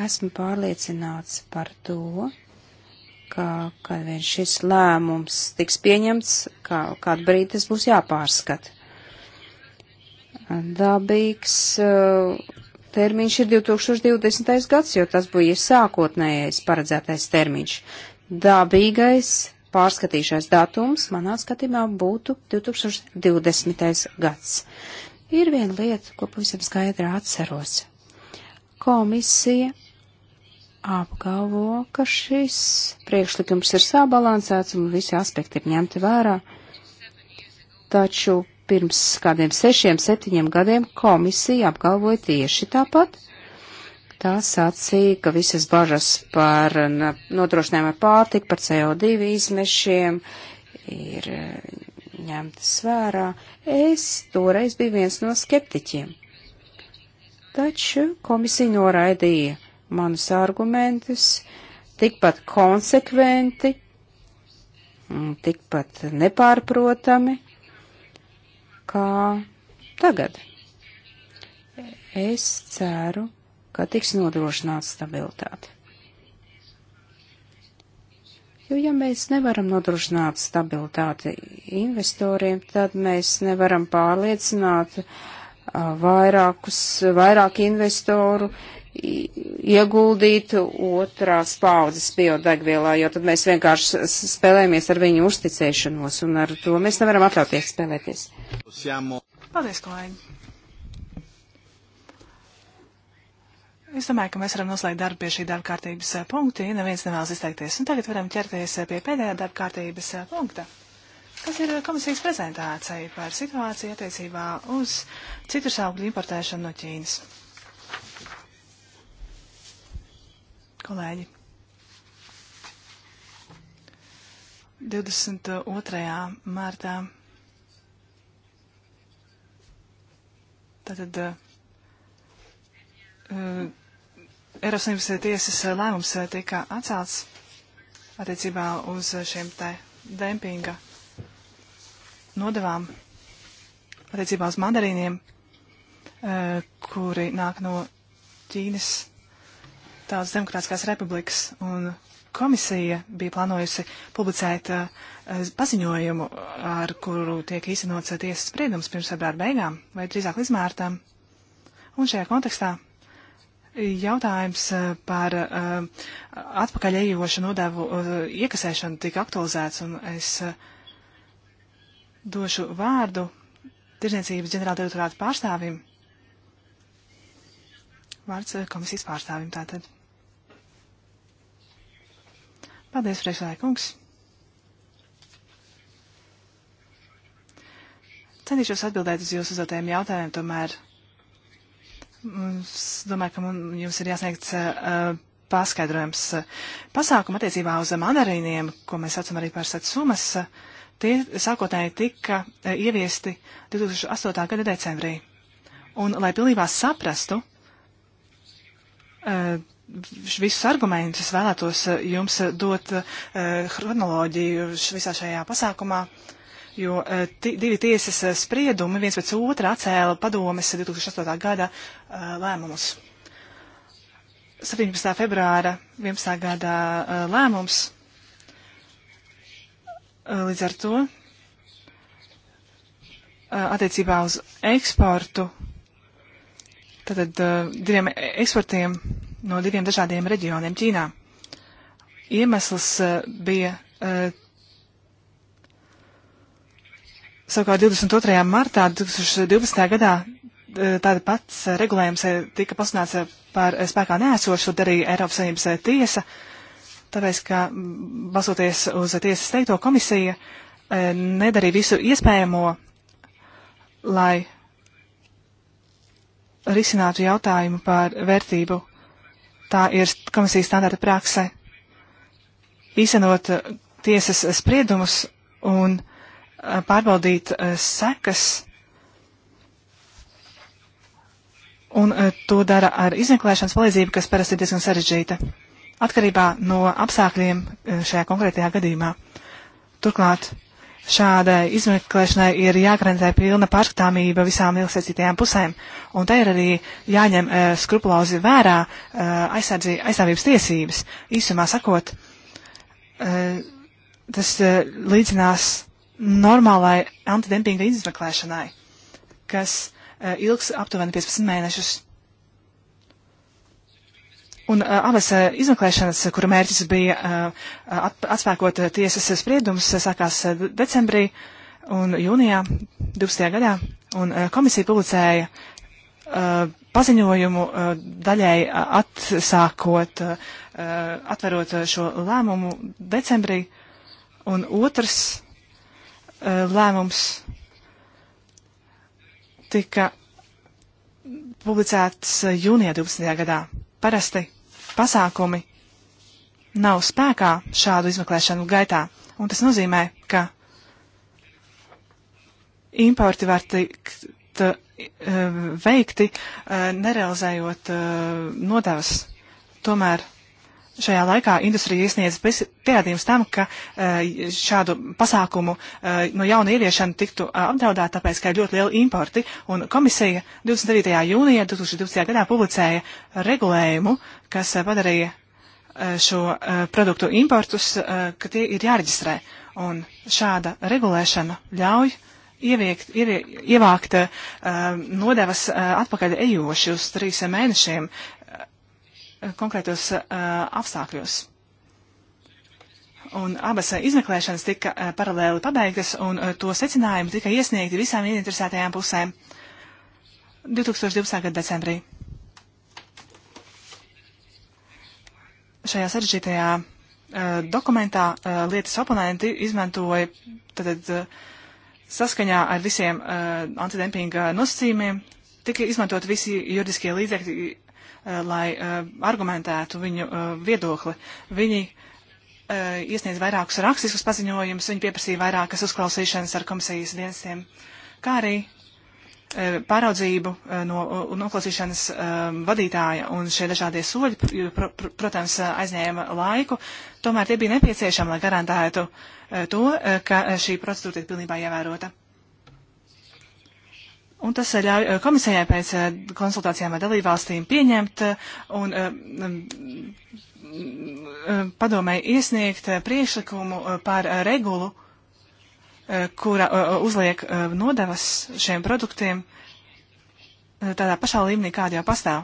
Esmu pārliecināts par to, ka, kad vien šis lēmums tiks pieņemts, kā, kādu brīdi tas būs jāpārskata. Dabīgs eh, termiņš ir 2020. gads, jo tas bija sākotnējais paredzētais termiņš. Dabīgais pārskatīšais datums, manā skatījumā, būtu 2020. gads. Ir viena lieta, ko pavisam skaidri atceros. Komisija apgalvo, ka šis priekšlikums ir sabalansēts un visi aspekti ir ņemti vērā. Taču pirms kādiem sešiem, septiņiem gadiem komisija apgalvoja tieši tāpat Tā sacīja, ka visas bažas par nodrošinājumu ar pārtiku, par CO2 izmešiem ir e, ņemtas vērā. Es toreiz biju viens no skeptiķiem. Taču komisija noraidīja manus argumentus tikpat konsekventi, tikpat nepārprotami, kā tagad. Es ceru, ka tiks nodrošināta stabilitāte. Jo, ja mēs nevaram nodrošināt stabilitāti investoriem, tad mēs nevaram pārliecināt vairākus, vairāk investoru ieguldīt otrās paudzes biodegvielā, jo tad mēs vienkārši spēlējamies ar viņu uzticēšanos, un ar to mēs nevaram atļauties spēlēties. Paldies, kolēģi! Es domāju, ka mēs varam noslēgt darbu pie šī darba kārtības eh, punkta, ja neviens nevēlas izteikties. Un tagad varam ķerties eh, pie pēdējā darba kārtības eh, punkta, kas ir komisijas prezentācija par situāciju attiecībā uz citrusaugu importēšanu no Ķīnas. Kolēģi, 22. martā tātad. Uh, Eiropas Savienības tiesas lēmums tika atcelts attiecībā uz šiem te dempinga nodevām attiecībā uz mandarīniem, eh, kuri nāk no Ķīnas tās Demokrātiskās republikas. Un komisija bija plānojusi publicēt eh, paziņojumu, ar kuru tiek īstenots tiesas spriedums pirms februāra beigām, vai drīzāk līdz mērtām. Un šajā kontekstā Jautājums eh, par eh, atpakaļ ejošu nodevu eh, iekasēšanu tika aktualizēts, un es došu vārdu Tirzniecības ģenerāldirektorāta pārstāvim. Vārds komisijas pārstāvim tātad. Paldies, priekšlēkungs. Centīšos atbildēt uz jūsu uzdotajiem jautājumiem, tomēr Es domāju, ka man, jums ir jāsniegts uh, paskaidrojums. Pasākuma attiecībā uz mandarīniem, ko mēs saucam arī par satsumas, tie sākotnēji tika eh, ieviesti 2008. gada decembrī. Un, lai pilnībā saprastu uh, visus argumentus, vēlētos jums dot uh, chronoloģiju visā šajā pasākumā. Uh, jo eh, divi tiesas eh, spriedumi viens pēc otra atcēla padomes 2008. gada eh, lēmumus. 17. februāra 11. gada lēmums. Līdz ar to attiecībā uz eksportu, tātad diviem eksportiem no diviem dažādiem reģioniem Ķīnā. Iemesls bija Savukārt 22. martā 2012. gadā e, tāda pats regulējums e, tika pasunāts par e, spēkā nēsošu, to darīja Eiropas Savienības tiesa, tāpēc, ka basoties uz tiesas teikto komisija nedarīja visu iespējamo, lai risinātu jautājumu par vērtību. Tā ir komisijas standarta prakse. Īsenot tiesas spriedumus un pārbaudīt eh, sekas. Un eh, to dara ar izmeklēšanas palīdzību, kas parasti ir diezgan sarežģīta, atkarībā no apstākļiem eh, šajā konkrētajā gadījumā. Turklāt šādai izmeklēšanai ir jāgarantē pilna pārskatāmība visām iesaistītajām pusēm, un te ir arī jāņem uh, e, skrupulozi vērā uh, e, aizsardzi, aizstāvības tiesības. Īsumā sakot, uh, e, tas uh, līdzinās normālai antidempinga izmeklēšanai, kas uh, ilgs aptuveni 15 mēnešus. Un uh, abas uh, izmeklēšanas, kura mērķis bija uh, at, atspēkot uh, tiesas spriedumus, uh, sākās uh, decembrī un jūnijā 12. gadā, un uh, komisija publicēja uh, paziņojumu uh, daļai uh, atsākot, uh, atverot šo lēmumu decembrī, un otrs Eh, lēmums tika publicēts eh, jūnijā 12. gadā. Parasti pasākumi nav spēkā šādu izmeklēšanu gaitā, un tas nozīmē, ka importi var tikt eh, veikti, nerealizējot nodevas. Tomēr Šajā laikā industrija iesniedz pierādījums tam, ka e, šādu pasākumu e, no jauna ieviešana tiktu e, apdraudēta, tāpēc, ka ir ļoti liela importi, un komisija 29. jūnijā 2020. gadā publicēja regulējumu, kas padarīja šo produktu importus, ka tie ir jāreģistrē. Un šāda regulēšana ļauj ieviekt, ievie, ievākt uh, nodevas uh, atpakaļ ejoši uz trīs mēnešiem, konkrētos eh, apstākļos. Un abas eh, izmeklēšanas tika eh, paralēli pabeigtas, un to secinājumi tika iesniegti visām ieinteresētajām pusēm 2012. gada decembrī. Šajā sarežģītajā dokumentā lietas oponenti izmantoja tad, saskaņā ar visiem antidempinga nosacījumiem, tika izmantot visi juridiskie līdzekļi, Eh, lai eh, argumentētu viņu eh, viedokli. Viņi iesniedz vairākus rakstiskus paziņojumus, viņi pieprasīja vairākas uzklausīšanas ar komisijas dienestiem, kā arī pāraudzību no noklausīšanas vadītāja un šie dažādie soļi, pr pr protams, aizņēma laiku, tomēr tie bija nepieciešami, lai garantētu to, ka šī procedūra tiek pilnībā ievērota. Un tas eh, ļauj eh, komisijai pēc eh, konsultācijām ar dalībvalstīm pieņemt un mm, mm, padomēji iesniegt priekšlikumu par regulu, kura uzliek nodevas šiem produktiem tādā pašā līmenī, kāda jau pastāv.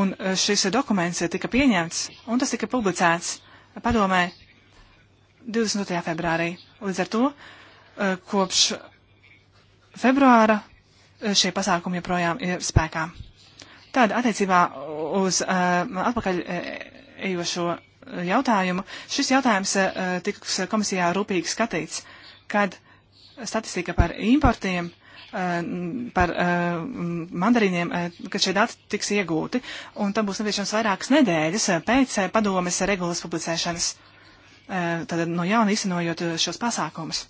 Un šis dokuments tika pieņemts, un tas tika publicēts padomē 22. februārī. Līdz ar to kopš februāra eh, šie pasākumi joprojām ir spēkā. Tad attiecībā uz uh, atpakaļ eh, ejošo jautājumu, šis jautājums uh, tiks komisijā rūpīgi skatīts, kad statistika par importiem par uh, mandarīniem, kad šie dati tiks iegūti, un tam būs nepieciešams vairākas nedēļas pēc padomes regulas publicēšanas, uh, tad no jauna izcenojot šos pasākumus.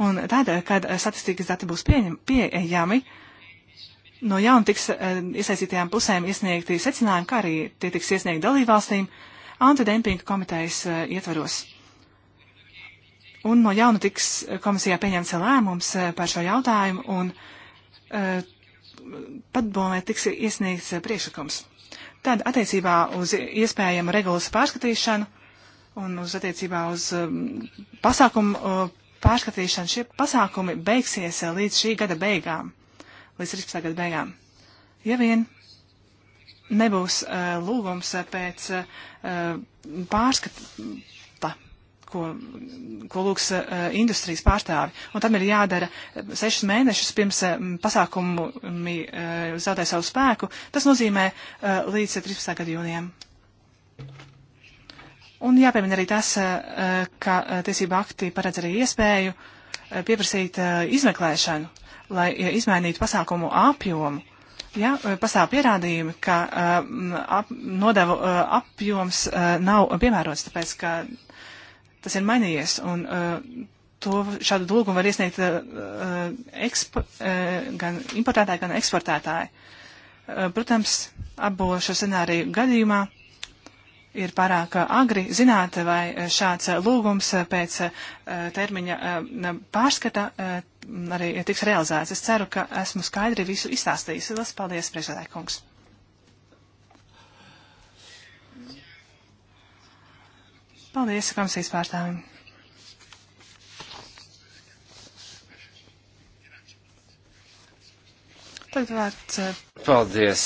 Un tad, kad statistikas dati būs pieņem, pieejami, no jauna tiks eh, iesaistītajām pusēm iesniegti secinājumi, kā arī tie tiks iesniegti dalībvalstīm antidempinga komitejas eh, ietvaros. Un no jauna tiks eh, komisijā pieņemts lēmums par šo jautājumu un uh, padomē tiks iesniegts priekšlikums. Tad attiecībā uz iespējamu regulas pārskatīšanu un uz attiecībā uz pasākumu pārskatīšana, šie pasākumi beigsies eh, līdz šī gada beigām, līdz 13. gada beigām. Ja vien nebūs uh, lūgums eh, pēc uh, pārskata, ko, ko lūgs uh, industrijas pārstāvi. Un tam ir jādara sešus mēnešus pirms uh, pasākumu uh, zaudē savu spēku. Tas nozīmē uh, līdz 13. gada jūnijam. Un jāpiemina arī tas, eh, ka eh, tiesība akti paredz arī iespēju eh, pieprasīt izmeklēšanu, lai izmainītu pasākumu apjomu. Ja pastāv pierādījumi, ka ap, nodevu apjoms nav piemērots, tāpēc ka tas ir mainījies, un to šādu lūgumu var iesniegt ekspo, gan importētāji, gan eksportētāji. Protams, abo šo scenāriju gadījumā ir pārāk agri zināt, vai šāds lūgums pēc eh, termiņa eh, pārskata eh, arī tiks realizēts. Es ceru, ka esmu skaidri visu izstāstījis. Lielas paldies, priekšsēdētājkungs! Paldies komisijas pārstāvim! Tagad vārds. Paldies!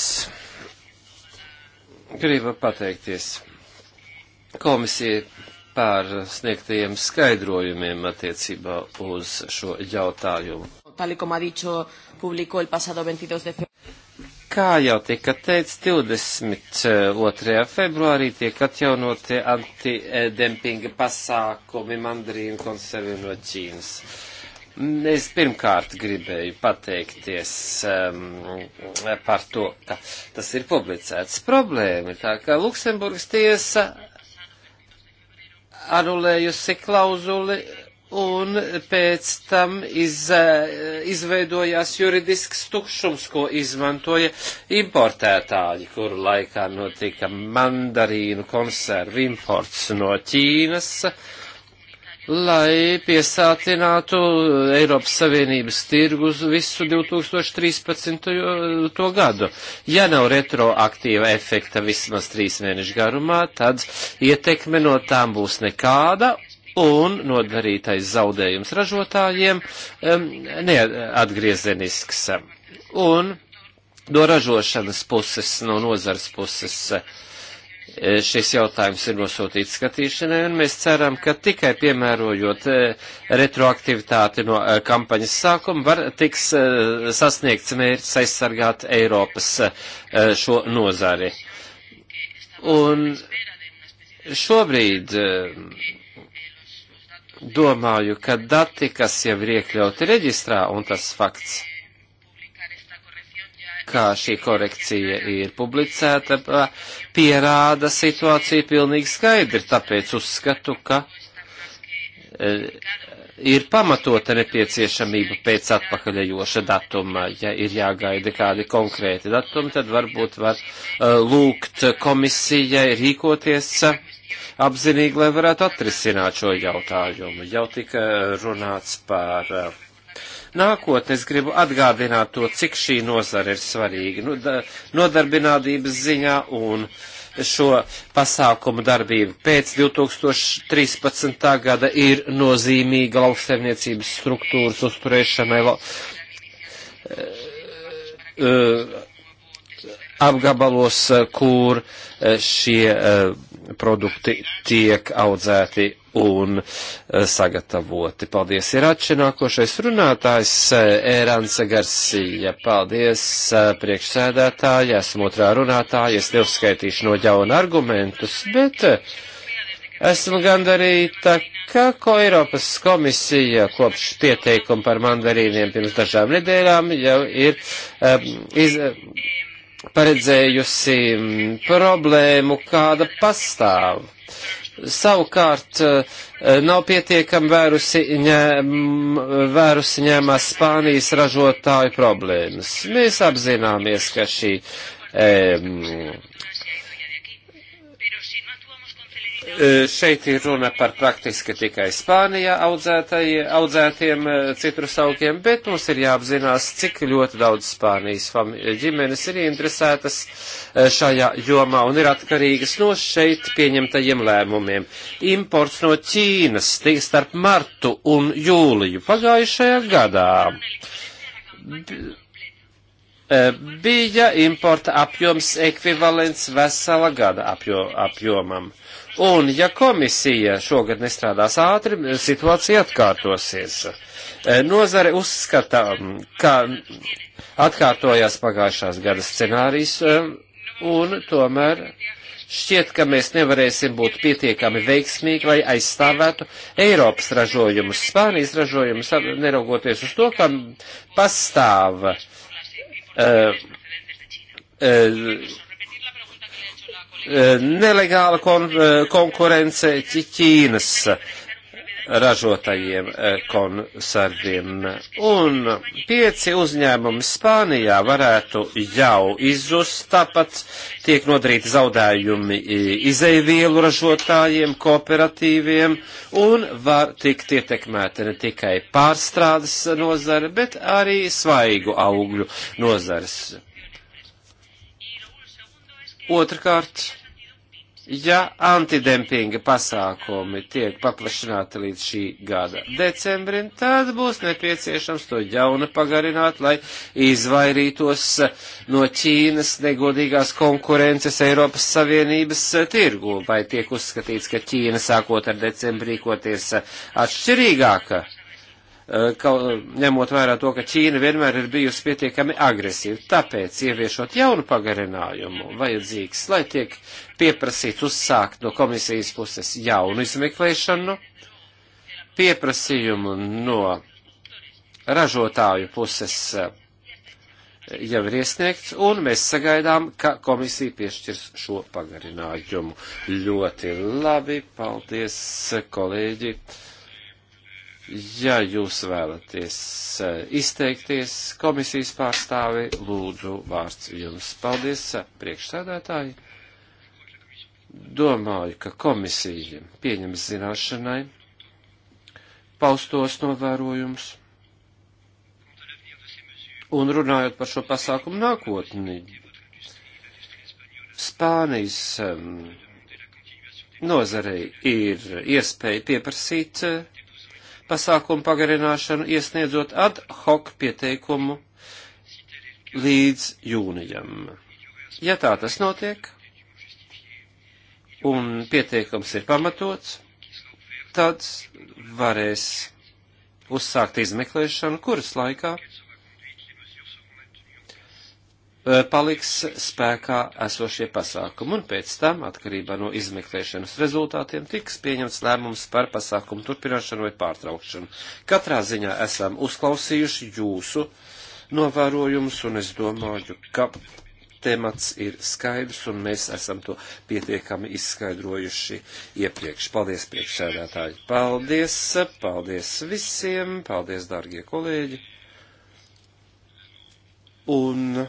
Gribu pateikties komisijai par sniegtajiem skaidrojumiem attiecībā uz šo jautājumu. Kā jau tika teikts, 22. februārī tiek atjaunotie antidempinga pasākumi mandarīnu konserviem no Ķīnas. Es pirmkārt gribēju pateikties um, par to, ka tas ir publicēts. Problēma ir tā, ka Luksemburgas tiesa anulējusi klauzuli un pēc tam iz, izveidojās juridisks tukšums, ko izmantoja importētāji, kuru laikā notika mandarīnu konservu imports no Ķīnas. Uh, lai piesātinātu Eiropas Savienības tirgus visu 2013. gadu. Ja nav retroaktīva efekta vismaz trīs mēnešu garumā, tad ietekme no tām būs nekāda un nodarītais zaudējums ražotājiem um, neatgriezenisks. Un no ražošanas puses, no nozars puses. Uh, E, šis jautājums ir nosūtīts skatīšanai, un mēs ceram, ka tikai piemērojot e, retroaktivitāti no e, kampaņas sākuma var tiks sasniegts mērķis aizsargāt Eiropas šo nozari. Un šobrīd domāju, ka dati, kas jau ir iekļauti reģistrā, un tas fakts, kā šī korekcija ir publicēta, pierāda situāciju pilnīgi skaidri, tāpēc uzskatu, ka e, ir pamatota nepieciešamība pēc atpakaļejoša datuma. Ja ir jāgaida kādi konkrēti datumi, tad varbūt var uh, lūgt komisijai rīkoties uh, apzinīgi, lai varētu atrisināt šo jautājumu. Jau tika runāts par uh, nākotni es gribu atgādināt to, cik šī nozara ir svarīga nu, da, nodarbinātības ziņā un šo pasākumu darbību pēc 2013. gada ir nozīmīga lauksaimniecības struktūras uzturēšanai. Uh, uh, apgabalos, eh, kur šie produkti tiek audzēti un eh, sagatavoti. Paldies, Irači, nākošais runātājs Ērans eh, Garsija. Paldies, eh, priekšsēdētāji, esmu otrā runātāja, es neuzskaitīšu no jauna argumentus, bet esmu gandarīta, ka ko Eiropas komisija kopš pieteikuma par mandarīniem pirms dažām nedēļām jau ir um, iz, paredzējusi mm, problēmu, kāda pastāv savukārt eh, nav pietiekami vērusi, ņem, vērusi ņemās Spānijas ražotāju problēmas. Mēs apzināmies, ka šī e, Eh, šeit ir runa par praktiski tikai Spānijā audzētiem eh, citrus augiem, bet mums ir jāapzinās, cik ļoti daudz Spānijas ģimenes ir interesētas eh, šajā jomā un ir atkarīgas no šeit pieņemtajiem lēmumiem. Imports no Ķīnas starp martu un jūliju pagājušajā gadā bija importa apjoms ekvivalents vesela gada apjo, apjomam. Un ja komisija šogad nestrādās ātri, situācija atkārtosies. E, nozare uzskata, mm, ka atkārtojās pagājušās gada scenārijs, e, un tomēr šķiet, ka mēs nevarēsim būt pietiekami veiksmīgi, lai aizstāvētu Eiropas ražojumus, Spānijas ražojumus, neraugoties uz to, ka pastāv uh, uh, Eh, nelegāla kon eh, konkurence Ķīnas ražotajiem eh, konserviem. Un pieci uzņēmumi Spānijā varētu jau izzust, tāpat tiek nodarīti zaudējumi izeivielu ražotājiem, kooperatīviem, un var tikt ietekmēta ne tikai pārstrādes nozara, bet arī svaigu augļu nozares Otrkārt, ja antidempinga pasākumi tiek paplašināti līdz šī gada decembrim, tad būs nepieciešams to jauna pagarināt, lai izvairītos no Ķīnas negodīgās konkurences Eiropas Savienības tirgu, vai tiek uzskatīts, ka Ķīna sākot ar decembri rīkoties atšķirīgāka Eh, ka, ņemot vērā to, ka Ķīna vienmēr ir bijusi pietiekami agresīva. Tāpēc, ieviešot jaunu pagarinājumu, vajadzīgs, lai tiek pieprasīts uzsākt no komisijas puses jaunu izmeklēšanu, pieprasījumu no ražotāju puses eh, jau ir iesniegts, un mēs sagaidām, ka komisija piešķirs šo pagarinājumu. Ļoti labi, paldies, kolēģi! Ja jūs vēlaties eh, izteikties, komisijas pārstāvi, lūdzu, vārds jums. Paldies, eh, priekšsēdētāji. Domāju, ka komisija pieņems zināšanai paustos novērojumus. Un runājot par šo pasākumu nākotni, Spānijas um, nozarei ir iespēja pieprasīt uh, pasākumu pagarināšanu, iesniedzot ad hoc pieteikumu līdz jūnijam. Ja tā tas notiek, un pieteikums ir pamatots, tad varēs uzsākt izmeklēšanu, kuras laikā Eh, paliks spēkā esošie pasākumi, un pēc tam, atkarībā no izmeklēšanas rezultātiem, tiks pieņemts lēmums par pasākumu turpināšanu vai pārtraukšanu. Katrā ziņā esam uzklausījuši jūsu novērojumus, un es domāju, ka temats ir skaidrs, un mēs esam to pietiekami izskaidrojuši iepriekš. Paldies, priekšsēdētāji! Paldies! Paldies visiem! Paldies, dārgie kolēģi! Un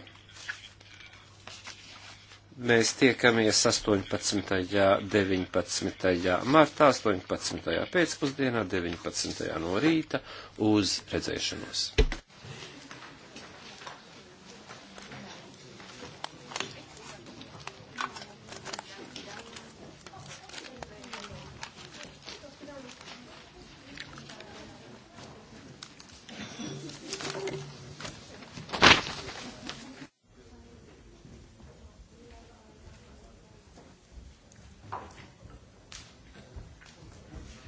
Mēs tiekamies 18. 19. martā, 18. pēcpusdienā, 19. no rīta uz redzēšanos.